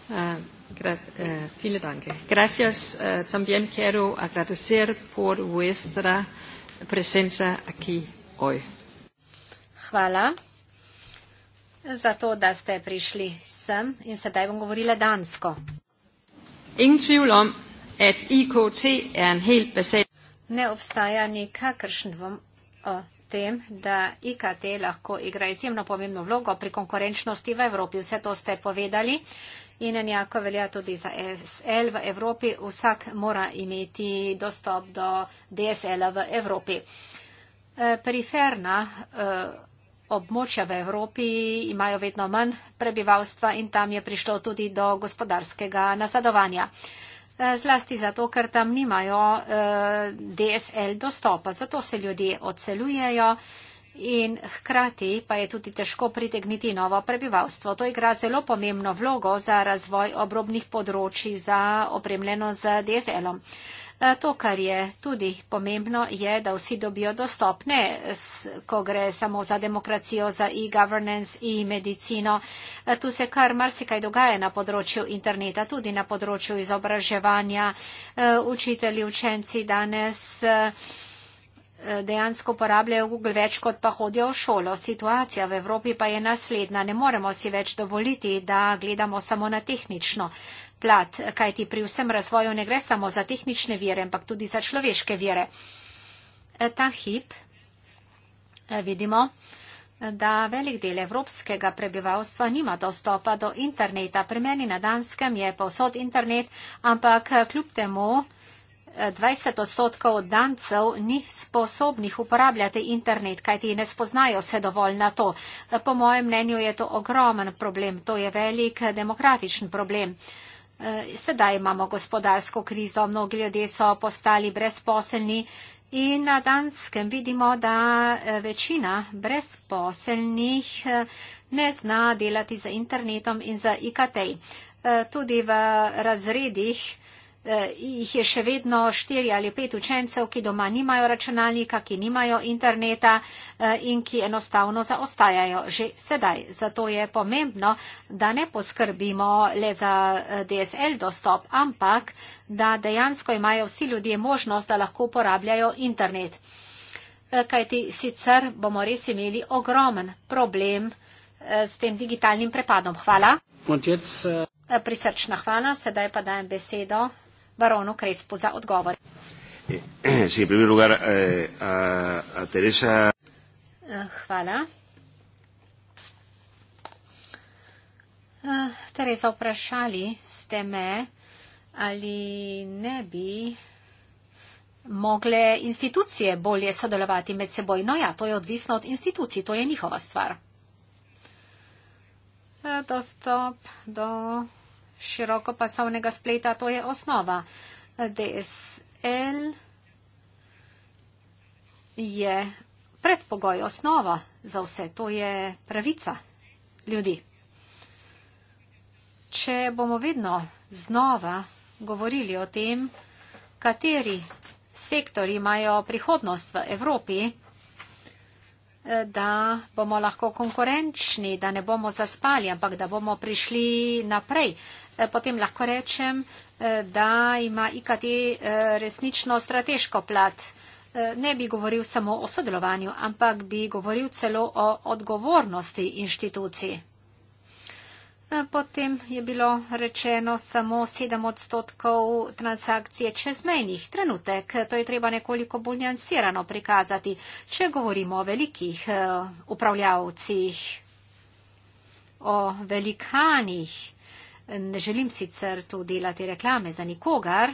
Uh, gra, uh, eh, viele danke. Gracias. Uh, también quiero agradecer por vuestra presencia aquí hoy. Hvala za to, da ste prišli sem in sedaj bom govorila dansko. Ingen tvivl om, at IKT er en helt basal... Ne obstaja nikakršen dvom o tem, da IKT lahko igra izjemno pomembno vlogo pri konkurenčnosti v Evropi. Vse to ste povedali in enako velja tudi za SL v Evropi. Vsak mora imeti dostop do DSL v Evropi. E, periferna e, območja v Evropi imajo vedno manj prebivalstva in tam je prišlo tudi do gospodarskega nasadovanja zlasti zato, ker tam nimajo eh, DSL dostopa, zato se ljudje odseljujejo in hkrati pa je tudi težko pritegniti novo prebivalstvo. To igra zelo pomembno vlogo za razvoj obrobnih področji, za opremljeno z DSL-om. E, to, kar je tudi pomembno, je, da vsi dobijo dostop, ne ko gre samo za demokracijo, za e-governance, e-medicino. E, tu se kar marsikaj dogaja na področju interneta, tudi na področju izobraževanja. E, učitelji, učenci danes dejansko uporabljajo Google več, kot pa hodijo v šolo. Situacija v Evropi pa je naslednja. Ne moremo si več dovoliti, da gledamo samo na tehnično plat, kajti pri vsem razvoju ne gre samo za tehnične vire, ampak tudi za človeške vire. E, ta hip e, vidimo, da velik del evropskega prebivalstva nima dostopa do interneta. Pri meni na Danskem je povsod internet, ampak kljub temu 20 e, odstotkov dancev ni sposobnih uporabljati internet, kajti ne spoznajo se dovolj na to. Po mojem mnenju je to ogromen problem, to je velik demokratičen problem. Eh, sedaj imamo gospodarsko krizo, mnogi ljudje so postali brezposelni in na danskem vidimo, da eh, večina brezposelnih eh, ne zna delati za internetom in za IKT. Tudi v razredih Eh, jih je še vedno štiri ali pet učencev, ki doma nimajo računalnika, ki nimajo interneta eh, in ki enostavno zaostajajo že sedaj. Zato je pomembno, da ne poskrbimo le za eh, DSL dostop, ampak da dejansko imajo vsi ljudje možnost, da lahko uporabljajo internet. Kajti sicer bomo res imeli ogromen problem s tem digitalnim prepadom. Hvala. Prisrčna hvala, sedaj pa dajem besedo barono Crespo za odgovor. Eh, sí, en primer lugar, eh, a, a Teresa. Eh, hvala. Uh, Teresa, vprašali ste me, ali ne bi mogle institucije bolje sodelovati med seboj. No ja, to je odvisno od institucij, to je njihova stvar. Uh, dostop do širokopasovnega spleta, to je osnova. DSL je predpogoj, osnova za vse, to je pravica ljudi. Če bomo vedno znova govorili o tem, kateri sektori imajo prihodnost v Evropi, da bomo lahko konkurenčni, da ne bomo zaspali, ampak da bomo prišli naprej. Eh, potem lahko rečem, eh, da ima IKT eh, resnično strateško plat. Ne bi govoril samo o sodelovanju, ampak bi govoril celo o odgovornosti inštitucij. Potem je bilo rečeno samo 7 odstotkov transakcije čezmejnih trenutek. To je treba nekoliko bolj nansirano prikazati, če govorimo o velikih upravljavcih, o velikanih ne želim sicer tu delati reklame za nikogar.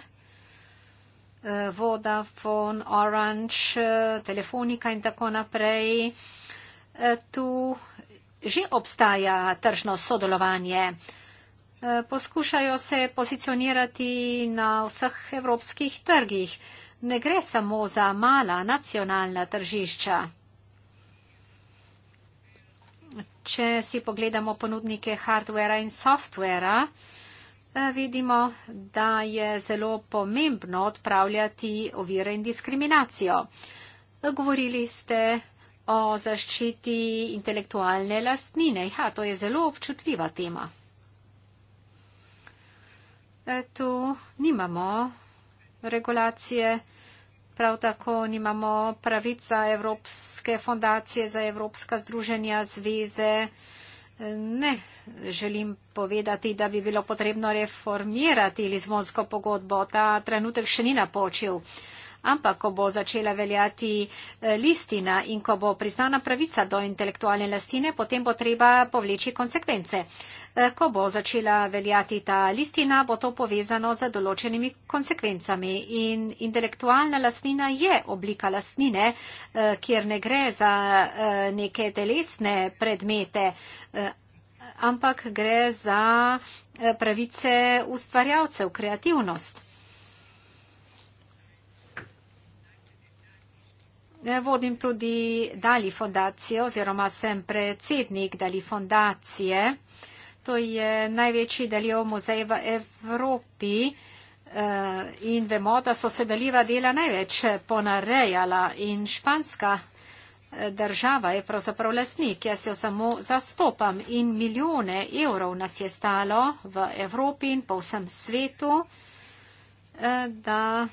Eh, Vodafone, Orange, eh, Telefonika in tako naprej. Eh, tu že obstaja tržno sodelovanje. Poskušajo se pozicionirati na vseh evropskih trgih. Ne gre samo za mala nacionalna tržišča. če si pogledamo ponudnike hardvera in softvera, eh, vidimo, da je zelo pomembno odpravljati ovire in diskriminacijo. Govorili ste o zaščiti intelektualne lastnine. Ja, to je zelo občutljiva tema. Eh, tu nimamo regulacije. Prav tako nimamo pravica Evropske fondacije za Evropska združenja zveze. Ne želim povedati, da bi bilo potrebno reformirati Lizbonsko pogodbo. Ta trenutek še ni napočil ampak ko bo začela veljati eh, listina in ko bo priznana pravica do intelektualne lastine, potem bo treba povleči konsekvence. Eh, ko bo začela veljati ta listina, bo to povezano z določenimi konsekvencami in intelektualna lastnina je oblika lastnine, eh, kjer ne gre za neke telesne predmete, ampak gre za pravice ustvarjalcev, kreativnost. Eh, vodim tudi Dali fondacijo oziroma sem predsednik Dali fondacije. To je največji delijo muzej v Evropi eh, in vemo, da so se deliva dela največ ponarejala in španska eh, država je pravzaprav lasnik, jaz jo samo zastopam in milijone evrov nas je stalo v Evropi in po vsem svetu, da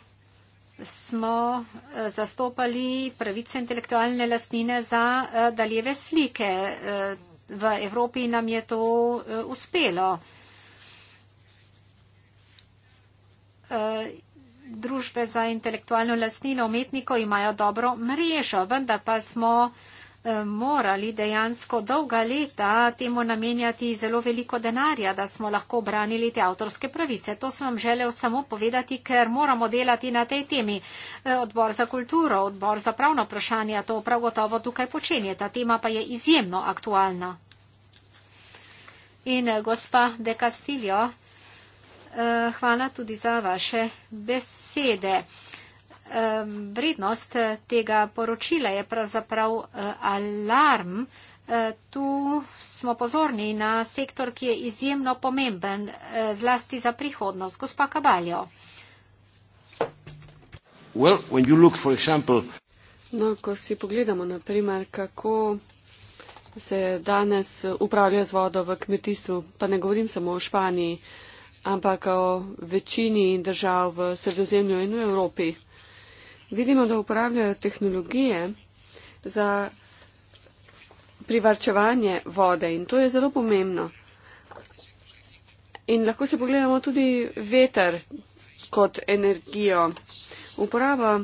smo eh, zastopali pravice intelektualne lastnine za eh, daljeve slike. Eh, v Evropi nam je to uspelo. Družbe za intelektualno lastnino umetnikov imajo dobro mrežo, vendar pa smo Eh, morali dejansko dolga leta temu namenjati zelo veliko denarja, da smo lahko branili te avtorske pravice. To sem vam želel samo povedati, ker moramo delati na tej temi. Eh, odbor za kulturo, odbor za pravno vprašanje to prav gotovo tukaj počenje. Ta tema pa je izjemno aktualna. In eh, gospa De Castillo, hvala tudi za vaše besede vrednost eh, tega poročila je pravzaprav eh, alarm. Eh, tu smo pozorni na sektor, ki je izjemno pomemben, zlasti za prihodnost. Gospa Kabaljo. Well, example... No, ko si pogledamo, naprimer, kako se danes upravlja z vodo v kmetijstvu, pa ne govorim samo o Španiji, ampak o večini držav v sredozemlju in v Evropi vidimo, da uporabljajo tehnologije za privarčevanje vode in to je zelo pomembno. In lahko se pogledamo tudi veter kot energijo. Uporaba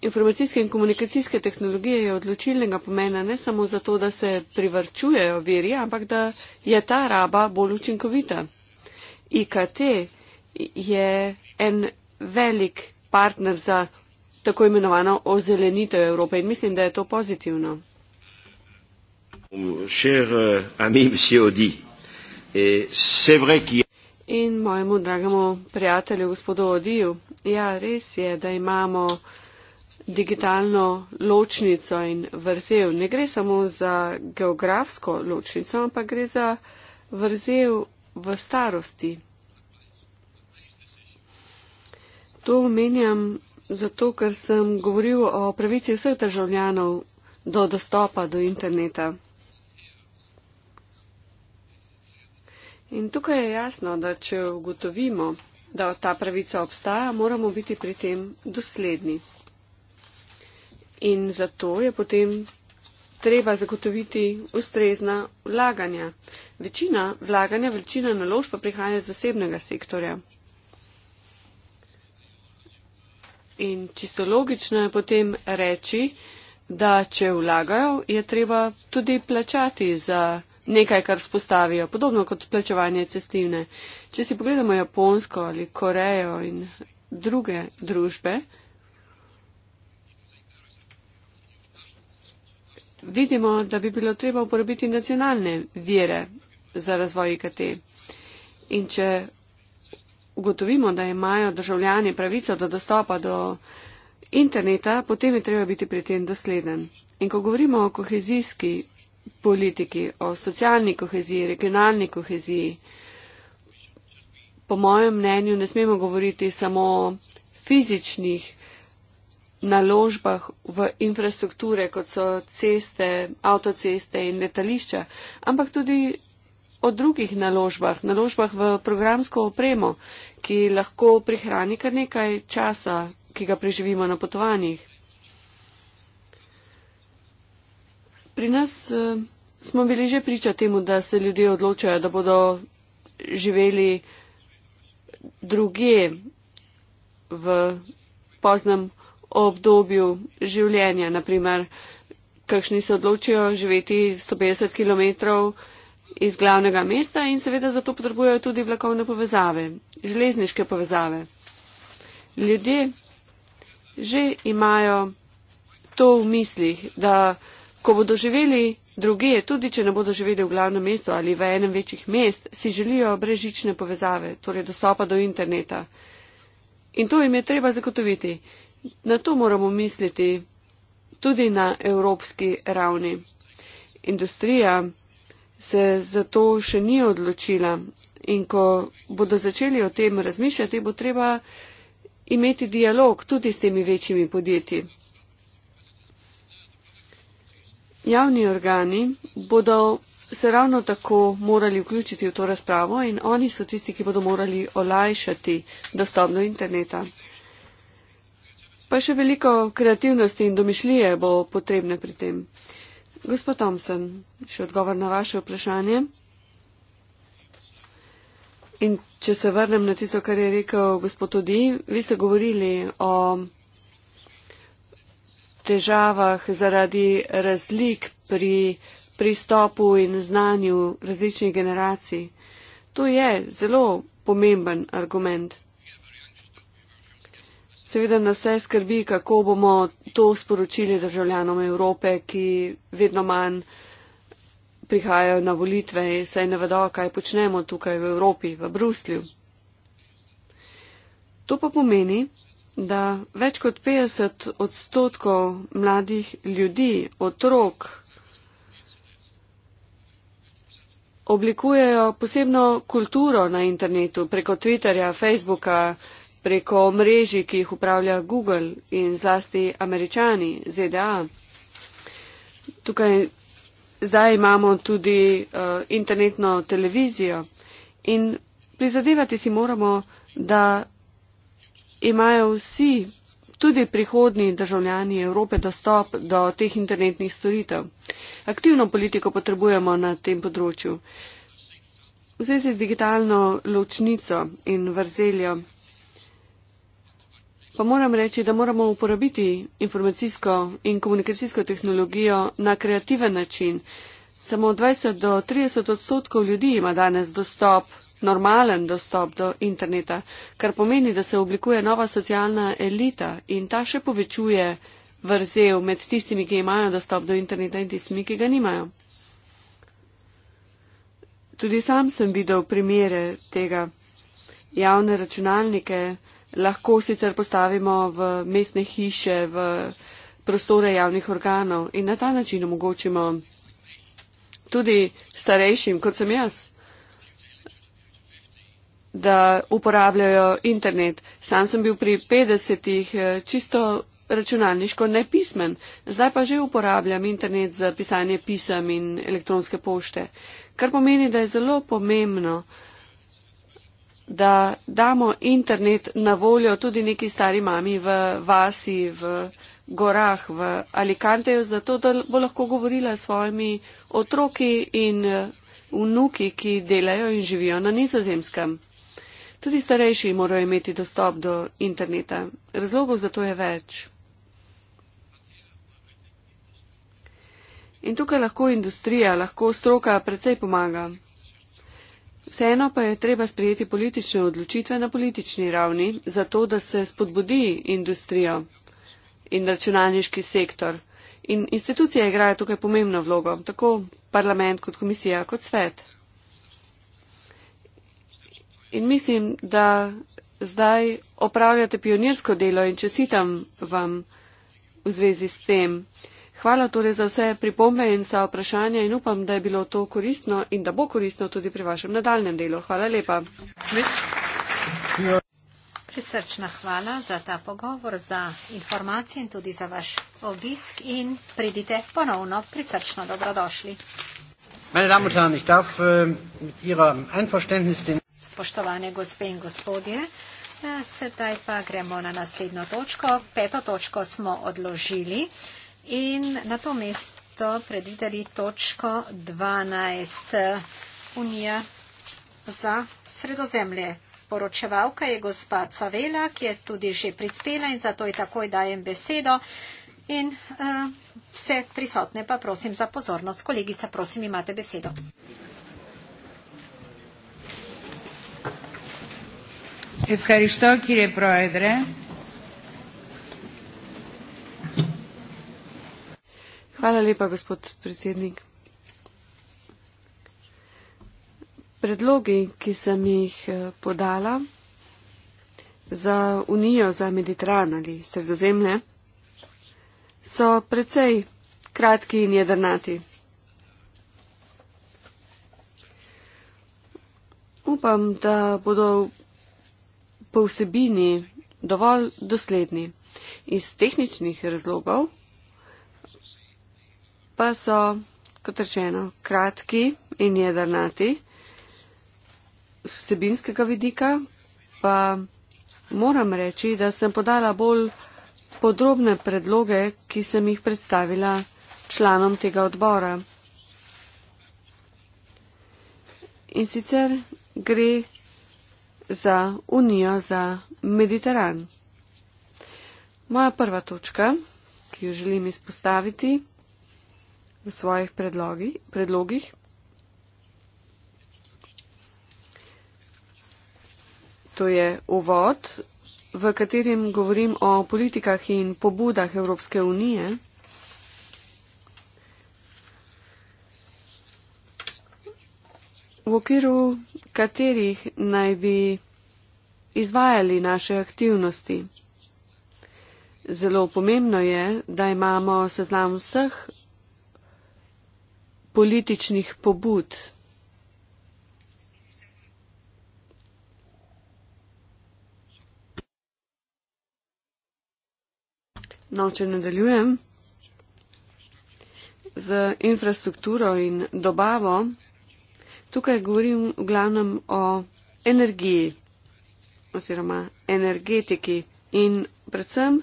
informacijske in komunikacijske tehnologije je odločilnega pomena ne samo zato, da se privrčujejo veri, ampak da je ta raba bolj učinkovita. IKT je en velik partner za tako imenovano ozelenitev Evrope in mislim, da je to pozitivno. Um, uh, e, in mojemu dragemu prijatelju, gospodu Odiju, ja, res je, da imamo digitalno ločnico in vrzel. Ne gre samo za geografsko ločnico, ampak gre za vrzel v starosti. To omenjam zato, ker sem govoril o pravici vseh državljanov do dostopa do interneta. In tukaj je jasno, da če ugotovimo, da ta pravica obstaja, moramo biti pri tem dosledni. In zato je potem treba zagotoviti ustrezna vlaganja. Večina vlaganja, večina naložb pa prihaja iz zasebnega sektorja. In čisto logično je potem reči, da če vlagajo, je treba tudi plačati za nekaj, kar spostavijo, podobno kot plačevanje cestivne. Če si pogledamo Japonsko ali Korejo in druge družbe, vidimo, da bi bilo treba uporabiti nacionalne vire za razvoj IKT. In če ugotovimo, da imajo državljani pravico do dostopa do interneta, potem je treba biti pri tem dosleden. In ko govorimo o kohezijski politiki, o socialni koheziji, regionalni koheziji, po mojem mnenju ne smemo govoriti samo o fizičnih naložbah v infrastrukture, kot so ceste, avtoceste in letališča, ampak tudi o drugih naložbah, naložbah v programsko opremo, ki lahko prihrani kar nekaj časa, ki ga preživimo na potovanjih. Pri nas eh, smo bili že priča temu, da se ljudje odločajo, da bodo živeli druge v poznem obdobju življenja. Naprimer, kakšni se odločijo živeti 150 km iz glavnega mesta in seveda zato potrebujejo tudi vlakovne povezave, železniške povezave. Ljudje že imajo to v mislih, da ko bodo živeli druge, tudi če ne bodo živeli v glavnem mestu ali v enem večjih mest, si želijo brežične povezave, torej dostopa do interneta. In to jim je treba zagotoviti. Na to moramo misliti tudi na evropski ravni. Industrija se za to še ni odločila. In ko bodo začeli o tem razmišljati, bo treba imeti dialog tudi s temi večjimi podjetji. Javni organi bodo se ravno tako morali vključiti v to razpravo in oni so tisti, ki bodo morali olajšati dostop do interneta. Pa še veliko kreativnosti in domišljije bo potrebne pri tem. Gospod Thompson, še odgovor na vaše vprašanje. In če se vrnem na tisto, kar je rekel gospod Odi, vi ste govorili o težavah zaradi razlik pri pristopu in znanju različnih generacij. To je zelo pomemben argument. Seveda nas vse skrbi, kako bomo to sporočili državljanom Evrope, ki vedno manj prihajajo na volitve in saj ne vedo, kaj počnemo tukaj v Evropi, v Bruslju. To pa pomeni, da več kot 50 odstotkov mladih ljudi, otrok, oblikujejo posebno kulturo na internetu preko Twitterja, Facebooka, preko mreži, ki jih upravlja Google in zlasti američani, ZDA. Tukaj zdaj imamo tudi uh, internetno televizijo in prizadevati si moramo, da imajo vsi, tudi prihodni državljani Evrope, dostop do teh internetnih storitev. Aktivno politiko potrebujemo na tem področju. Vse se z digitalno ločnico in vrzeljo pa moram reči, da moramo uporabiti informacijsko in komunikacijsko tehnologijo na kreativen način. Samo 20 do 30 odstotkov ljudi ima danes dostop, normalen dostop do interneta, kar pomeni, da se oblikuje nova socialna elita in ta še povečuje vrzel med tistimi, ki imajo dostop do interneta in tistimi, ki ga nimajo. Tudi sam sem videl primere tega. Javne računalnike lahko sicer postavimo v mestne hiše, v prostore javnih organov in na ta način omogočimo tudi starejšim, kot sem jaz, da uporabljajo internet. Sam sem bil pri 50-ih eh, čisto računalniško nepismen, zdaj pa že uporabljam internet za pisanje pisem in elektronske pošte, kar pomeni, da je zelo pomembno, da damo internet na voljo tudi neki stari mami v vasi, v gorah, v Alicanteju, zato da bo lahko govorila s svojimi otroki in eh, vnuki, ki delajo in živijo na nizozemskem. Tudi starejši morajo imeti dostop do interneta. Razlogov za to je več. In tukaj lahko industrija, lahko stroka predvsej pomaga. Vseeno pa je treba sprejeti politične odločitve na politični ravni, zato da se spodbudi industrijo in računalniški sektor. In institucije igrajo tukaj pomembno vlogo, tako parlament kot komisija kot svet. In mislim, da zdaj opravljate pionirsko delo in čestitam vam v zvezi s tem. Hvala torej za vse pripombe in za vprašanje in upam, da je bilo to koristno in da bo koristno tudi pri vašem nadaljem delu. Hvala lepa. Prisrčna hvala za ta pogovor, za informacije in tudi za vaš obisk in pridite ponovno prisrčno dobrodošli. Äh, Spoštovane gospe in gospodje, ja, sedaj pa gremo na naslednjo točko. Peto točko smo odložili in na to mesto predvideli točko 12. Unija za sredozemlje. Poročevalka je gospa Cavela, ki je tudi že prispela in zato je takoj dajem besedo. In uh, vse prisotne pa prosim za pozornost. Kolegica, prosim, imate besedo. Eskaristo, ki je projedre. Hvala lepa, gospod predsednik. Predlogi, ki sem jih eh, podala za Unijo za Mediteran ali Sredozemlje, so precej kratki in jedrnati. Upam, da bodo po vsebini dovolj dosledni. Iz tehničnih razlogov pa so, kot rečeno, kratki in jedrnati. Vsebinskega vidika pa moram reči, da sem podala bolj podrobne predloge, ki sem jih predstavila članom tega odbora. In sicer gre za Unijo za Mediteran. Moja prva točka, ki jo želim izpostaviti, v svojih predlogi, predlogih. To je uvod, v katerem govorim o politikah in pobudah Evropske unije. V okviru katerih naj bi izvajali naše aktivnosti. Zelo pomembno je, da imamo seznam vseh političnih pobud. No, če nadaljujem z infrastrukturo in dobavo, tukaj govorim v glavnem o energiji oziroma energetiki in predvsem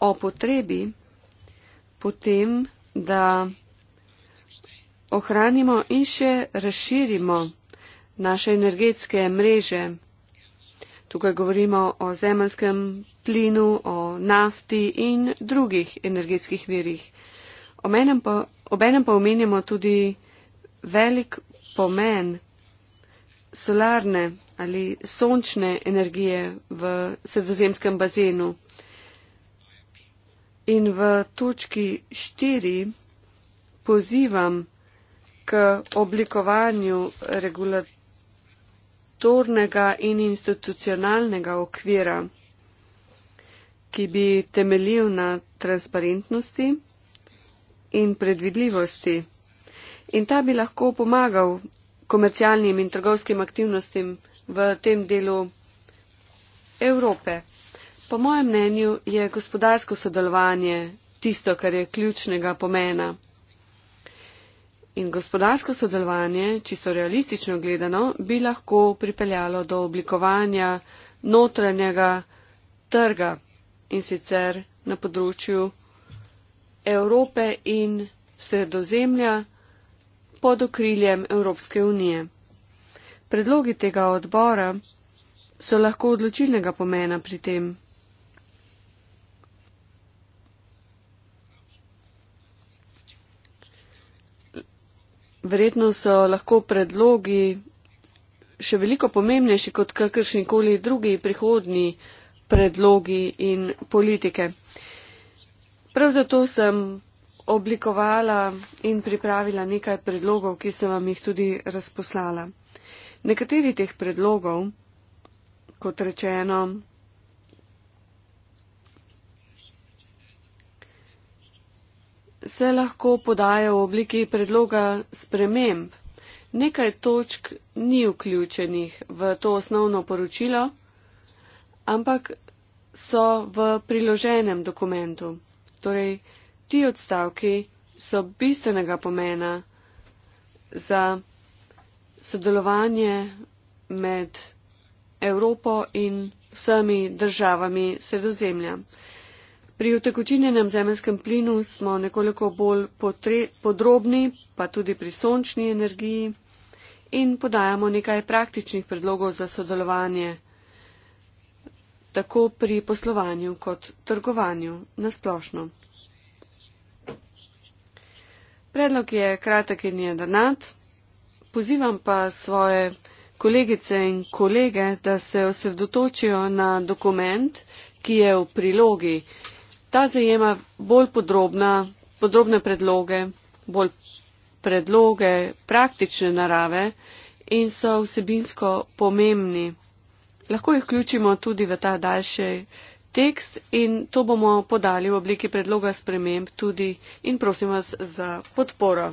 o potrebi potem, da ohranimo in še razširimo naše energetske mreže. Tukaj govorimo o zemljskem plinu, o nafti in drugih energetskih virih. Obenem pa omenjamo tudi velik pomen solarne ali sončne energije v sredozemskem bazenu. In v točki štiri pozivam k oblikovanju regulatornega in institucionalnega okvira, ki bi temeljil na transparentnosti in predvidljivosti. In ta bi lahko pomagal komercialnim in trgovskim aktivnostim v tem delu Evrope. Po mojem mnenju je gospodarsko sodelovanje tisto, kar je ključnega pomena. In gospodarsko sodelovanje, čisto realistično gledano, bi lahko pripeljalo do oblikovanja notranjega trga in sicer na področju Evrope in sredozemlja pod okriljem Evropske unije. Predlogi tega odbora so lahko odločilnega pomena pri tem. verjetno so lahko predlogi še veliko pomembnejši kot kakršnikoli drugi prihodni predlogi in politike. Prav zato sem oblikovala in pripravila nekaj predlogov, ki sem vam jih tudi razposlala. Nekateri teh predlogov, kot rečeno, se lahko podajo v obliki predloga sprememb. Nekaj točk ni vključenih v to osnovno poročilo, ampak so v priloženem dokumentu. Torej, ti odstavki so bistvenega pomena za sodelovanje med Evropo in vsemi državami sredozemlja. Pri utekočinjenem zemljskem plinu smo nekoliko bolj potre, podrobni, pa tudi pri sončni energiji in podajamo nekaj praktičnih predlogov za sodelovanje tako pri poslovanju kot trgovanju na splošno. Predlog je kratek in je danat. Pozivam pa svoje kolegice in kolege, da se osredotočijo na dokument, ki je v prilogi ta zajema bolj podrobna, podrobne predloge, bolj predloge praktične narave in so vsebinsko pomembni. Lahko jih vključimo tudi v ta daljši tekst in to bomo podali v obliki predloga sprememb tudi in prosim vas za podporo.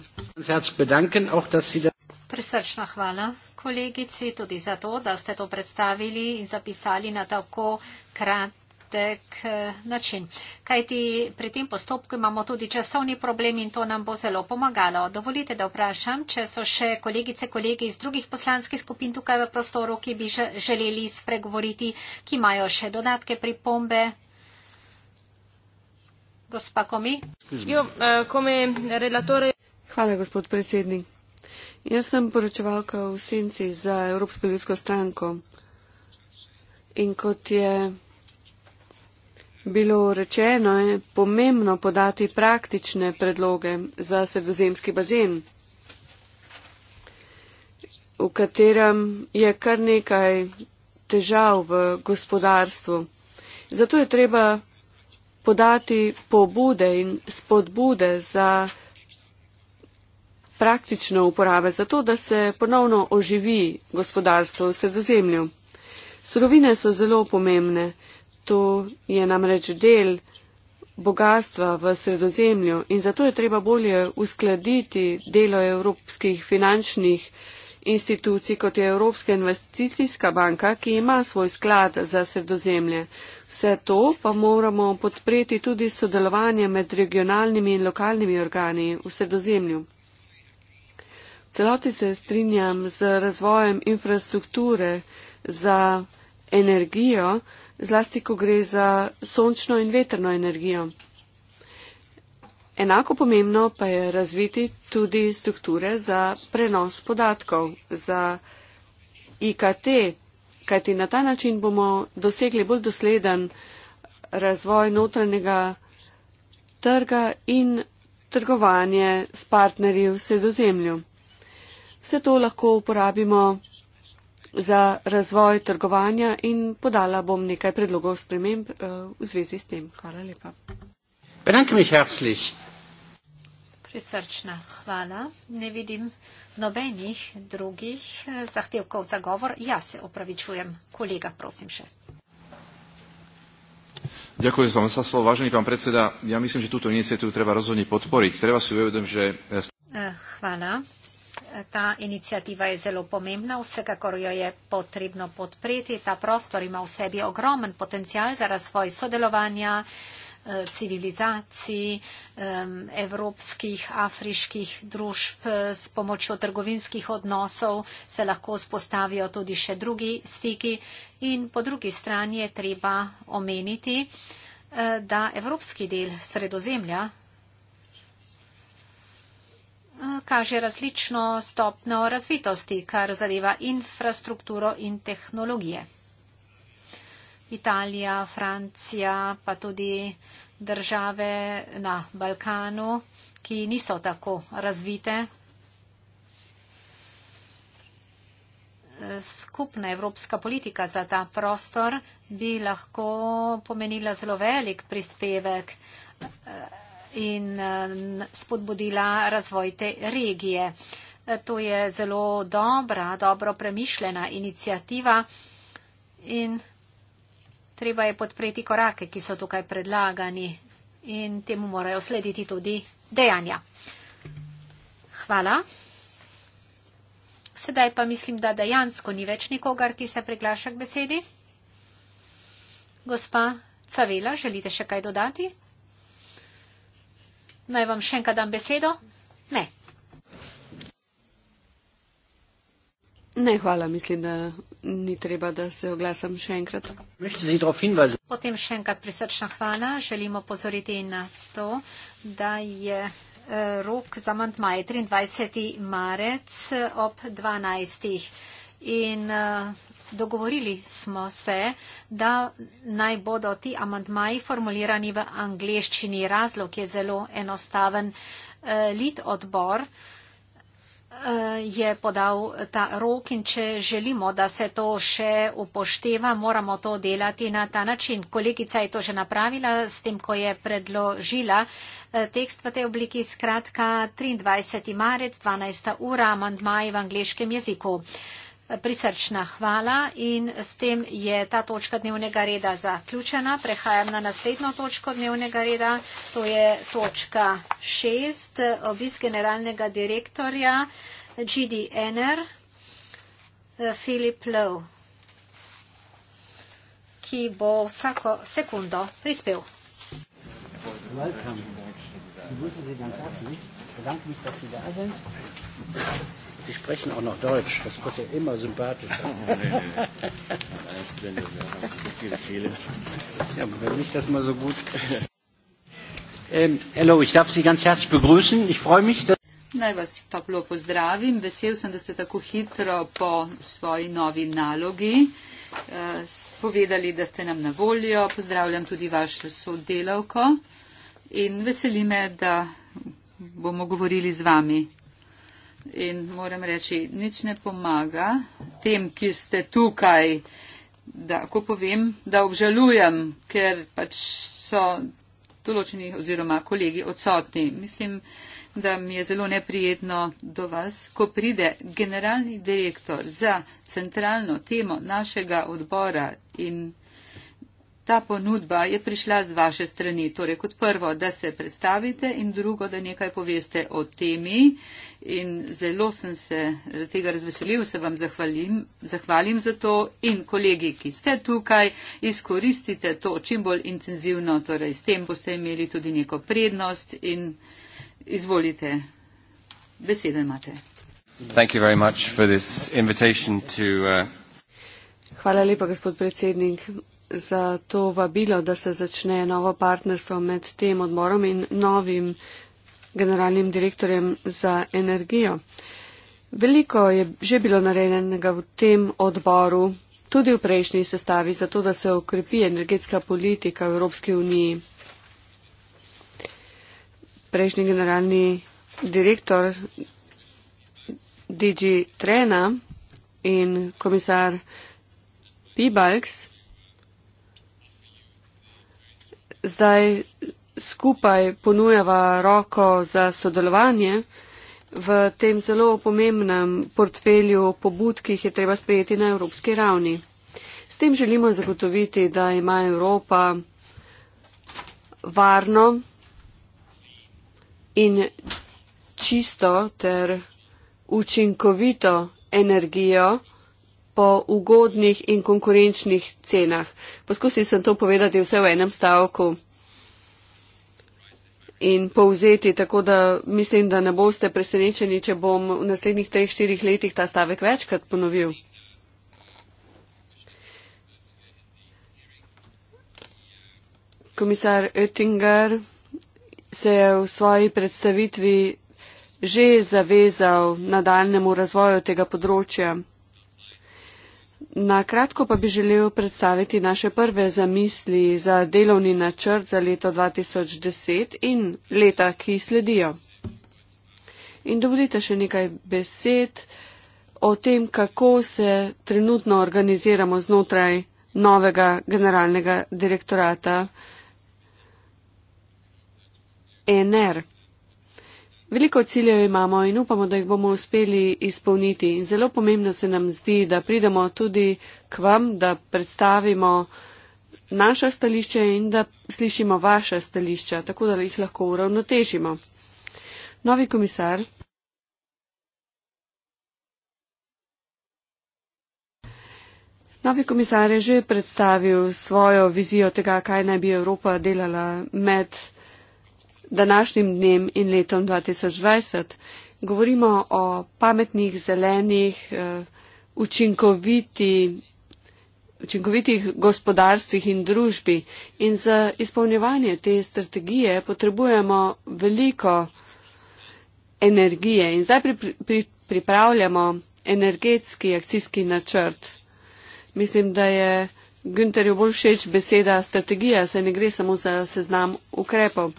Presrčna hvala kolegici tudi za to, da ste to predstavili in zapisali na tako krat kratek eh, način. Kajti pri tem postopku imamo tudi časovni problem in to nam bo zelo pomagalo. Dovolite, da vprašam, če so še kolegice, kolegi iz drugih poslanskih skupin tukaj v prostoru, ki bi želeli spregovoriti, ki imajo še dodatke pri pombe. Gospa Komi. Eh, Hvala, gospod predsednik. Jaz sem poročevalka v Senci za Evropsko ljudsko stranko. In kot je Bilo rečeno je pomembno podati praktične predloge za sredozemski bazen, v katerem je kar nekaj težav v gospodarstvu. Zato je treba podati pobude in spodbude za praktično uporabo, zato da se ponovno oživi gospodarstvo v sredozemlju. Surovine so zelo pomembne. To je namreč del bogatstva v sredozemlju in zato je treba bolje uskladiti delo evropskih finančnih institucij, kot je Evropska investicijska banka, ki ima svoj sklad za sredozemlje. Vse to pa moramo podpreti tudi sodelovanje med regionalnimi in lokalnimi organi v sredozemlju. V celoti se strinjam z razvojem infrastrukture za energijo, zlasti, ko gre za sončno in veterno energijo. Enako pomembno pa je razviti tudi strukture za prenos podatkov, za IKT, kajti na ta način bomo dosegli bolj dosleden razvoj notranjega trga in trgovanje s partnerji v sredozemlju. Vse to lahko uporabimo za razvoj trgovanja in podala bom nekaj predlogov sprememb eh, v zvezi s tem. Hvala lepa. Prisrčna hvala. Ne vidim nobenih drugih eh, zahtevkov za govor. Ja se opravičujem. Kolega, prosim še. Ďakujem za vám za slovo, vážený pán predseda. Ja myslím, že túto iniciatívu treba rozhodne podporiť. Treba si uvedomiť, že... Eh, hvala ta inicijativa je zelo pomembna, vsekakor jo je potrebno podpreti. Ta prostor ima v sebi ogromen potencial za razvoj sodelovanja eh, civilizacij, evropskih, afriških družb eh, s pomočjo trgovinskih odnosov se lahko spostavijo tudi še drugi stiki in po drugi strani je treba omeniti, eh, da evropski del sredozemlja kaže različno stopno razvitosti, kar zadeva infrastrukturo in tehnologije. Italija, Francija, pa tudi države na Balkanu, ki niso tako razvite. Skupna evropska politika za ta prostor bi lahko pomenila zelo velik prispevek in eh, spodbudila razvoj te regije. Eh, to je zelo dobra, dobro premišljena inicijativa in treba je podpreti korake, ki so tukaj predlagani in temu morajo slediti tudi dejanja. Hvala. Sedaj pa mislim, da dejansko ni več nikogar, ki se priglaša k besedi. Gospa Cavela, želite še kaj dodati? Naj vam še enkrat dam besedo? Ne. Ne, hvala. Mislim, da ni treba, da se oglasam še enkrat. Potem še enkrat prisrčna hvala. Želimo pozoriti na to, da je eh, rok za mandmaje 23. marec ob 12. In eh, Dogovorili smo se, da naj bodo ti amantmaji formulirani v angleščini. Razlog je zelo enostaven. Eh, Lid odbor eh, je podal ta rok in če želimo, da se to še upošteva, moramo to delati na ta način. Kolegica je to že napravila s tem, ko je predložila eh, tekst v tej obliki. Skratka, 23. marec, 12. ura, amandmaji v angleškem jeziku prisrčna hvala in s tem je ta točka dnevnega reda zaključena. Prehajam na naslednjo točko dnevnega reda, to je točka šest, obisk generalnega direktorja GDNR Filip Lov, ki bo vsako sekundo prispel. Welcome. Sie müssen Sie ganz herzlich. Ich bedanke mich, dass Sie da sind die sprechen auch noch Deutsch. Das wird ja immer sympathischer. Oh, ja, wenn nicht das mal so gut. Ähm, hello, ich darf Sie ganz herzlich begrüßen. Ich freue mich, dass. Naj vas toplo pozdravim, vesel sem, da ste tako hitro po svoji novi nalogi eh, povedali, da ste nam na voljo. Pozdravljam tudi vašo sodelavko in veseli me, da bomo govorili z vami in moram reči, nič ne pomaga tem, ki ste tukaj, da, ko povem, da obžalujem, ker pač so določeni oziroma kolegi odsotni. Mislim, da mi je zelo neprijetno do vas, ko pride generalni direktor za centralno temo našega odbora in ta ponudba je prišla z vaše strani. Torej, kot prvo, da se predstavite in drugo, da nekaj poveste o temi. In zelo sem se tega razveselil, se vam zahvalim, zahvalim za to. In kolegi, ki ste tukaj, izkoristite to čim bolj intenzivno. Torej, s tem boste imeli tudi neko prednost in izvolite. Besede imate. Thank you very much for this invitation to. Uh... Hvala lepa, gospod predsednik za to vabilo, da se začne novo partnerstvo med tem odborom in novim generalnim direktorjem za energijo. Veliko je že bilo narejenega v tem odboru, tudi v prejšnji sestavi, zato da se okrepi energetska politika v Evropski uniji. Prejšnji generalni direktor DG Trena in komisar Pibalks zdaj skupaj ponujava roko za sodelovanje v tem zelo pomembnem portfelju pobud, ki jih je treba sprejeti na evropski ravni. S tem želimo zagotoviti, da ima Evropa varno in čisto ter učinkovito energijo, po ugodnih in konkurenčnih cenah. Poskusil sem to povedati vse v enem stavku in povzeti, tako da mislim, da ne boste presenečeni, če bom v naslednjih treh, štirih letih ta stavek večkrat ponovil. Komisar Oettinger se je v svoji predstavitvi že zavezal nadaljnemu razvoju tega področja. Na kratko pa bi želel predstaviti naše prve zamisli za delovni načrt za leto 2010 in leta, ki sledijo. In dovolite še nekaj besed o tem, kako se trenutno organiziramo znotraj novega generalnega direktorata NR. Veliko ciljev imamo in upamo, da jih bomo uspeli izpolniti. In zelo pomembno se nam zdi, da pridemo tudi k vam, da predstavimo naša stališča in da slišimo vaša stališča, tako da jih lahko uravnotežimo. Novi komisar. Novi komisar je že predstavil svojo vizijo tega, kaj naj bi Evropa delala med današnjim dnem in letom 2020. Govorimo o pametnih, zelenih, eh, učinkoviti, učinkovitih gospodarstvih in družbi. In za izpolnjevanje te strategije potrebujemo veliko energije. In zdaj pri, pri, pripravljamo energetski akcijski načrt. Mislim, da je Günterju bolj všeč beseda strategija, saj ne gre samo za seznam ukrepov.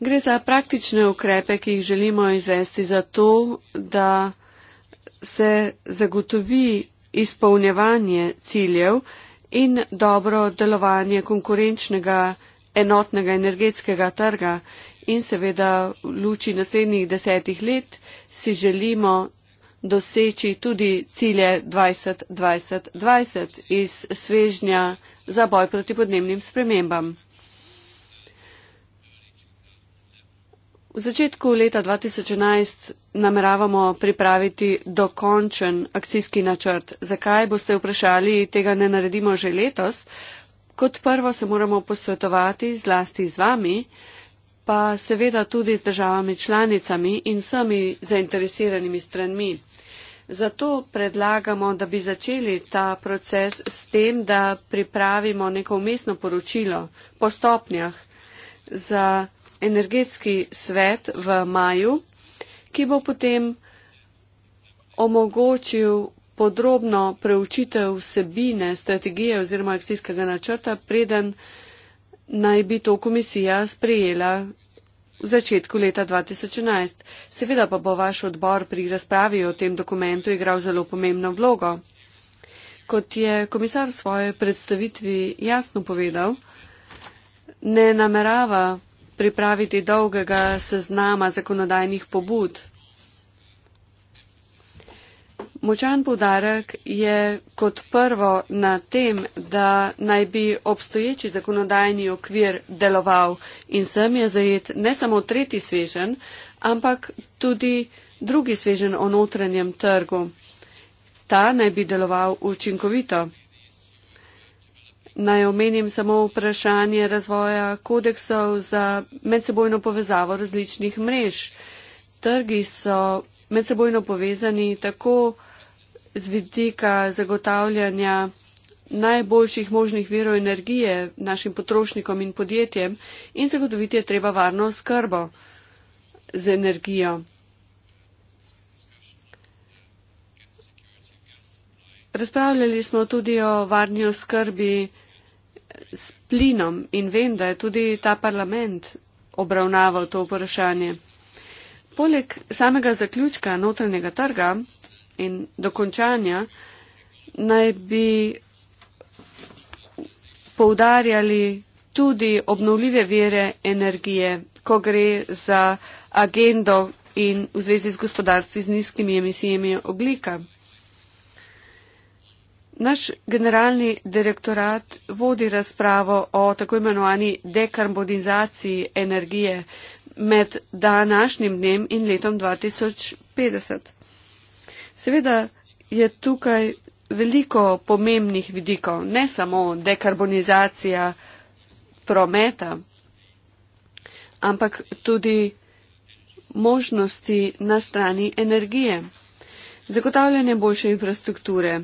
Gre za praktične ukrepe, ki jih želimo izvesti za to, da se zagotovi izpolnjevanje ciljev in dobro delovanje konkurenčnega enotnega energetskega trga. In seveda v luči naslednjih desetih let si želimo doseči tudi cilje 2020-2020 iz svežnja za boj proti podnebnim spremembam. V začetku leta 2011 nameravamo pripraviti dokončen akcijski načrt. Zakaj boste vprašali, tega ne naredimo že letos? Kot prvo se moramo posvetovati zlasti z vami, pa seveda tudi z državami članicami in vsemi zainteresiranimi stranmi. Zato predlagamo, da bi začeli ta proces s tem, da pripravimo neko umestno poročilo po stopnjah za energetski svet v maju, ki bo potem omogočil podrobno preučitev vsebine strategije oziroma akcijskega načrta, preden naj bi to komisija sprejela v začetku leta 2011. Seveda pa bo vaš odbor pri razpravi o tem dokumentu igral zelo pomembno vlogo. Kot je komisar v svoji predstavitvi jasno povedal, ne namerava pripraviti dolgega seznama zakonodajnih pobud. Močan podarek je kot prvo na tem, da naj bi obstoječi zakonodajni okvir deloval in sem je zajet ne samo tretji svežen, ampak tudi drugi svežen o notranjem trgu. Ta naj bi deloval učinkovito. Naj omenim samo vprašanje razvoja kodeksov za medsebojno povezavo različnih mrež. Trgi so medsebojno povezani tako z vidika zagotavljanja najboljših možnih virov energije našim potrošnikom in podjetjem in zagotoviti je treba varno skrbo z energijo. Razpravljali smo tudi o varni oskrbi s plinom in vem, da je tudi ta parlament obravnaval to vprašanje. Poleg samega zaključka notranjega trga in dokončanja naj bi poudarjali tudi obnovljive vire energije, ko gre za agendo in v zvezi z gospodarstvi z nizkimi emisijami oglika. Naš generalni direktorat vodi razpravo o tako imenovani dekarbonizaciji energije med današnjim dnem in letom 2050. Seveda je tukaj veliko pomembnih vidikov, ne samo dekarbonizacija prometa, ampak tudi možnosti na strani energije. Zagotavljanje boljše infrastrukture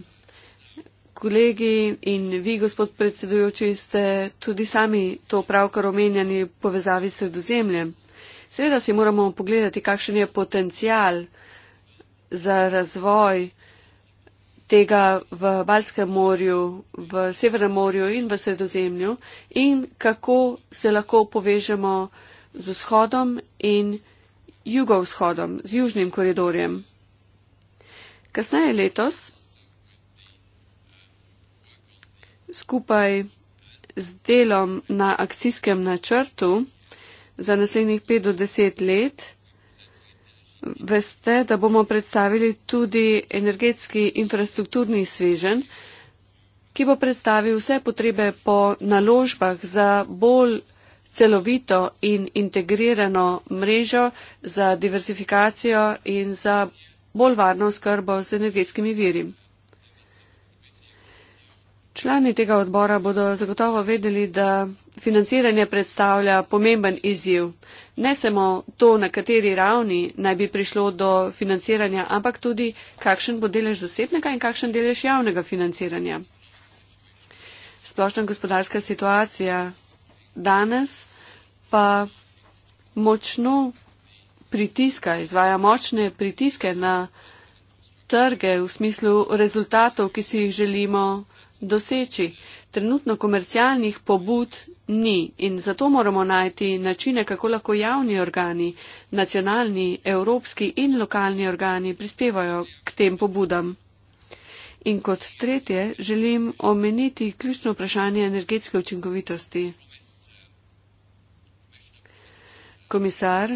kolegi in vi, gospod predsedujoči, ste tudi sami to pravkar omenjani povezavi s sredozemljem. Seveda si moramo pogledati, kakšen je potencial za razvoj tega v Balskem morju, v Severnem morju in v sredozemlju in kako se lahko povežemo z vzhodom in jugovzhodom, z južnim koridorjem. Kasneje letos skupaj z delom na akcijskem načrtu za naslednjih 5 do 10 let, veste, da bomo predstavili tudi energetski infrastrukturni svežen, ki bo predstavil vse potrebe po naložbah za bolj celovito in integrirano mrežo za diversifikacijo in za bolj varno skrbo z energetskimi virimi. Člani tega odbora bodo zagotovo vedeli, da financiranje predstavlja pomemben izziv. Ne samo to, na kateri ravni naj bi prišlo do financiranja, ampak tudi kakšen bo delež zasebnega in kakšen delež javnega financiranja. Splošna gospodarska situacija danes pa močno pritiska, izvaja močne pritiske na trge v smislu rezultatov, ki si jih želimo doseči. Trenutno komercialnih pobud ni in zato moramo najti načine, kako lahko javni organi, nacionalni, evropski in lokalni organi prispevajo k tem pobudam. In kot tretje želim omeniti ključno vprašanje energetske učinkovitosti. Komisar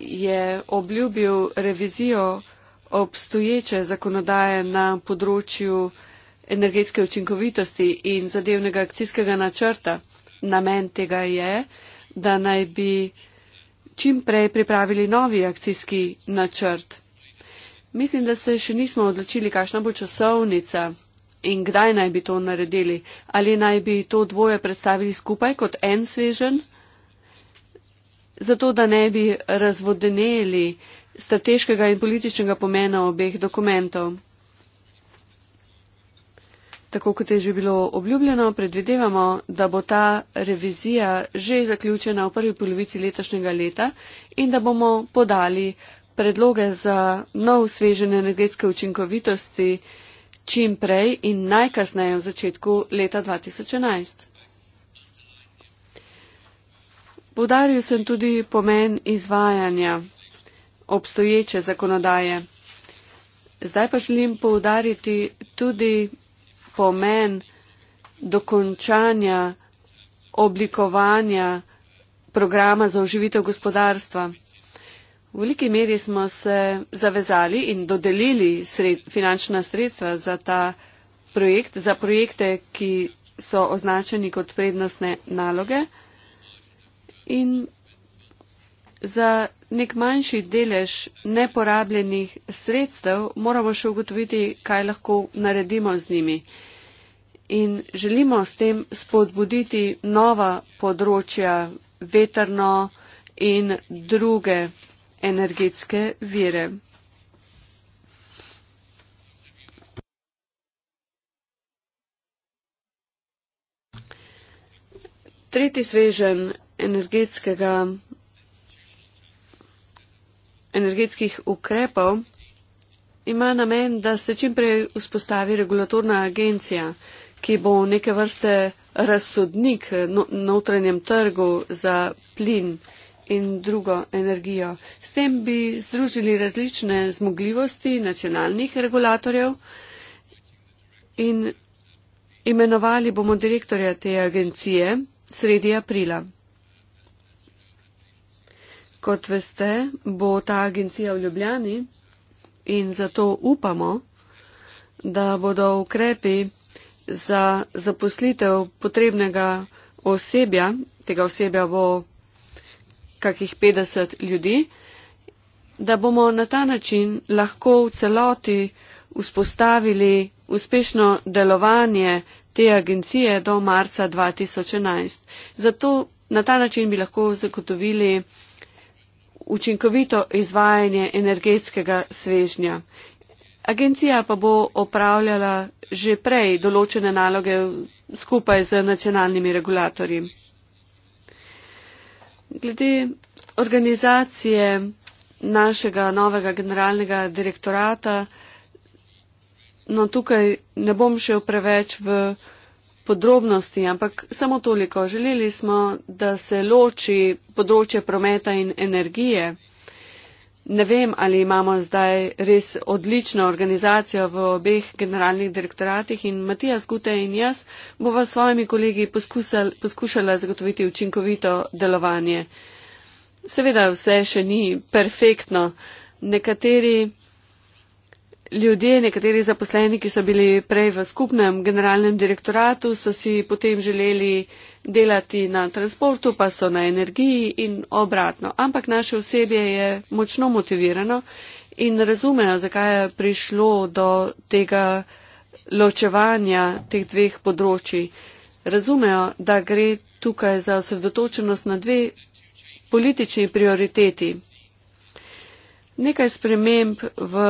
je obljubil revizijo obstoječe zakonodaje na področju energetske učinkovitosti energetske učinkovitosti in zadevnega akcijskega načrta. Namen tega je, da naj bi čim prej pripravili novi akcijski načrt. Mislim, da se še nismo odločili, kakšna bo časovnica in kdaj naj bi to naredili. Ali naj bi to dvoje predstavili skupaj kot en svežen, zato da ne bi razvodeneli strateškega in političnega pomena obeh dokumentov. Tako kot je že bilo obljubljeno, predvidevamo, da bo ta revizija že zaključena v prvi polovici letošnjega leta in da bomo podali predloge za nov svežen energetske učinkovitosti čim prej in najkasneje v začetku leta 2011. Podaril sem tudi pomen izvajanja obstoječe zakonodaje. Zdaj pa želim poudariti tudi pomen dokončanja oblikovanja programa za oživitev gospodarstva. V veliki meri smo se zavezali in dodelili sred, finančna sredstva za ta projekt, za projekte, ki so označeni kot prednostne naloge in za nek manjši delež neporabljenih sredstev, moramo še ugotoviti, kaj lahko naredimo z njimi. In želimo s tem spodbuditi nova področja veterno in druge energetske vire. Tretji svežen energetskega energetskih ukrepov ima namen, da se čimprej vzpostavi regulatorna agencija, ki bo neke vrste razsodnik na no, notranjem trgu za plin in drugo energijo. S tem bi združili različne zmogljivosti nacionalnih regulatorjev in imenovali bomo direktorja te agencije sredi aprila. Kot veste, bo ta agencija v Ljubljani in zato upamo, da bodo ukrepi za zaposlitev potrebnega osebja, tega osebja bo kakih 50 ljudi, da bomo na ta način lahko v celoti vzpostavili uspešno delovanje te agencije do marca 2011. Zato na ta način bi lahko zagotovili učinkovito izvajanje energetskega svežnja. Agencija pa bo opravljala že prej določene naloge skupaj z nacionalnimi regulatorji. Glede organizacije našega novega generalnega direktorata, no tukaj ne bom šel preveč v podrobnosti, ampak samo toliko. Želeli smo, da se loči področje prometa in energije. Ne vem, ali imamo zdaj res odlično organizacijo v obeh generalnih direktoratih in Matija Skute in jaz bova s svojimi kolegi poskusal, poskušala zagotoviti učinkovito delovanje. Seveda vse še ni perfektno. Nekateri Ljudje, nekateri zaposleni, ki so bili prej v skupnem generalnem direktoratu, so si potem želeli delati na transportu, pa so na energiji in obratno. Ampak naše osebje je močno motivirano in razumejo, zakaj je prišlo do tega ločevanja teh dveh področji. Razumejo, da gre tukaj za osredotočenost na dve politični prioriteti. Nekaj sprememb v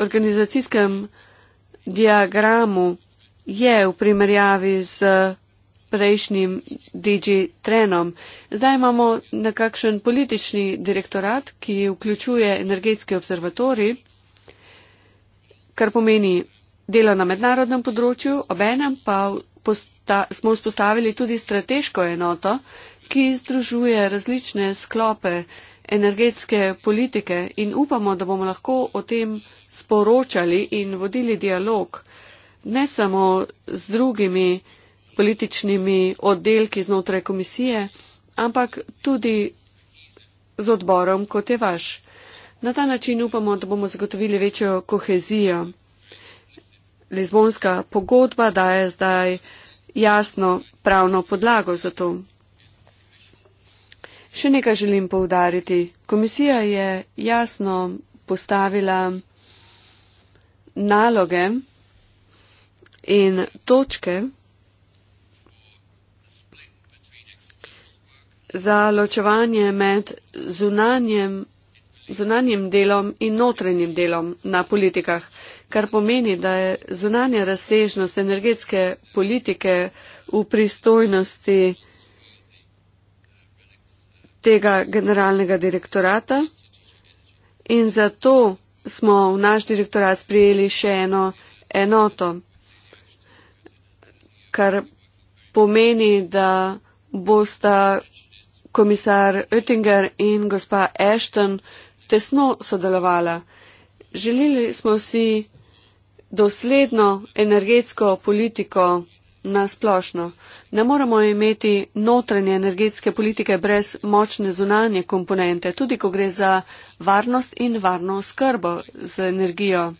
organizacijskem diagramu je v primerjavi z prejšnjim DG trenom. Zdaj imamo nekakšen politični direktorat, ki vključuje energetski observatori, kar pomeni delo na mednarodnem področju, obenem pa posta, smo vzpostavili tudi strateško enoto, ki združuje različne sklope energetske politike in upamo, da bomo lahko o tem sporočali in vodili dialog ne samo z drugimi političnimi oddelki znotraj komisije, ampak tudi z odborom, kot je vaš. Na ta način upamo, da bomo zagotovili večjo kohezijo. Lizbonska pogodba daje zdaj jasno pravno podlago za to. Še nekaj želim povdariti. Komisija je jasno postavila naloge in točke za ločevanje med zunanjem zunanjim delom in notranjim delom na politikah, kar pomeni, da je zunanja razsežnost energetske politike v pristojnosti tega generalnega direktorata in zato smo v naš direktorat sprijeli še eno enoto, kar pomeni, da bosta komisar Oettinger in gospa Ashton tesno sodelovala. Želili smo si dosledno energetsko politiko na splošno. Ne moremo imeti notranje energetske politike brez močne zunanje komponente, tudi ko gre za varnost in varno skrbo z energijo.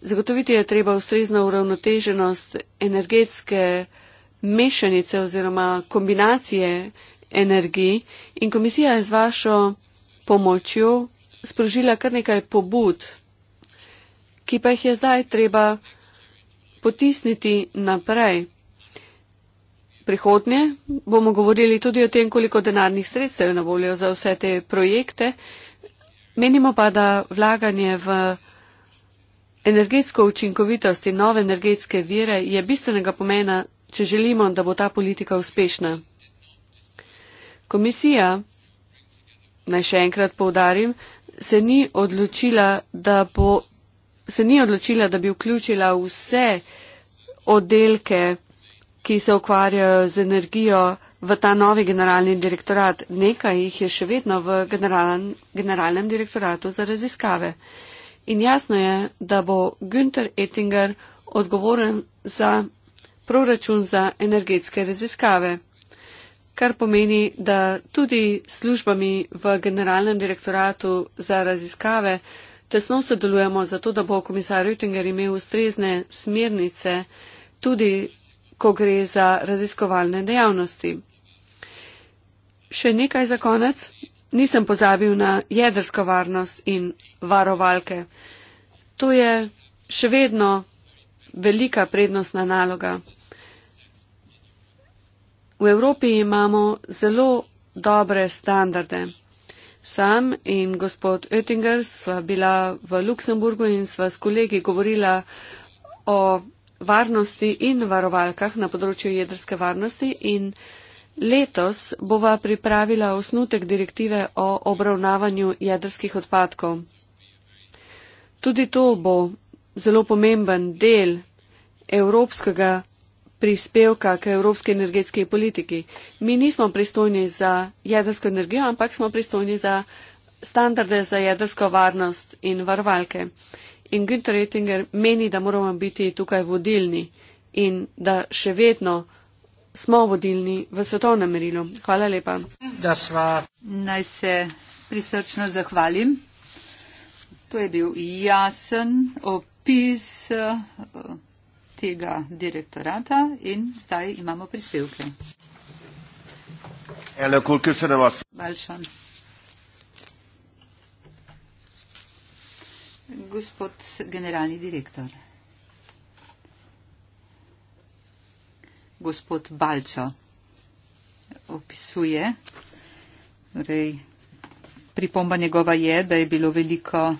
Zagotoviti je treba ustrezno uravnoteženost energetske mešanice oziroma kombinacije energij in komisija je z vašo pomočjo sprožila kar nekaj pobud, ki pa jih je zdaj treba potisniti naprej. Prihodnje bomo govorili tudi o tem, koliko denarnih sredstev je na voljo za vse te projekte. Menimo pa, da vlaganje v energetsko učinkovitost in nove energetske vire je bistvenega pomena, če želimo, da bo ta politika uspešna. Komisija, naj še enkrat povdarim, se ni odločila, da bo se ni odločila, da bi vključila vse oddelke, ki se ukvarjajo z energijo v ta novi generalni direktorat. Nekaj jih je še vedno v generalen, generalnem direktoratu za raziskave. In jasno je, da bo Günter Ettinger odgovoren za proračun za energetske raziskave, kar pomeni, da tudi službami v generalnem direktoratu za raziskave Tesno sodelujemo zato, da bo komisar Rüttinger imel ustrezne smernice tudi, ko gre za raziskovalne dejavnosti. Še nekaj za konec. Nisem pozabil na jedrsko varnost in varovalke. To je še vedno velika prednostna naloga. V Evropi imamo zelo dobre standarde sam in gospod Oettinger sva bila v Luksemburgu in sva s kolegi govorila o varnosti in varovalkah na področju jedrske varnosti in letos bova pripravila osnutek direktive o obravnavanju jedrskih odpadkov. Tudi to bo zelo pomemben del evropskega prispevka k evropski energetski politiki. Mi nismo pristojni za jedrsko energijo, ampak smo pristojni za standarde za jedrsko varnost in varvalke. In Günther Ettinger meni, da moramo biti tukaj vodilni in da še vedno smo vodilni v svetovnem merilu. Hvala lepa. Naj se prisrčno zahvalim. To je bil jasen opis. Uh, tega direktorata in zdaj imamo prispevke. Ele, koliko se na vas? Balšan. Gospod generalni direktor. Gospod Balčo opisuje, torej pripomba njegova je, da je bilo veliko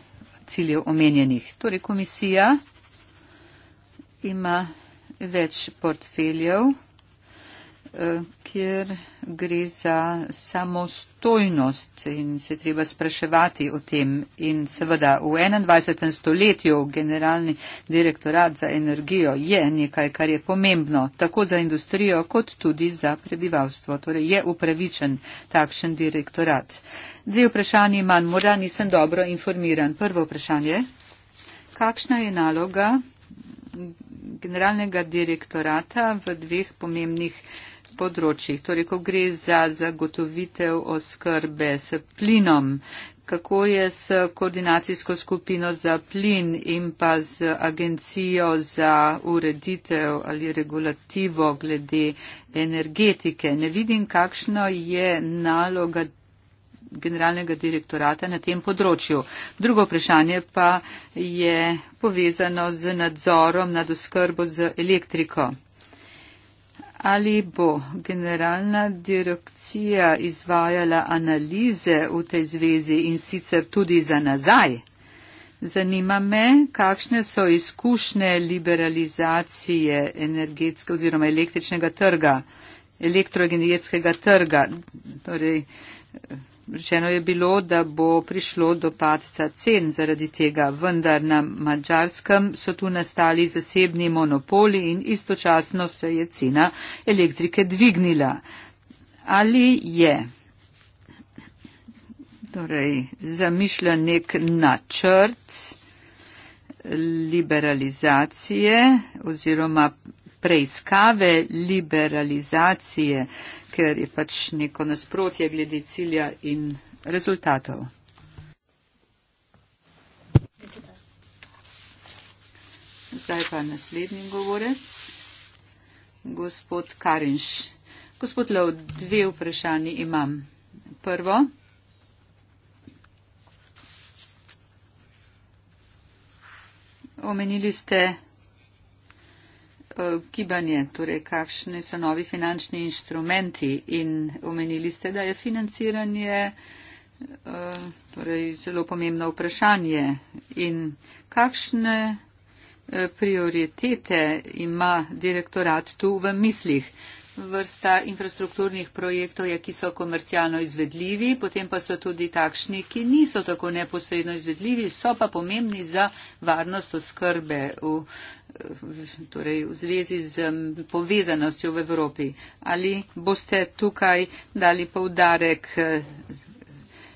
ciljev omenjenih. Torej komisija ima več portfeljev, eh, kjer gre za samostojnost in se treba spraševati o tem. In seveda v 21. stoletju generalni direktorat za energijo je nekaj, kar je pomembno tako za industrijo kot tudi za prebivalstvo. Torej je upravičen takšen direktorat. Dve vprašanje imam, morda nisem dobro informiran. Prvo vprašanje. Kakšna je naloga generalnega direktorata v dveh pomembnih področjih. Torej, ko gre za zagotovitev oskrbe s plinom, kako je s koordinacijsko skupino za plin in pa z agencijo za ureditev ali regulativo glede energetike. Ne vidim, kakšno je naloga generalnega direktorata na tem področju. Drugo vprašanje pa je povezano z nadzorom nad oskrbo z elektriko. Ali bo generalna direkcija izvajala analize v tej zvezi in sicer tudi za nazaj? Zanima me, kakšne so izkušnje liberalizacije energetskega oziroma električnega trga, elektroenergetskega trga, torej Rečeno je bilo, da bo prišlo do padca cen zaradi tega, vendar na Mačarskem so tu nastali zasebni monopoli in istočasno se je cena elektrike dvignila. Ali je torej, zamišljen nek načrt liberalizacije oziroma preiskave liberalizacije? ker je pač neko nasprotje glede cilja in rezultatov. Zdaj pa naslednji govorec, gospod Karinš. Gospod Lov, dve vprašanji imam. Prvo. Omenili ste Eh, gibanje, torej kakšni so novi finančni inštrumenti in omenili ste, da je financiranje eh, torej zelo pomembno vprašanje in kakšne eh, prioritete ima direktorat tu v mislih. Vrsta infrastrukturnih projektov je, ki so komercialno izvedljivi, potem pa so tudi takšni, ki niso tako neposredno izvedljivi, so pa pomembni za varnost oskrbe v torej v zvezi z povezanostjo v Evropi. Ali boste tukaj dali povdarek eh,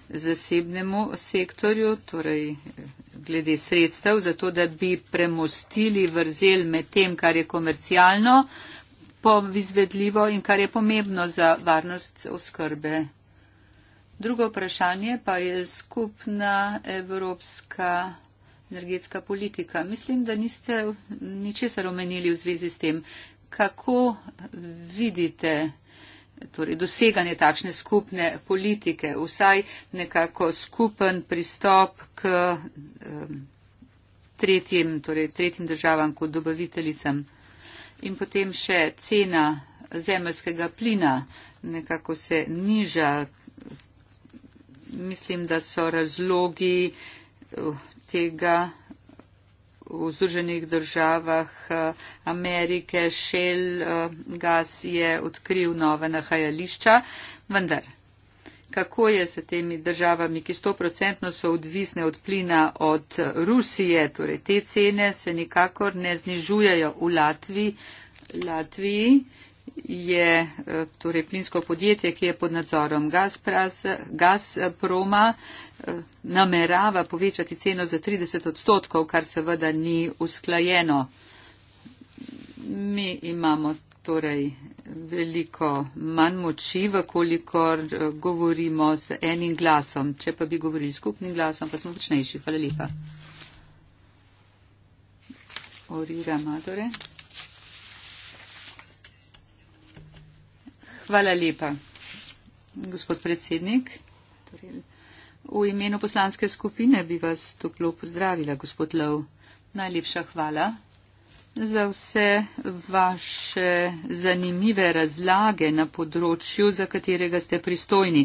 zasebnemu sektorju, torej eh, glede sredstev, zato da bi premostili vrzel med tem, kar je komercialno, povizvedljivo in kar je pomembno za varnost oskrbe. Drugo vprašanje pa je skupna evropska energetska politika. Mislim, da niste ničesar omenili v zvezi s tem, kako vidite torej, doseganje takšne skupne politike, vsaj nekako skupen pristop k um, tretjim, torej, tretjim državam kot dobaviteljicam. In potem še cena zemljskega plina nekako se niža. Mislim, da so razlogi ki ga v Združenih državah eh, Amerike šel eh, gas je odkril nove nahajališča, vendar kako je s temi državami, ki 100% so odvisne od plina od Rusije, torej te cene se nikakor ne znižujejo v Latviji. Latviji je eh, torej plinsko podjetje, ki je pod nadzorom Gazpras, Gazproma. Uh, namerava povečati ceno za 30 odstotkov, kar seveda ni usklajeno. Mi imamo torej veliko manj moči, kolikor eh, govorimo z enim glasom. Če pa bi govorili skupnim glasom, pa smo počnejši. Hvala lepa. Hvala lepa, gospod predsednik. Torej. V imenu poslanske skupine bi vas toplo pozdravila, gospod Lov. Najlepša hvala za vse vaše zanimive razlage na področju, za katerega ste pristojni.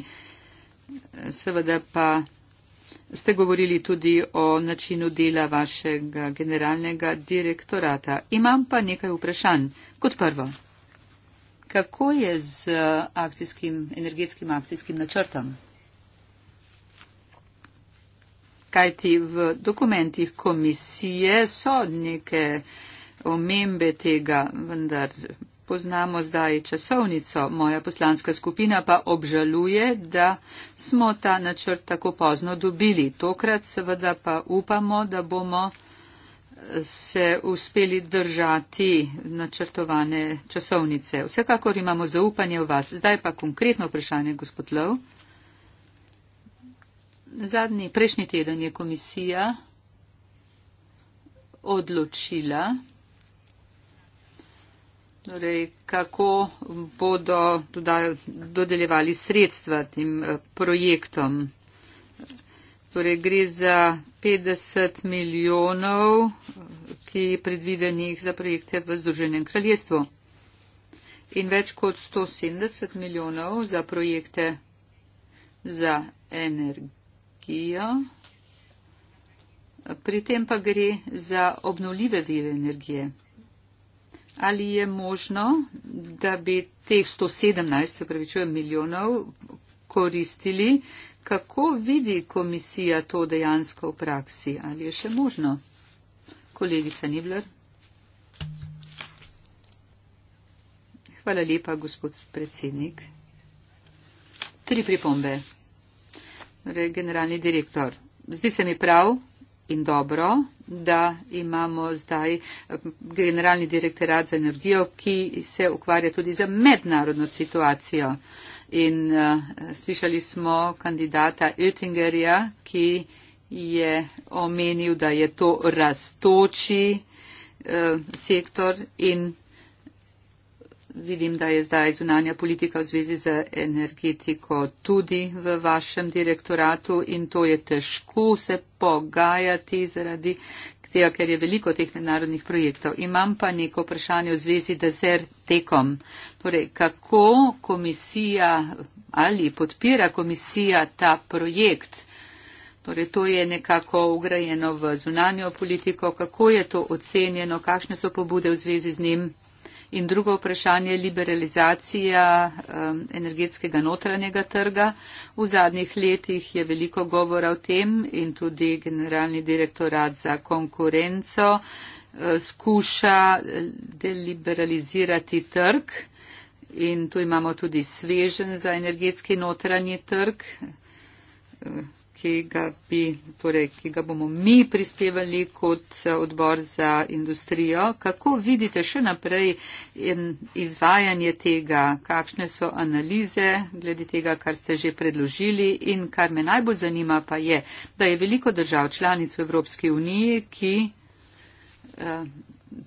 Seveda pa ste govorili tudi o načinu dela vašega generalnega direktorata. Imam pa nekaj vprašanj. Kot prvo, kako je z energetskim akcijskim načrtom? kajti v dokumentih komisije so neke omembe tega, vendar poznamo zdaj časovnico. Moja poslanska skupina pa obžaluje, da smo ta načrt tako pozno dobili. Tokrat seveda pa upamo, da bomo se uspeli držati načrtovane časovnice. Vsekakor imamo zaupanje v vas. Zdaj pa konkretno vprašanje, gospod Lov. Zadnji, prejšnji teden je komisija odločila, torej, kako bodo dodeljevali sredstva tem eh, projektom. Torej, gre za 50 milijonov, ki je predvidenih za projekte v Združenem kraljestvu in več kot 170 milijonov za projekte za energijo energijo. Pri tem pa gre za obnovljive vire energije. Ali je možno, da bi teh 117, se pravi, čujem, milijonov koristili? Kako vidi komisija to dejansko v praksi? Ali je še možno? Kolegica Nibler. Hvala lepa, gospod predsednik. Tri pripombe. Torej, generalni direktor, zdi se mi prav in dobro, da imamo zdaj eh, generalni direktorat za energijo, ki se ukvarja tudi za mednarodno situacijo. In uh, slišali smo kandidata Oettingerja, ki je omenil, da je to raztoči uh, eh, sektor in Vidim, da je zdaj zunanja politika v zvezi z energetiko tudi v vašem direktoratu in to je težko se pogajati zaradi tega, ker je veliko teh mednarodnih projektov. Imam pa neko vprašanje v zvezi desertekom. Torej, kako komisija ali podpira komisija ta projekt? Torej, to je nekako ugrajeno v zunanjo politiko. Kako je to ocenjeno? Kakšne so pobude v zvezi z njim? In drugo vprašanje je liberalizacija um, energetskega notranjega trga. V zadnjih letih je veliko govora o tem in tudi generalni direktorat za konkurenco uh, skuša uh, deliberalizirati trg. In tu imamo tudi svežen za energetski notranji trg. Uh, ki ga, bi, torej, ki ga bomo mi prispevali kot eh, odbor za industrijo. Kako vidite še naprej izvajanje tega, kakšne so analize glede tega, kar ste že predložili in kar me najbolj zanima pa je, da je veliko držav članic Evropske unije, ki. Uh,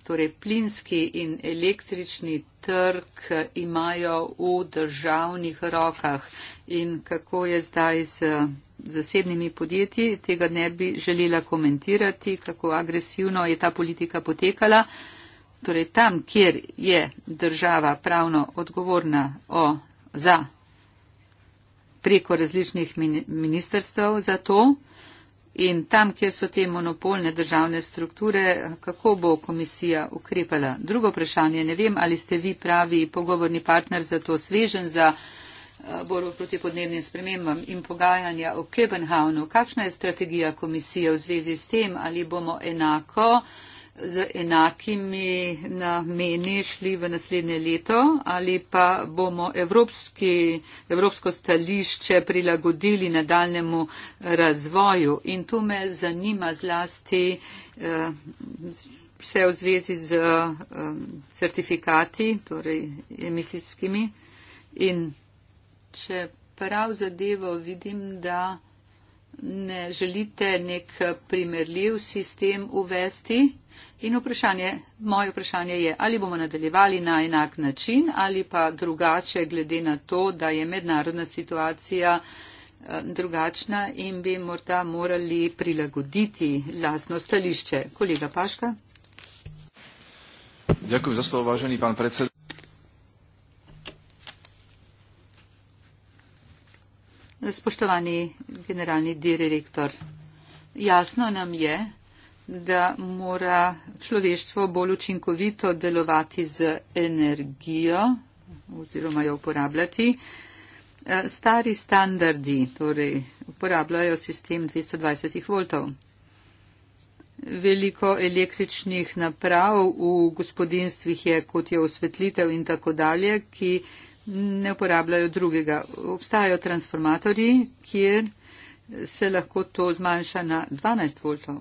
Torej, plinski in električni trg eh, imajo v državnih rokah in kako je zdaj z zasebnimi podjetji. Tega ne bi želela komentirati, kako agresivno je ta politika potekala. Torej, tam, kjer je država pravno odgovorna o, za preko različnih ministerstv za to in tam, kjer so te monopolne državne strukture, kako bo komisija ukrepala. Drugo vprašanje, ne vem, ali ste vi pravi pogovorni partner za to svežen za. Eh, bolj proti podnebnim spremembam in pogajanja v Kebenhavnu. Kakšna je strategija komisije v zvezi s tem, ali bomo enako z enakimi nameni šli v naslednje leto ali pa bomo evropski, evropsko stališče prilagodili nadaljemu eh, razvoju. In tu me zanima zlasti eh, vse v zvezi z certifikati, torej emisijskimi in če prav zadevo vidim, da ne želite nek primerljiv sistem uvesti. In vprašanje, moje vprašanje je, ali bomo nadaljevali na enak način ali pa drugače, glede na to, da je mednarodna situacija eh, drugačna in bi morda morali prilagoditi lastno stališče. Kolega Paška. Dziękuję za to, uvaženi pan predsedaj. Spoštovani generalni direktor, jasno nam je, da mora človeštvo bolj učinkovito delovati z energijo oziroma jo uporabljati. Eh, stari standardi, torej uporabljajo sistem 220 voltov. Veliko električnih naprav v gospodinstvih je, kot je osvetlitev in tako dalje, ki ne uporabljajo drugega. Obstajajo transformatorji, kjer se lahko to zmanjša na 12 voltov.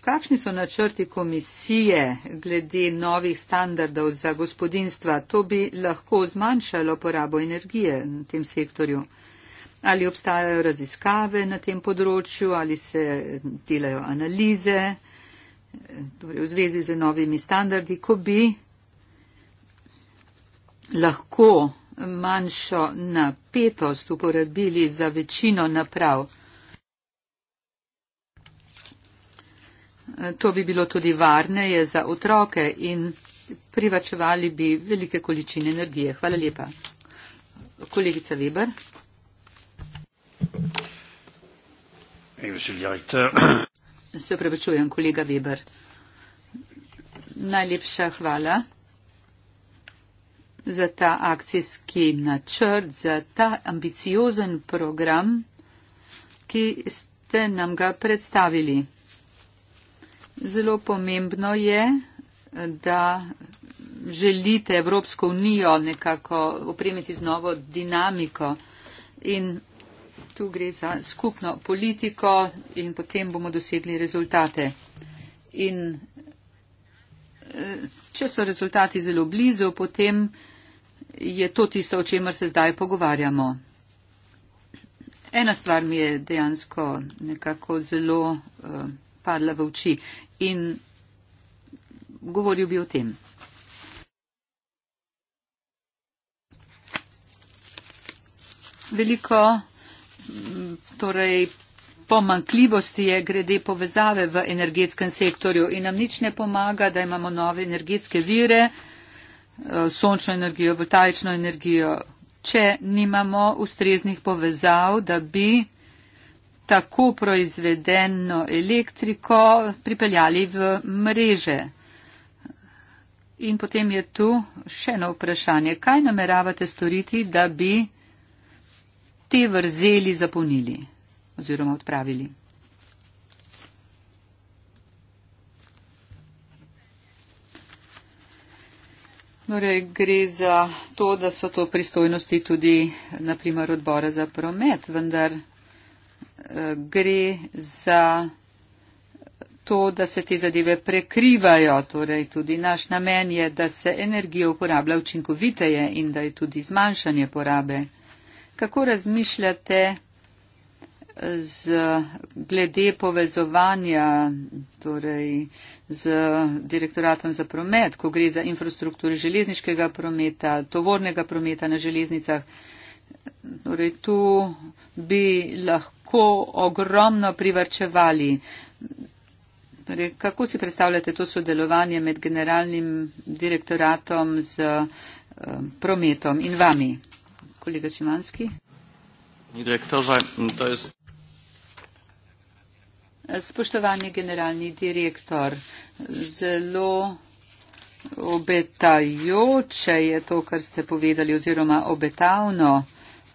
Kakšni so načrti komisije glede novih standardov za gospodinstva? To bi lahko zmanjšalo porabo energije na tem sektorju. Ali obstajajo raziskave na tem področju, ali se delajo analize torej v zvezi z novimi standardi, ko bi lahko manjšo napetost uporabili za večino naprav. E, to bi bilo tudi varneje za otroke in privačevali bi velike količine energije. Hvala lepa. Kolegica Weber. Se pravičujem, kolega Weber. Najlepša hvala za ta akcijski načrt, za ta ambiciozen program, ki ste nam ga predstavili. Zelo pomembno je, da želite Evropsko unijo nekako opremiti z novo dinamiko in tu gre za skupno politiko in potem bomo dosegli rezultate. In eh, če so rezultati zelo blizu, potem je to tisto, o čemer se zdaj pogovarjamo. Ena stvar mi je dejansko nekako zelo uh, padla v oči in govoril bi o tem. Veliko mm, torej, pomankljivosti je grede povezave v energetskem sektorju in nam nič ne pomaga, da imamo nove energetske vire. Eh, sončno energijo, voltaično energijo, če nimamo ustreznih povezav, da bi tako proizvedeno elektriko pripeljali v mreže. In potem je tu še eno vprašanje, kaj nameravate storiti, da bi te vrzeli zapolnili oziroma odpravili. Torej, gre za to, da so to pristojnosti tudi, naprimer, odbora za promet, vendar eh, gre za to, da se te zadeve prekrivajo. Torej, tudi naš namen je, da se energijo uporablja učinkoviteje in da je tudi zmanjšanje porabe. Kako razmišljate? z glede povezovanja torej, z direktoratom za promet, ko gre za infrastrukturo železniškega prometa, tovornega prometa na železnicah. Torej, tu bi lahko ogromno privrčevali. Torej, kako si predstavljate to sodelovanje med generalnim direktoratom z eh, prometom in vami, kolega Šimanski? Direktorze, to je. Spoštovani generalni direktor, zelo obetajoče je to, kar ste povedali, oziroma obetavno,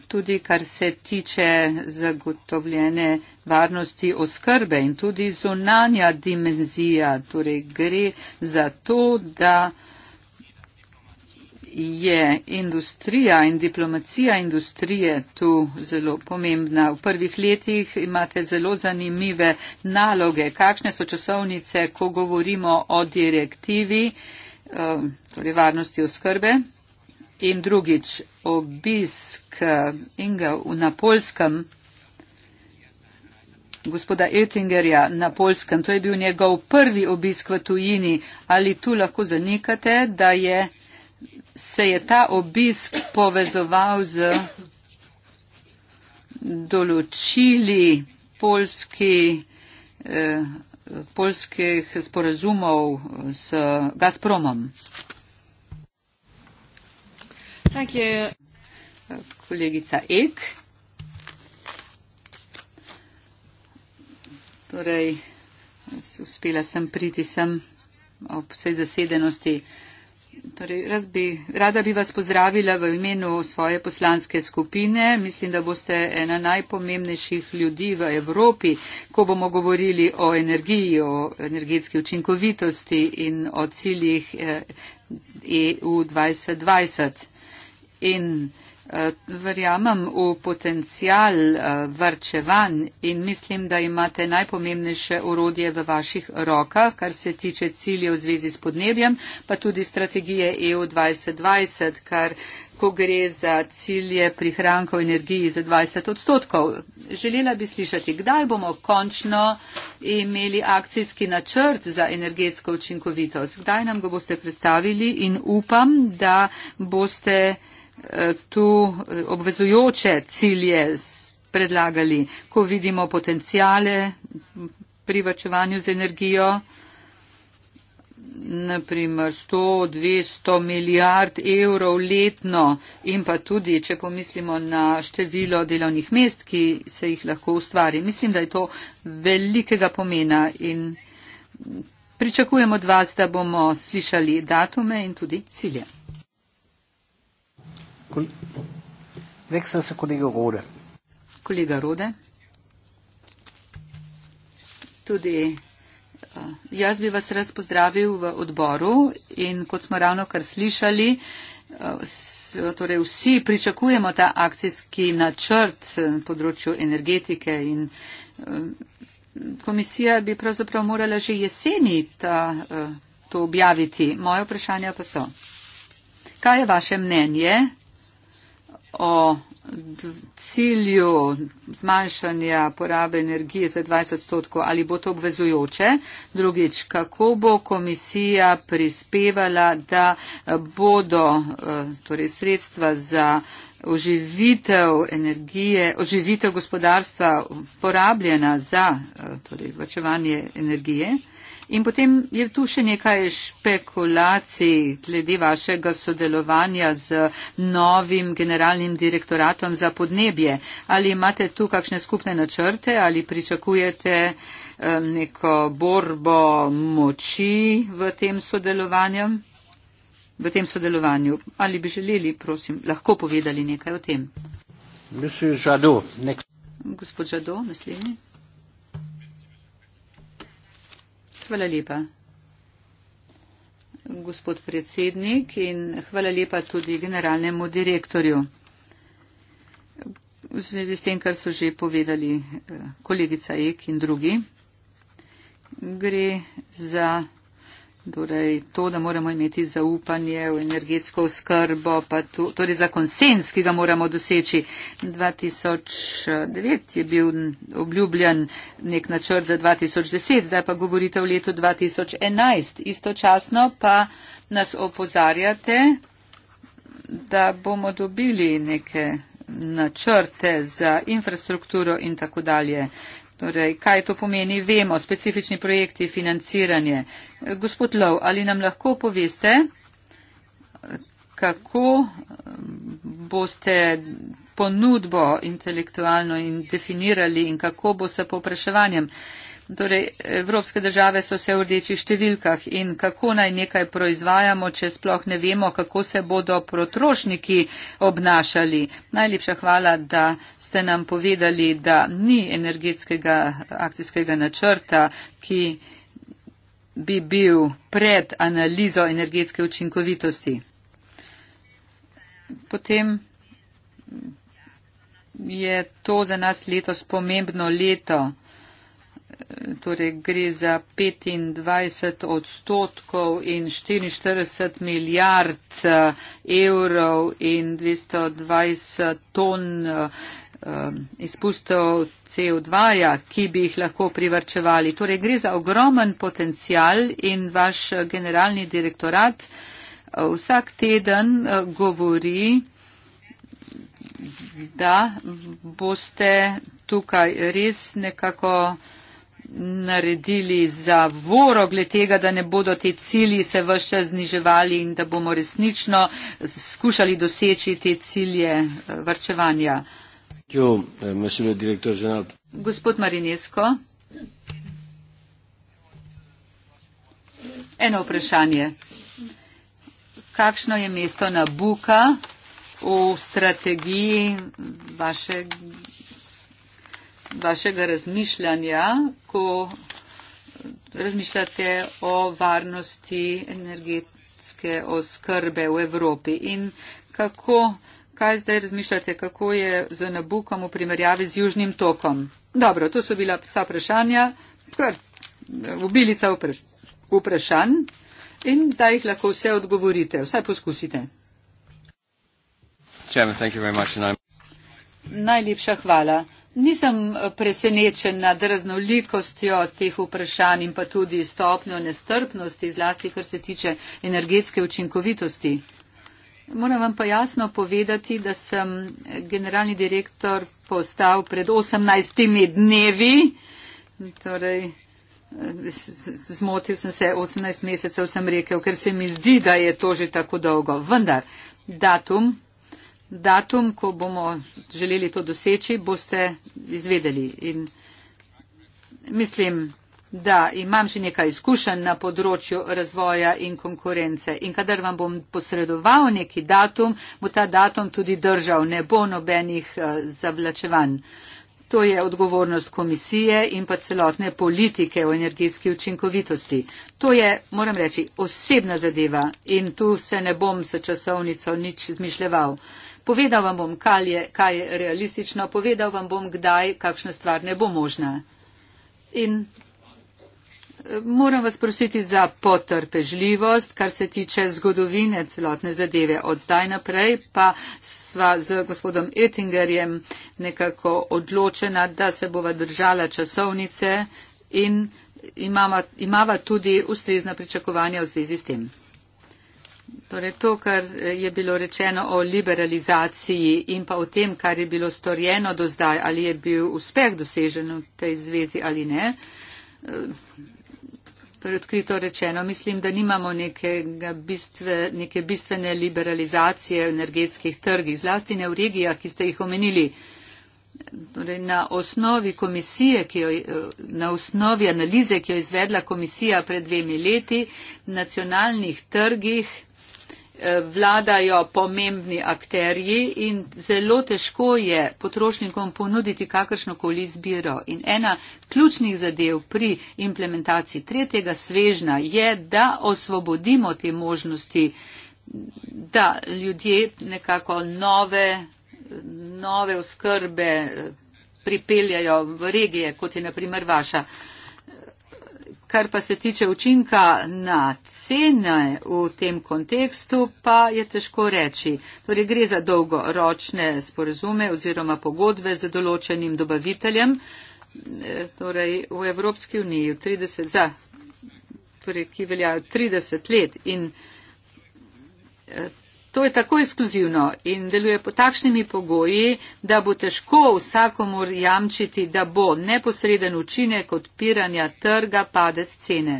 tudi kar se tiče zagotovljene varnosti oskrbe in tudi zunanja dimenzija. Torej gre za to, da je industrija in diplomacija industrije tu zelo pomembna. V prvih letih imate zelo zanimive naloge. Kakšne so časovnice, ko govorimo o direktivi, eh, torej varnosti oskrbe? In drugič, obisk eh, Inga na polskem, gospoda Ettingerja na polskem, to je bil njegov prvi obisk v tujini. Ali tu lahko zanikate, da je se je ta obisk povezoval z določili polski, eh, polskih sporazumov z Gazpromom. Je... Kolegica Ek. Torej, uspela sem priti sem ob vsej zasedenosti. Eh, Torej, raz bi, rada bi vas pozdravila v imenu svoje poslanske skupine. Mislim, da boste ena najpomembnejših ljudi v Evropi, ko bomo govorili o energiji, o energetski učinkovitosti in o ciljih EU eh, e 2020. In Eh, verjamem v potencial eh, vrčevanj in mislim, da imate najpomembnejše urodje v vaših rokah, kar se tiče ciljev v zvezi s podnebjem, pa tudi strategije EU 2020, kar ko gre za cilje prihrankov energiji za 20 odstotkov. Želela bi slišati, kdaj bomo končno imeli akcijski načrt za energetsko učinkovitost. Kdaj nam ga boste predstavili in upam, da boste Eh, tu eh, obvezujoče cilje predlagali, ko vidimo potencijale pri vrčevanju z energijo, naprimer 100-200 milijard evrov letno in pa tudi, če pomislimo na število delovnih mest, ki se jih lahko ustvari. Mislim, da je to velikega pomena in pričakujem od vas, da bomo slišali datume in tudi cilje. Veksel er se kolega Rode. Kolega Rode. Tudi eh, jaz bi vas raz pozdravil v odboru in kot smo ravno kar slišali, eh, torej vsi pričakujemo ta akcijski načrt eh, na področju energetike in komisija bi pravzaprav morala že jeseni ta, to objaviti. Moje vprašanje pa so. Kaj je vaše mnenje? o cilju zmanjšanja porabe energije za 20 odstotkov, ali bo to obvezujoče. Drugič, kako bo komisija prispevala, da bodo eh, torej sredstva za oživitev energije, oživitev gospodarstva porabljena za eh, torej, vrčevanje energije. In potem je tu še nekaj špekulacij glede vašega sodelovanja z novim generalnim direktoratom za podnebje. Ali imate tu kakšne skupne načrte ali pričakujete eh, neko borbo moči v tem sodelovanju? v tem sodelovanju. Ali bi želeli, prosim, lahko povedali nekaj o tem? Gospod Žado, naslednji. Hvala lepa. Gospod predsednik in hvala lepa tudi generalnemu direktorju. V zvezi s tem, kar so že povedali eh, kolegica Ek in drugi, gre za Torej, to, da moramo imeti zaupanje v energetsko skrbo, pa tu, torej za konsens, ki ga moramo doseči. 2009 je bil obljubljen nek načrt za 2010, zdaj pa govorite o letu 2011. Istočasno pa nas opozarjate, da bomo dobili neke načrte za infrastrukturo in tako dalje. Torej, kaj to pomeni, vemo, specifični projekti, financiranje. Gospod Lov, ali nam lahko poveste, kako eh, boste ponudbo intelektualno in definirali in kako bo se popraševanjem? Uh, Torej, evropske države so vse v rdečih številkah in kako naj nekaj proizvajamo, če sploh ne vemo, kako se bodo potrošniki obnašali. Najlepša hvala, da ste nam povedali, da ni energetskega akcijskega načrta, ki bi bil pred analizo energetske učinkovitosti. Potem je to za nas letos pomembno leto torej gre za 25 odstotkov in 44 milijard eh, evrov in 220 ton eh, izpustov CO2, -ja, ki bi jih lahko privrčevali. Torej gre za ogromen potencial in vaš generalni direktorat eh, vsak teden govori, da boste tukaj res nekako naredili za voro, glede tega, da ne bodo te cilji se vse čas zniževali in da bomo resnično skušali doseči te cilje eh, vrčevanja. You, eh, monsieur, Gospod Marinesko. Eno vprašanje. Kakšno je mesto Nabuka v strategiji vašega vašega razmišljanja, ko razmišljate o varnosti energetske oskrbe v Evropi in kako, kaj zdaj razmišljate, kako je z Nabukom v primerjavi z Južnim tokom. Dobro, to so bila vsa vprašanja, kar ubilica vprašanj in zdaj jih lahko vse odgovorite, vsaj poskusite. Chairman, thank you very much. Najlepša hvala. Nisem eh, presenečen nad raznolikostjo teh vprašanj in pa tudi stopnjo nestrpnosti, zlasti kar se tiče energetske učinkovitosti. Moram vam pa jasno povedati, da sem generalni direktor postal pred 18 dnevi, torej eh, zmotil sem se 18 mesecev, sem rekel, ker se mi zdi, da je to že tako dolgo. Vendar, datum datum, ko bomo želeli to doseči, boste izvedeli. In mislim, da imam že nekaj izkušenj na področju razvoja in konkurence. In kadar vam bom posredoval neki datum, bo ta datum tudi držal. Ne bo nobenih eh, zavlačevanj. To je odgovornost komisije in pa celotne politike o energetski učinkovitosti. To je, moram reči, osebna zadeva in tu se ne bom s časovnico nič izmišljeval. Povedal vam bom, kaj je, kaj je realistično, povedal vam bom, kdaj kakšna stvar ne bo možna. In eh, moram vas prositi za potrpežljivost, kar se tiče zgodovine celotne zadeve. Od zdaj naprej pa sva z gospodom Ettingerjem nekako odločena, da se bova držala časovnice in imava, imava tudi ustrezna pričakovanja v zvezi s tem. Torej to, kar je bilo rečeno o liberalizaciji in pa o tem, kar je bilo storjeno do zdaj, ali je bil uspeh dosežen v tej zvezi ali ne. Eh, torej odkrito rečeno, mislim, da nimamo bistve, neke bistvene liberalizacije v energetskih trgih, zlasti ne v regijah, ki ste jih omenili. Torej, na osnovi komisije, ki jo, eh, na osnovi analize, ki jo je izvedla komisija pred dvemi leti, nacionalnih trgih, vladajo pomembni akterji in zelo težko je potrošnikom ponuditi kakršnokoli izbiro. In ena ključnih zadev pri implementaciji tretjega svežna je, da osvobodimo te možnosti, da ljudje nekako nove, nove oskrbe pripeljajo v regije, kot je naprimer vaša. Kar pa se tiče učinka na cene v tem kontekstu, pa je težko reči. Torej gre za dolgoročne sporazume oziroma pogodbe z določenim dobaviteljem. E, torej v Evropski uniji, v 30, za, torej, ki veljajo 30 let in e, To je tako ekskluzivno in deluje pod takšnimi pogoji, da bo težko vsakomur jamčiti, da bo neposreden učinek odpiranja trga padec cene.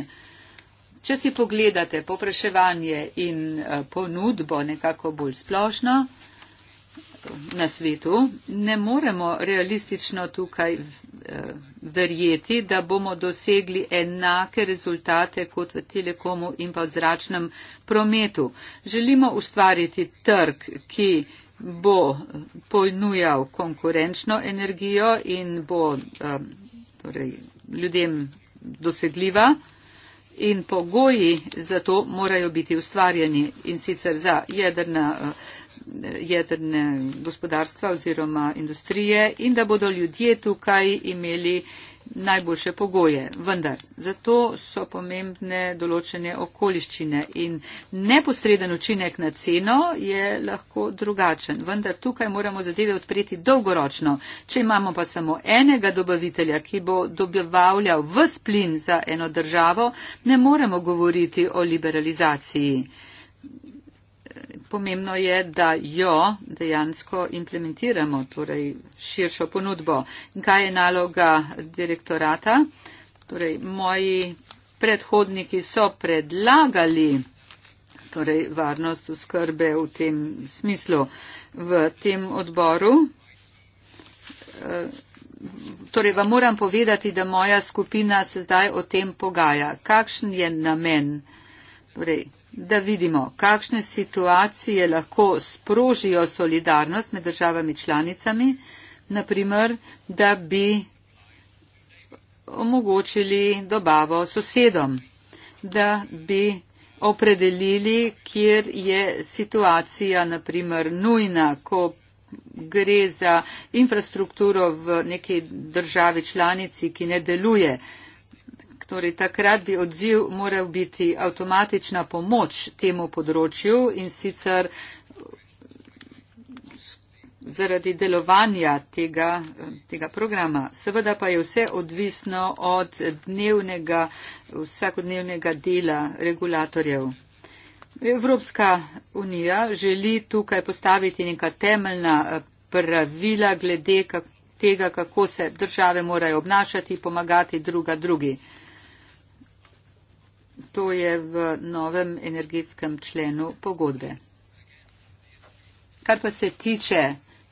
Če si pogledate popraševanje in eh, ponudbo nekako bolj splošno eh, na svetu, ne moremo realistično tukaj eh, verjeti, da bomo dosegli enake rezultate kot v telekomu in pa v zračnem prometu. Želimo ustvariti trg, ki bo pojnujal konkurenčno energijo in bo eh, torej, ljudem dosegljiva. In pogoji za to morajo biti ustvarjeni in sicer za jedrna uh, jedrne gospodarstva oziroma industrije in da bodo ljudje tukaj imeli najboljše pogoje. Vendar, zato so pomembne določene okoliščine in neposreden učinek na ceno je lahko drugačen. Vendar tukaj moramo zadeve odpreti dolgoročno. Če imamo pa samo enega dobavitelja, ki bo dobavljal v splin za eno državo, ne moremo govoriti o liberalizaciji pomembno je, da jo dejansko implementiramo, torej širšo ponudbo. In kaj je naloga direktorata? Torej, moji predhodniki so predlagali torej, varnost uskrbe v tem smislu v tem odboru. Eh, torej, vam moram povedati, da moja skupina se zdaj o tem pogaja. Kakšen je namen? Torej, da vidimo, kakšne situacije lahko sprožijo solidarnost med državami članicami, naprimer, da bi omogočili dobavo sosedom, da bi opredelili, kjer je situacija naprimer nujna, ko gre za infrastrukturo v neki državi članici, ki ne deluje. Torej, takrat bi odziv moral biti avtomatična pomoč temu področju in sicer zaradi delovanja tega, tega programa. Seveda pa je vse odvisno od dnevnega, vsakodnevnega dela regulatorjev. Evropska unija želi tukaj postaviti neka temeljna eh, pravila glede tega, kako se države morajo obnašati, pomagati druga drugi. To je v novem energetskem členu pogodbe. Kar pa se tiče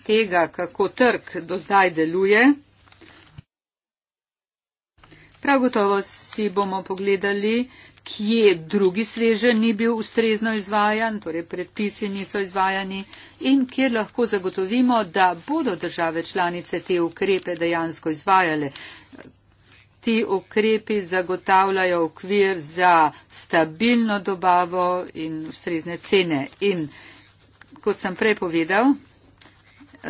tega, kako trg do zdaj deluje, prav gotovo si bomo pogledali, kje drugi svežen ni bil ustrezno izvajan, torej predpisi niso izvajani in kje lahko zagotovimo, da bodo države članice te ukrepe dejansko izvajale ti ukrepi zagotavljajo okvir za stabilno dobavo in ustrezne cene. In kot sem prej povedal,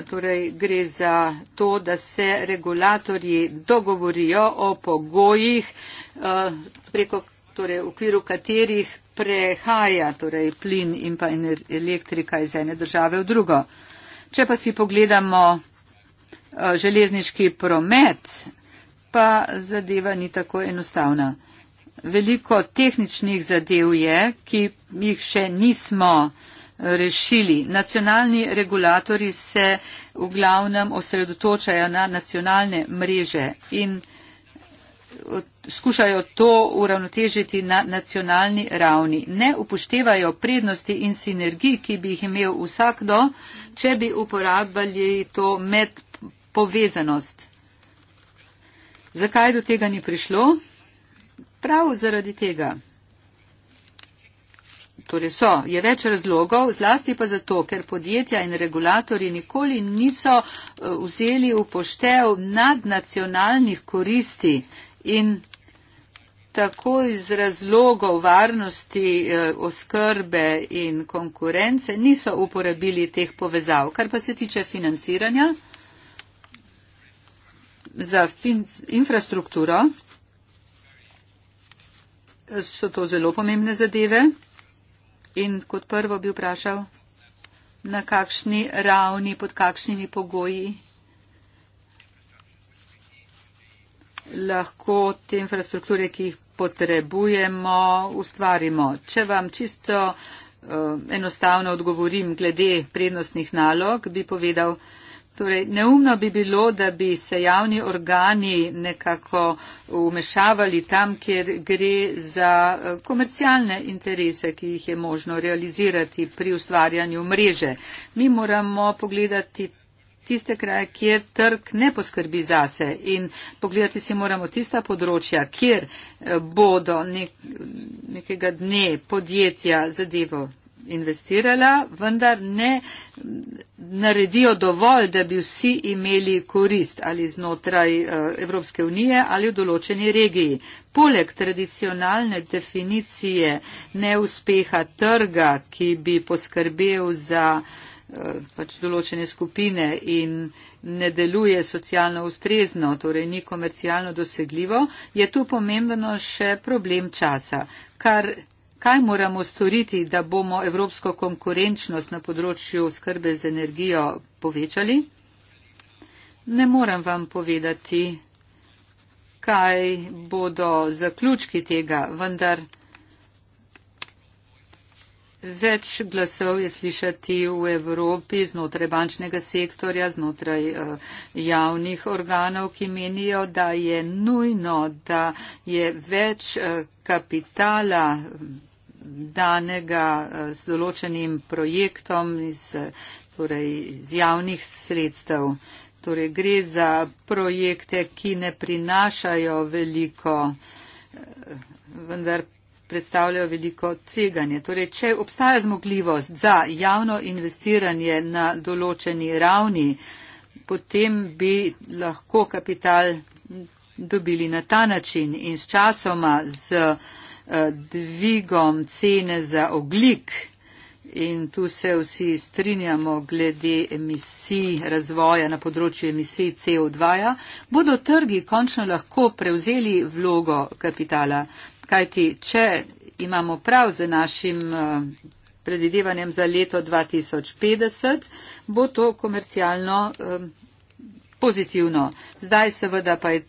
torej gre za to, da se regulatorji dogovorijo o pogojih, eh, preko, torej v okviru katerih prehaja torej plin in pa elektrika iz ene države v drugo. Če pa si pogledamo eh, železniški promet, pa zadeva ni tako enostavna. Veliko tehničnih zadev je, ki jih še nismo rešili. Nacionalni regulatori se v glavnem osredotočajo na nacionalne mreže in skušajo to uravnotežiti na nacionalni ravni. Ne upoštevajo prednosti in sinergij, ki bi jih imel vsakdo, če bi uporabljali to med povezanost. Zakaj do tega ni prišlo? Prav zaradi tega. Torej so, je več razlogov, zlasti pa zato, ker podjetja in regulatori nikoli niso eh, vzeli v poštev nadnacionalnih koristi in tako iz razlogov varnosti, eh, oskrbe in konkurence niso uporabili teh povezav. Kar pa se tiče financiranja, za infrastrukturo so to zelo pomembne zadeve. In kot prvo bi vprašal, na kakšni ravni, pod kakšnimi pogoji lahko te infrastrukture, ki jih potrebujemo, ustvarimo. Če vam čisto uh, enostavno odgovorim glede prednostnih nalog, bi povedal, uh, Torej, neumno bi bilo, da bi se javni organi nekako umešavali tam, kjer gre za eh, komercialne interese, ki jih je možno realizirati pri ustvarjanju mreže. Mi moramo pogledati tiste kraje, kjer trg ne poskrbi zase in pogledati si moramo tista področja, kjer eh, bodo nek, nekega dne podjetja zadevo investirala, vendar ne naredijo dovolj, da bi vsi imeli korist ali znotraj eh, Evropske unije ali v določeni regiji. Poleg tradicionalne definicije neuspeha trga, ki bi poskrbel za eh, pač določene skupine in ne deluje socialno ustrezno, torej ni komercialno dosegljivo, je tu pomembno še problem časa, kar Kaj moramo storiti, da bomo evropsko konkurenčnost na področju skrbe z energijo povečali? Ne morem vam povedati, kaj bodo zaključki tega, vendar več glasov je slišati v Evropi znotraj bančnega sektorja, znotraj eh, javnih organov, ki menijo, da je nujno, da je več eh, kapitala danega eh, z določenim projektom iz, eh, torej iz javnih sredstev. Torej gre za projekte, ki ne prinašajo veliko, eh, vendar predstavljajo veliko tveganje. Torej, če obstaja zmogljivost za javno investiranje na določeni ravni, potem bi lahko kapital dobili na ta način in s časoma z uh, Eh, dvigom cene za oglik in tu se vsi strinjamo glede emisij razvoja na področju emisij CO2, -ja, bodo trgi končno lahko prevzeli vlogo kapitala. Kajti, če imamo prav z našim eh, predvidevanjem za leto 2050, bo to komercialno eh, pozitivno. Zdaj seveda pa je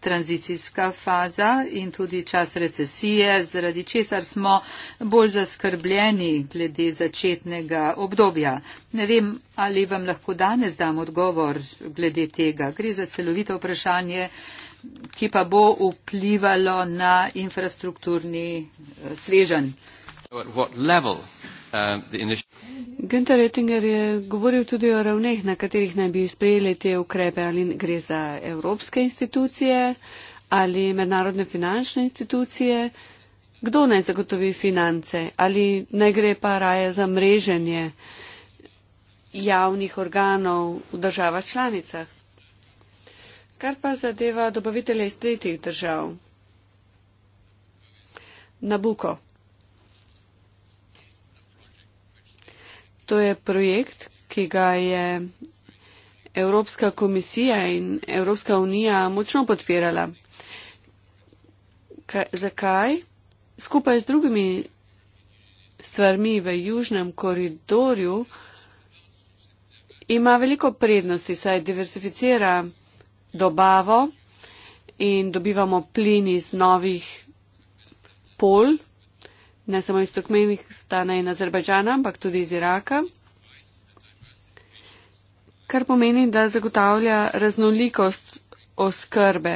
tranzicijska faza in tudi čas recesije, zaradi česar smo bolj zaskrbljeni glede začetnega obdobja. Ne vem, ali vam lahko danes dam odgovor glede tega. Gre za celovito vprašanje, ki pa bo vplivalo na infrastrukturni eh, svežen. Günter Ettinger je govoril tudi o ravneh, na katerih naj bi sprejeli te ukrepe, ali gre za evropske institucije ali mednarodne finančne institucije. Kdo naj zagotovi finance ali naj gre pa raje za mreženje javnih organov v državah članicah? Kar pa zadeva dobavitele iz tretjih držav? Nabuko. To je projekt, ki ga je Evropska komisija in Evropska unija močno podpirala. Ka zakaj? Skupaj z drugimi stvarmi v južnem koridorju ima veliko prednosti, saj diversificira dobavo in dobivamo plin iz novih pol ne samo iz Turkmenistana in Azerbajdžana, ampak tudi iz Iraka, kar pomeni, da zagotavlja raznolikost oskrbe.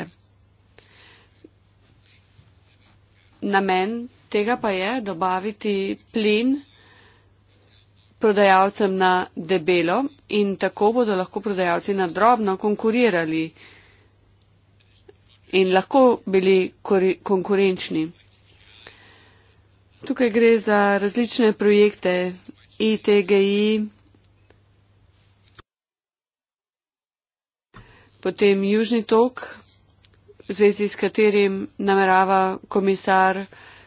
Namen tega pa je dobaviti plin prodajalcem na debelo in tako bodo lahko prodajalci na drobno konkurirali in lahko bili konkurenčni. Tukaj gre za različne projekte ITGI, potem Južni tok, v zvezi s katerim namerava komisar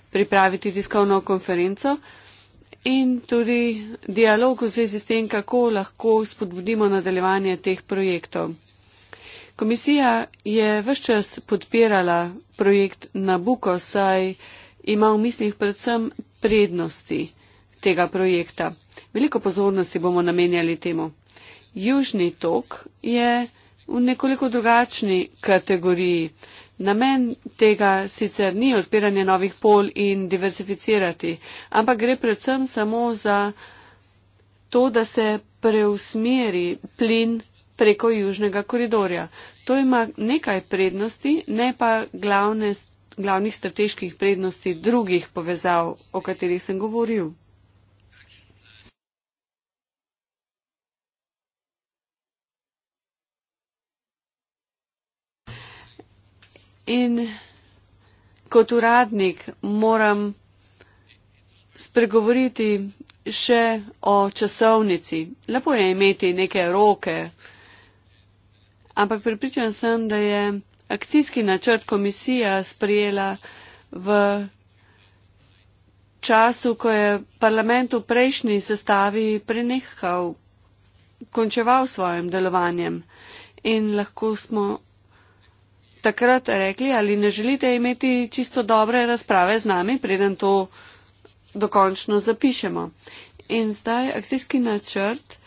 pripraviti tiskovno konferenco in tudi dialog v zvezi s tem, kako lahko spodbudimo nadaljevanje teh projektov. Komisija je vse čas podpirala projekt Nabuko, saj ima v mislih predvsem prednosti tega projekta. Veliko pozornosti bomo namenjali temu. Južni tok je v nekoliko drugačni kategoriji. Namen tega sicer ni odpiranje novih pol in diversificirati, ampak gre predvsem samo za to, da se preusmeri plin preko južnega koridorja. To ima nekaj prednosti, ne pa glavne stvari glavnih strateških prednosti drugih povezav, o katerih sem govoril. In kot uradnik moram spregovoriti še o časovnici. Lepo je imeti neke roke, ampak pripričan sem, da je akcijski načrt komisija sprijela v času, ko je parlament v prejšnji sestavi prenehal, končeval svojim delovanjem. In lahko smo takrat rekli, ali ne želite imeti čisto dobre razprave z nami, preden to dokončno zapišemo. In zdaj akcijski načrt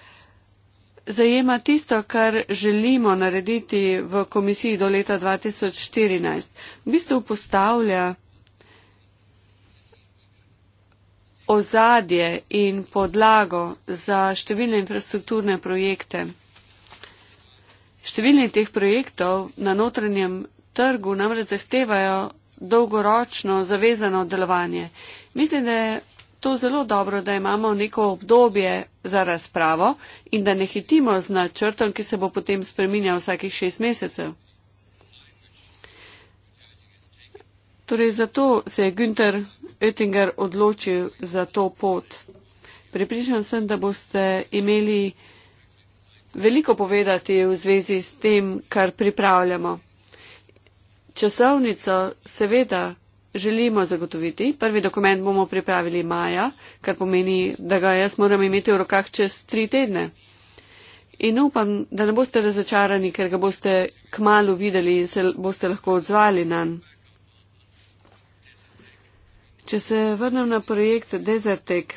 zajema tisto, kar želimo narediti v komisiji do leta 2014. V bistvu postavlja ozadje in podlago za številne infrastrukturne projekte. Številni teh projektov na notranjem trgu namreč zahtevajo dolgoročno zavezano delovanje. Mislim, da je to zelo dobro, da imamo neko obdobje za razpravo in da ne hitimo z načrtom, ki se bo potem spreminjal vsakih šest mesecev. Torej, zato se je Günter Oettinger odločil za to pot. Pripričan sem, da boste imeli veliko povedati v zvezi s tem, kar pripravljamo. Časovnico seveda želimo zagotoviti. Prvi dokument bomo pripravili maja, kar pomeni, da ga jaz moram imeti v rokah čez tri tedne. In upam, da ne boste razočarani, ker ga boste kmalo videli in se boste lahko odzvali na njega. Če se vrnem na projekt Desertek,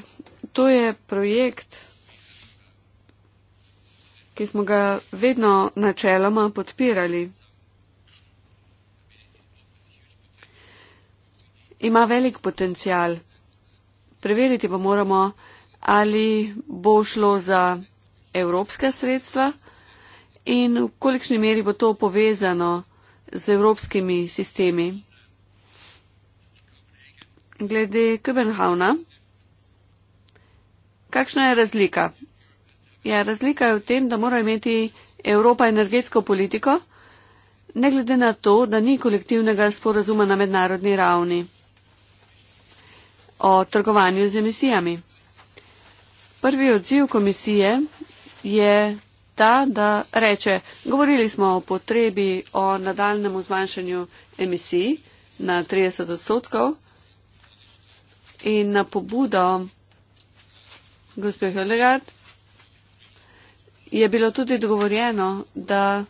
to je projekt, ki smo ga vedno načeloma podpirali. ima velik potencial. Preveriti pa moramo, ali bo šlo za evropska sredstva in v kolikšni meri bo to povezano z evropskimi sistemi. Glede Köbenhavna, kakšna je razlika? Ja, razlika je v tem, da mora imeti Evropa energetsko politiko, ne glede na to, da ni kolektivnega sporazuma na mednarodni ravni o trgovanju z emisijami. Prvi odziv komisije je ta, da reče, govorili smo o potrebi o nadaljnemu zmanjšanju emisij na 30 odstotkov in na pobudo gospe Hildegard je bilo tudi dogovorjeno, da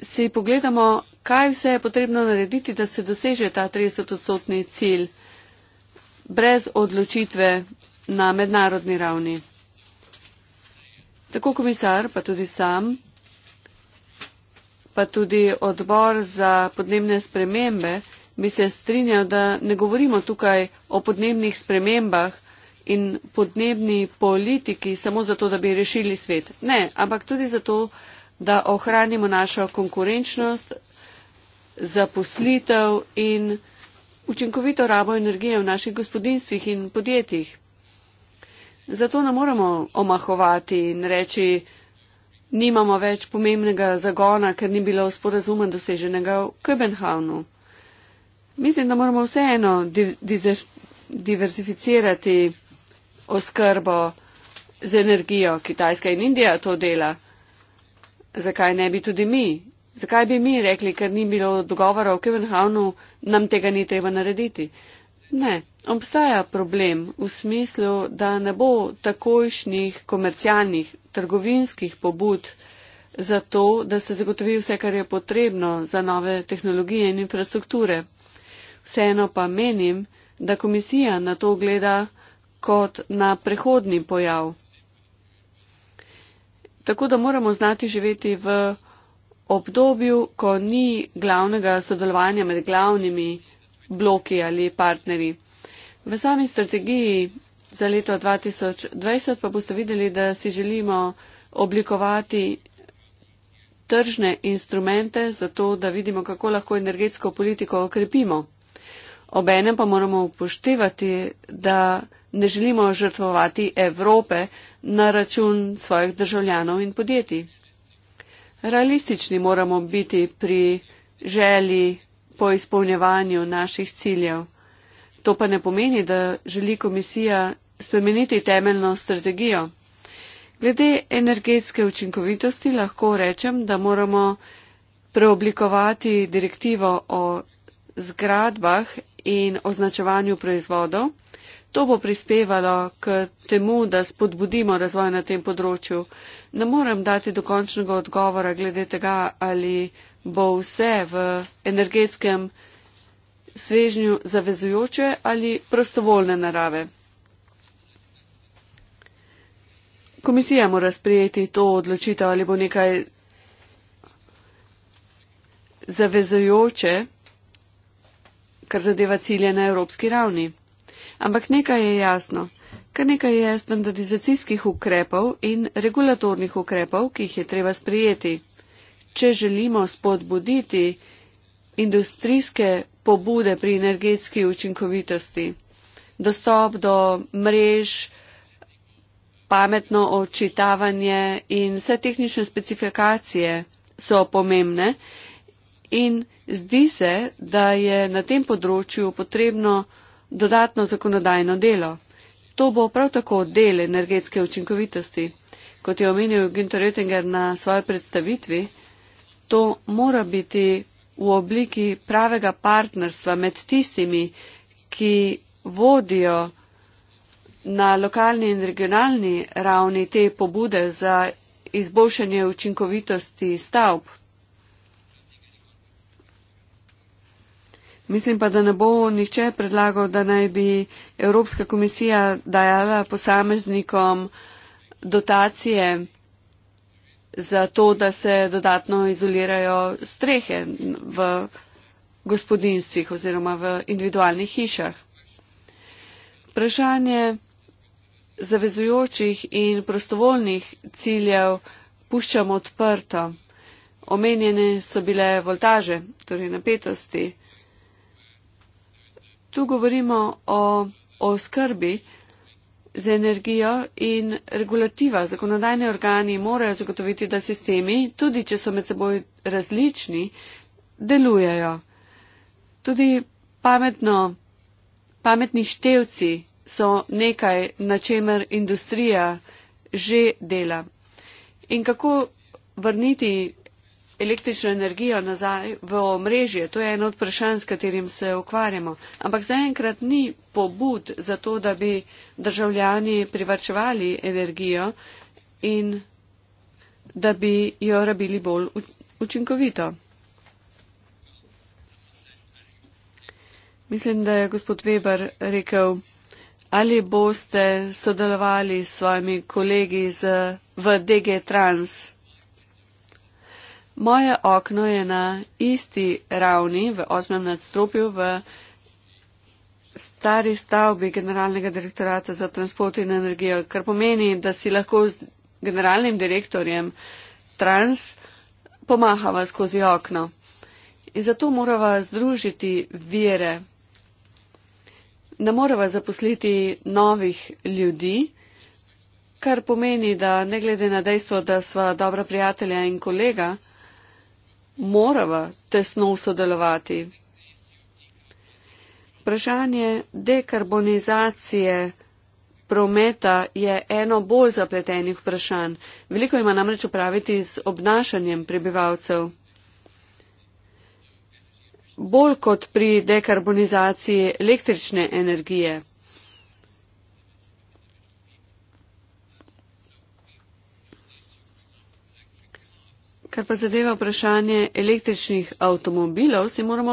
si pogledamo, kaj vse je potrebno narediti, da se doseže ta 30 odstotni cilj brez odločitve na mednarodni ravni. Tako komisar, pa tudi sam, pa tudi odbor za podnebne spremembe bi se strinjal, da ne govorimo tukaj o podnebnih spremembah in podnebni politiki samo zato, da bi rešili svet. Ne, ampak tudi zato, da ohranimo našo konkurenčnost, zaposlitev in učinkovito rabo energije v naših gospodinstvih in podjetjih. Zato ne moremo omahovati in reči, nimamo več pomembnega zagona, ker ni bilo sporazuma doseženega v Köbenhavnu. Mislim, da moramo vseeno diverzificirati oskrbo z energijo. Kitajska in Indija to dela. Zakaj ne bi tudi mi Zakaj bi mi rekli, ker ni bilo dogovora v Kevenhavnu, nam tega ni treba narediti? Ne, obstaja problem v smislu, da ne bo takojšnjih komercialnih, trgovinskih pobud za to, da se zagotovi vse, kar je potrebno za nove tehnologije in infrastrukture. Vseeno pa menim, da komisija na to gleda kot na prehodni pojav. Tako da moramo znati živeti v obdobju, ko ni glavnega sodelovanja med glavnimi bloki ali partnerji. V sami strategiji za leto 2020 pa boste videli, da si želimo oblikovati tržne instrumente za to, da vidimo, kako lahko energetsko politiko okrepimo. Obenem pa moramo upoštevati, da ne želimo žrtvovati Evrope na račun svojih državljanov in podjetij realistični moramo biti pri želji po izpolnjevanju naših ciljev. To pa ne pomeni, da želi komisija spremeniti temeljno strategijo. Glede energetske učinkovitosti lahko rečem, da moramo preoblikovati direktivo o zgradbah in označevanju proizvodov. To bo prispevalo k temu, da spodbudimo razvoj na tem področju. Ne morem dati dokončnega odgovora glede tega, ali bo vse v energetskem svežnju zavezujoče ali prostovoljne narave. Komisija mora sprejeti to odločitev, ali bo nekaj zavezujoče, kar zadeva cilje na evropski ravni. Ampak nekaj je jasno. Kar nekaj je standardizacijskih ukrepov in regulatornih ukrepov, ki jih je treba sprijeti. Če želimo spodbuditi industrijske pobude pri energetski učinkovitosti, dostop do mrež, pametno očitavanje in vse tehnične specifikacije so pomembne in zdi se, da je na tem področju potrebno dodatno zakonodajno delo. To bo prav tako del energetske učinkovitosti. Kot je omenil Günter Oettinger na svoji predstavitvi, to mora biti v obliki pravega partnerstva med tistimi, ki vodijo na lokalni in regionalni ravni te pobude za izboljšanje učinkovitosti stavb, Mislim pa, da ne bo nihče predlagal, da naj bi Evropska komisija dajala posameznikom dotacije za to, da se dodatno izolirajo strehe v gospodinstvih oziroma v individualnih hišah. Vprašanje zavezujočih in prostovoljnih ciljev puščam odprto. Omenjene so bile voltaže, torej napetosti. Tu govorimo o, o skrbi za energijo in regulativa. Zakonodajni organi morajo zagotoviti, da sistemi, tudi če so med seboj različni, delujejo. Tudi pametno, pametni števci so nekaj, na čemer industrija že dela. In kako vrniti električno energijo nazaj v omrežje. To je eno od vprašanj, s katerim se ukvarjamo. Ampak zaenkrat ni pobud za to, da bi državljani privrčevali energijo in da bi jo rabili bolj učinkovito. Mislim, da je gospod Weber rekel, ali boste sodelovali s svojimi kolegi z, v DG Trans. Moje okno je na isti ravni v osmem nadstropju v stari stavbi generalnega direktorata za transport in energijo, kar pomeni, da si lahko z generalnim direktorjem trans pomahava skozi okno. In zato morava združiti vire. Ne morava zaposliti novih ljudi, kar pomeni, da ne glede na dejstvo, da sva dobra prijatelja in kolega, morava tesno sodelovati. Vprašanje dekarbonizacije prometa je eno bolj zapletenih vprašanj. Veliko ima namreč upraviti z obnašanjem prebivalcev. Bolj kot pri dekarbonizaciji električne energije. Kar pa zadeva vprašanje električnih avtomobilov, si moramo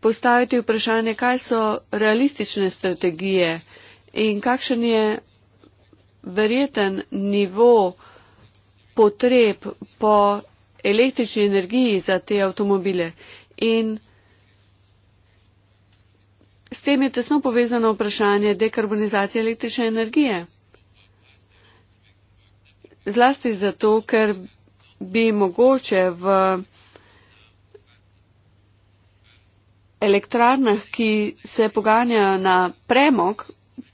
postaviti vprašanje, kaj so realistične strategije in kakšen je verjeten nivo potreb po električni energiji za te avtomobile. In s tem je tesno povezano vprašanje dekarbonizacije električne energije zlasti zato, ker bi mogoče v elektrarnah, ki se poganja na premog,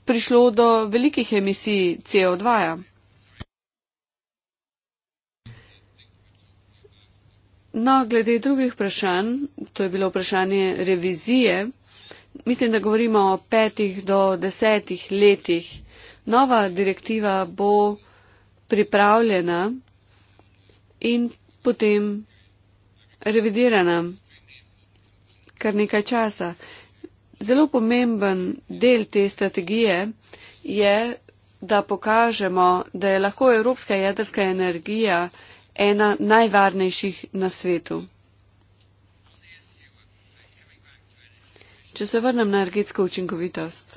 prišlo do velikih emisij CO2. -ja. No, glede drugih vprašanj, to je bilo vprašanje revizije, mislim, da govorimo o petih do desetih letih. Nova direktiva bo pripravljena in potem revidirana kar nekaj časa. Zelo pomemben del te strategije je, da pokažemo, da je lahko evropska jedrska energija ena najvarnejših na svetu. Če se vrnem na energetsko učinkovitost.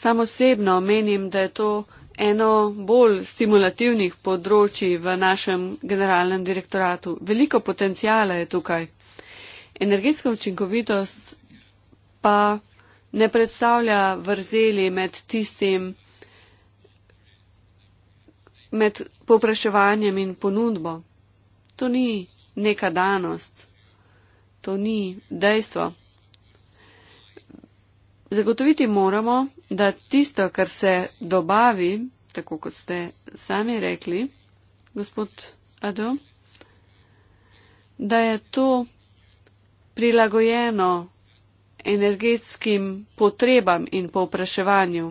Sam osebno menim, da je to eno bolj stimulativnih področji v našem generalnem direktoratu. Veliko potencijala je tukaj. Energetska učinkovitost pa ne predstavlja vrzeli med tistim, med popraševanjem in ponudbo. To ni neka danost, to ni dejstvo. Zagotoviti moramo, da tisto, kar se dobavi, tako kot ste sami rekli, gospod Ado, da je to prilagojeno energetskim potrebam in povpraševanju.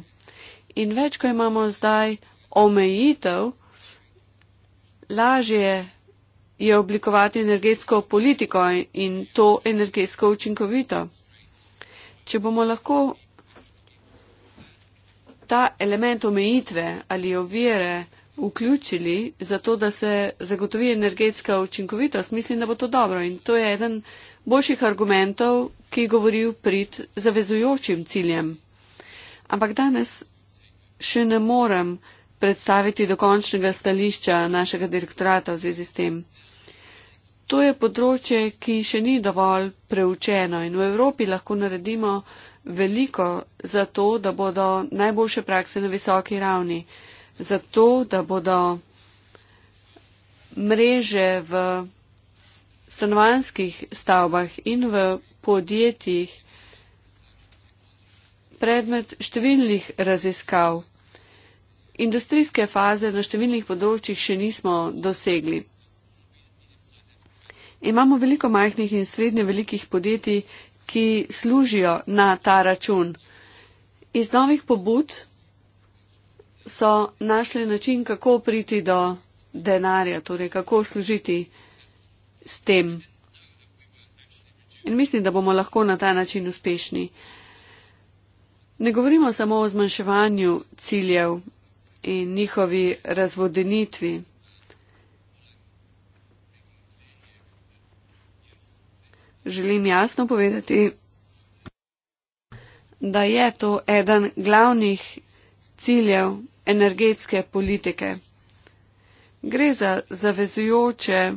In več, ko imamo zdaj omejitev, lažje je oblikovati energetsko politiko in to energetsko učinkovito če bomo lahko ta element omejitve ali ovire vključili za to, da se zagotovi energetska učinkovitost, mislim, da bo to dobro. In to je eden boljših argumentov, ki govori v prid zavezujočim ciljem. Ampak danes še ne morem predstaviti dokončnega stališča našega direktorata v zvezi s tem. To je področje, ki še ni dovolj preučeno in v Evropi lahko naredimo veliko za to, da bodo najboljše prakse na visoki ravni, za to, da bodo mreže v stanovanskih stavbah in v podjetjih predmet številnih raziskav. Industrijske faze na številnih področjih še nismo dosegli. Imamo veliko majhnih in srednje velikih podjetij, ki služijo na ta račun. Iz novih pobud so našli način, kako priti do denarja, torej kako služiti s tem. In mislim, da bomo lahko na ta način uspešni. Ne govorimo samo o zmanjševanju ciljev in njihovi razvodenitvi, želim jasno povedati, da je to eden glavnih ciljev energetske politike. Gre za zavezujoče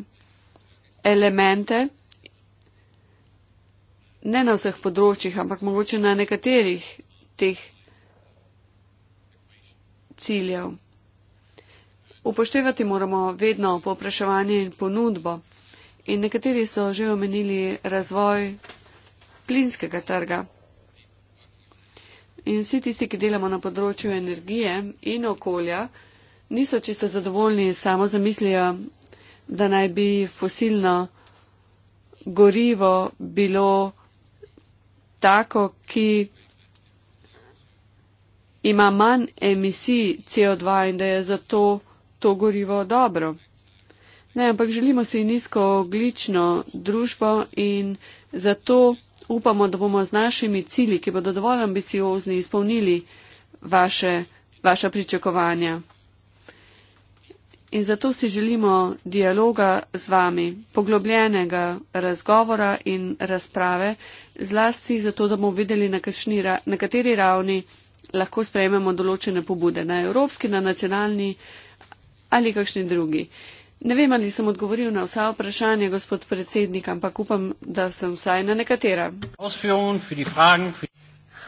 elemente, ne na vseh področjih, ampak mogoče na nekaterih teh ciljev. Upoštevati moramo vedno popraševanje in ponudbo in nekateri so že omenili razvoj plinskega trga. In vsi tisti, ki delamo na področju energije in okolja, niso čisto zadovoljni samo za mislijo, da naj bi fosilno gorivo bilo tako, ki ima manj emisij CO2 in da je zato to gorivo dobro. Ne, ampak želimo si nizko oglično družbo in zato upamo, da bomo z našimi cilji, ki bodo dovolj ambiciozni, izpolnili vaše, vaša pričakovanja. In zato si želimo dialoga z vami, poglobljenega razgovora in razprave, zlasti zato, da bomo videli, na, kašni, na kateri ravni lahko sprejmemo določene pobude, na evropski, na nacionalni ali kakšni drugi. Uh, Ne vem, ali sem odgovoril na vsa vprašanja, gospod predsednik, ampak upam, da sem vsaj na nekatera.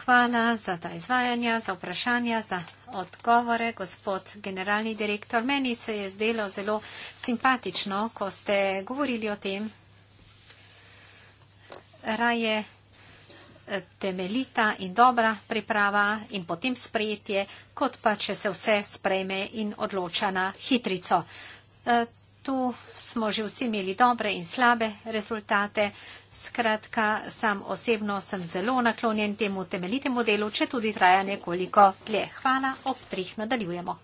Hvala za ta izvajanja, za vprašanja, za odgovore, gospod generalni direktor. Meni se je zdelo zelo simpatično, ko ste govorili o tem. Raje eh, temeljita in dobra priprava in potem sprejetje, kot pa če se vse sprejme in odloča na hitrico. E, tu smo že vsi imeli dobre in slabe rezultate. Skratka, sam osebno sem zelo naklonjen temu temeljitemu delu, če tudi traja nekoliko dlje. Hvala, ob trih nadaljujemo.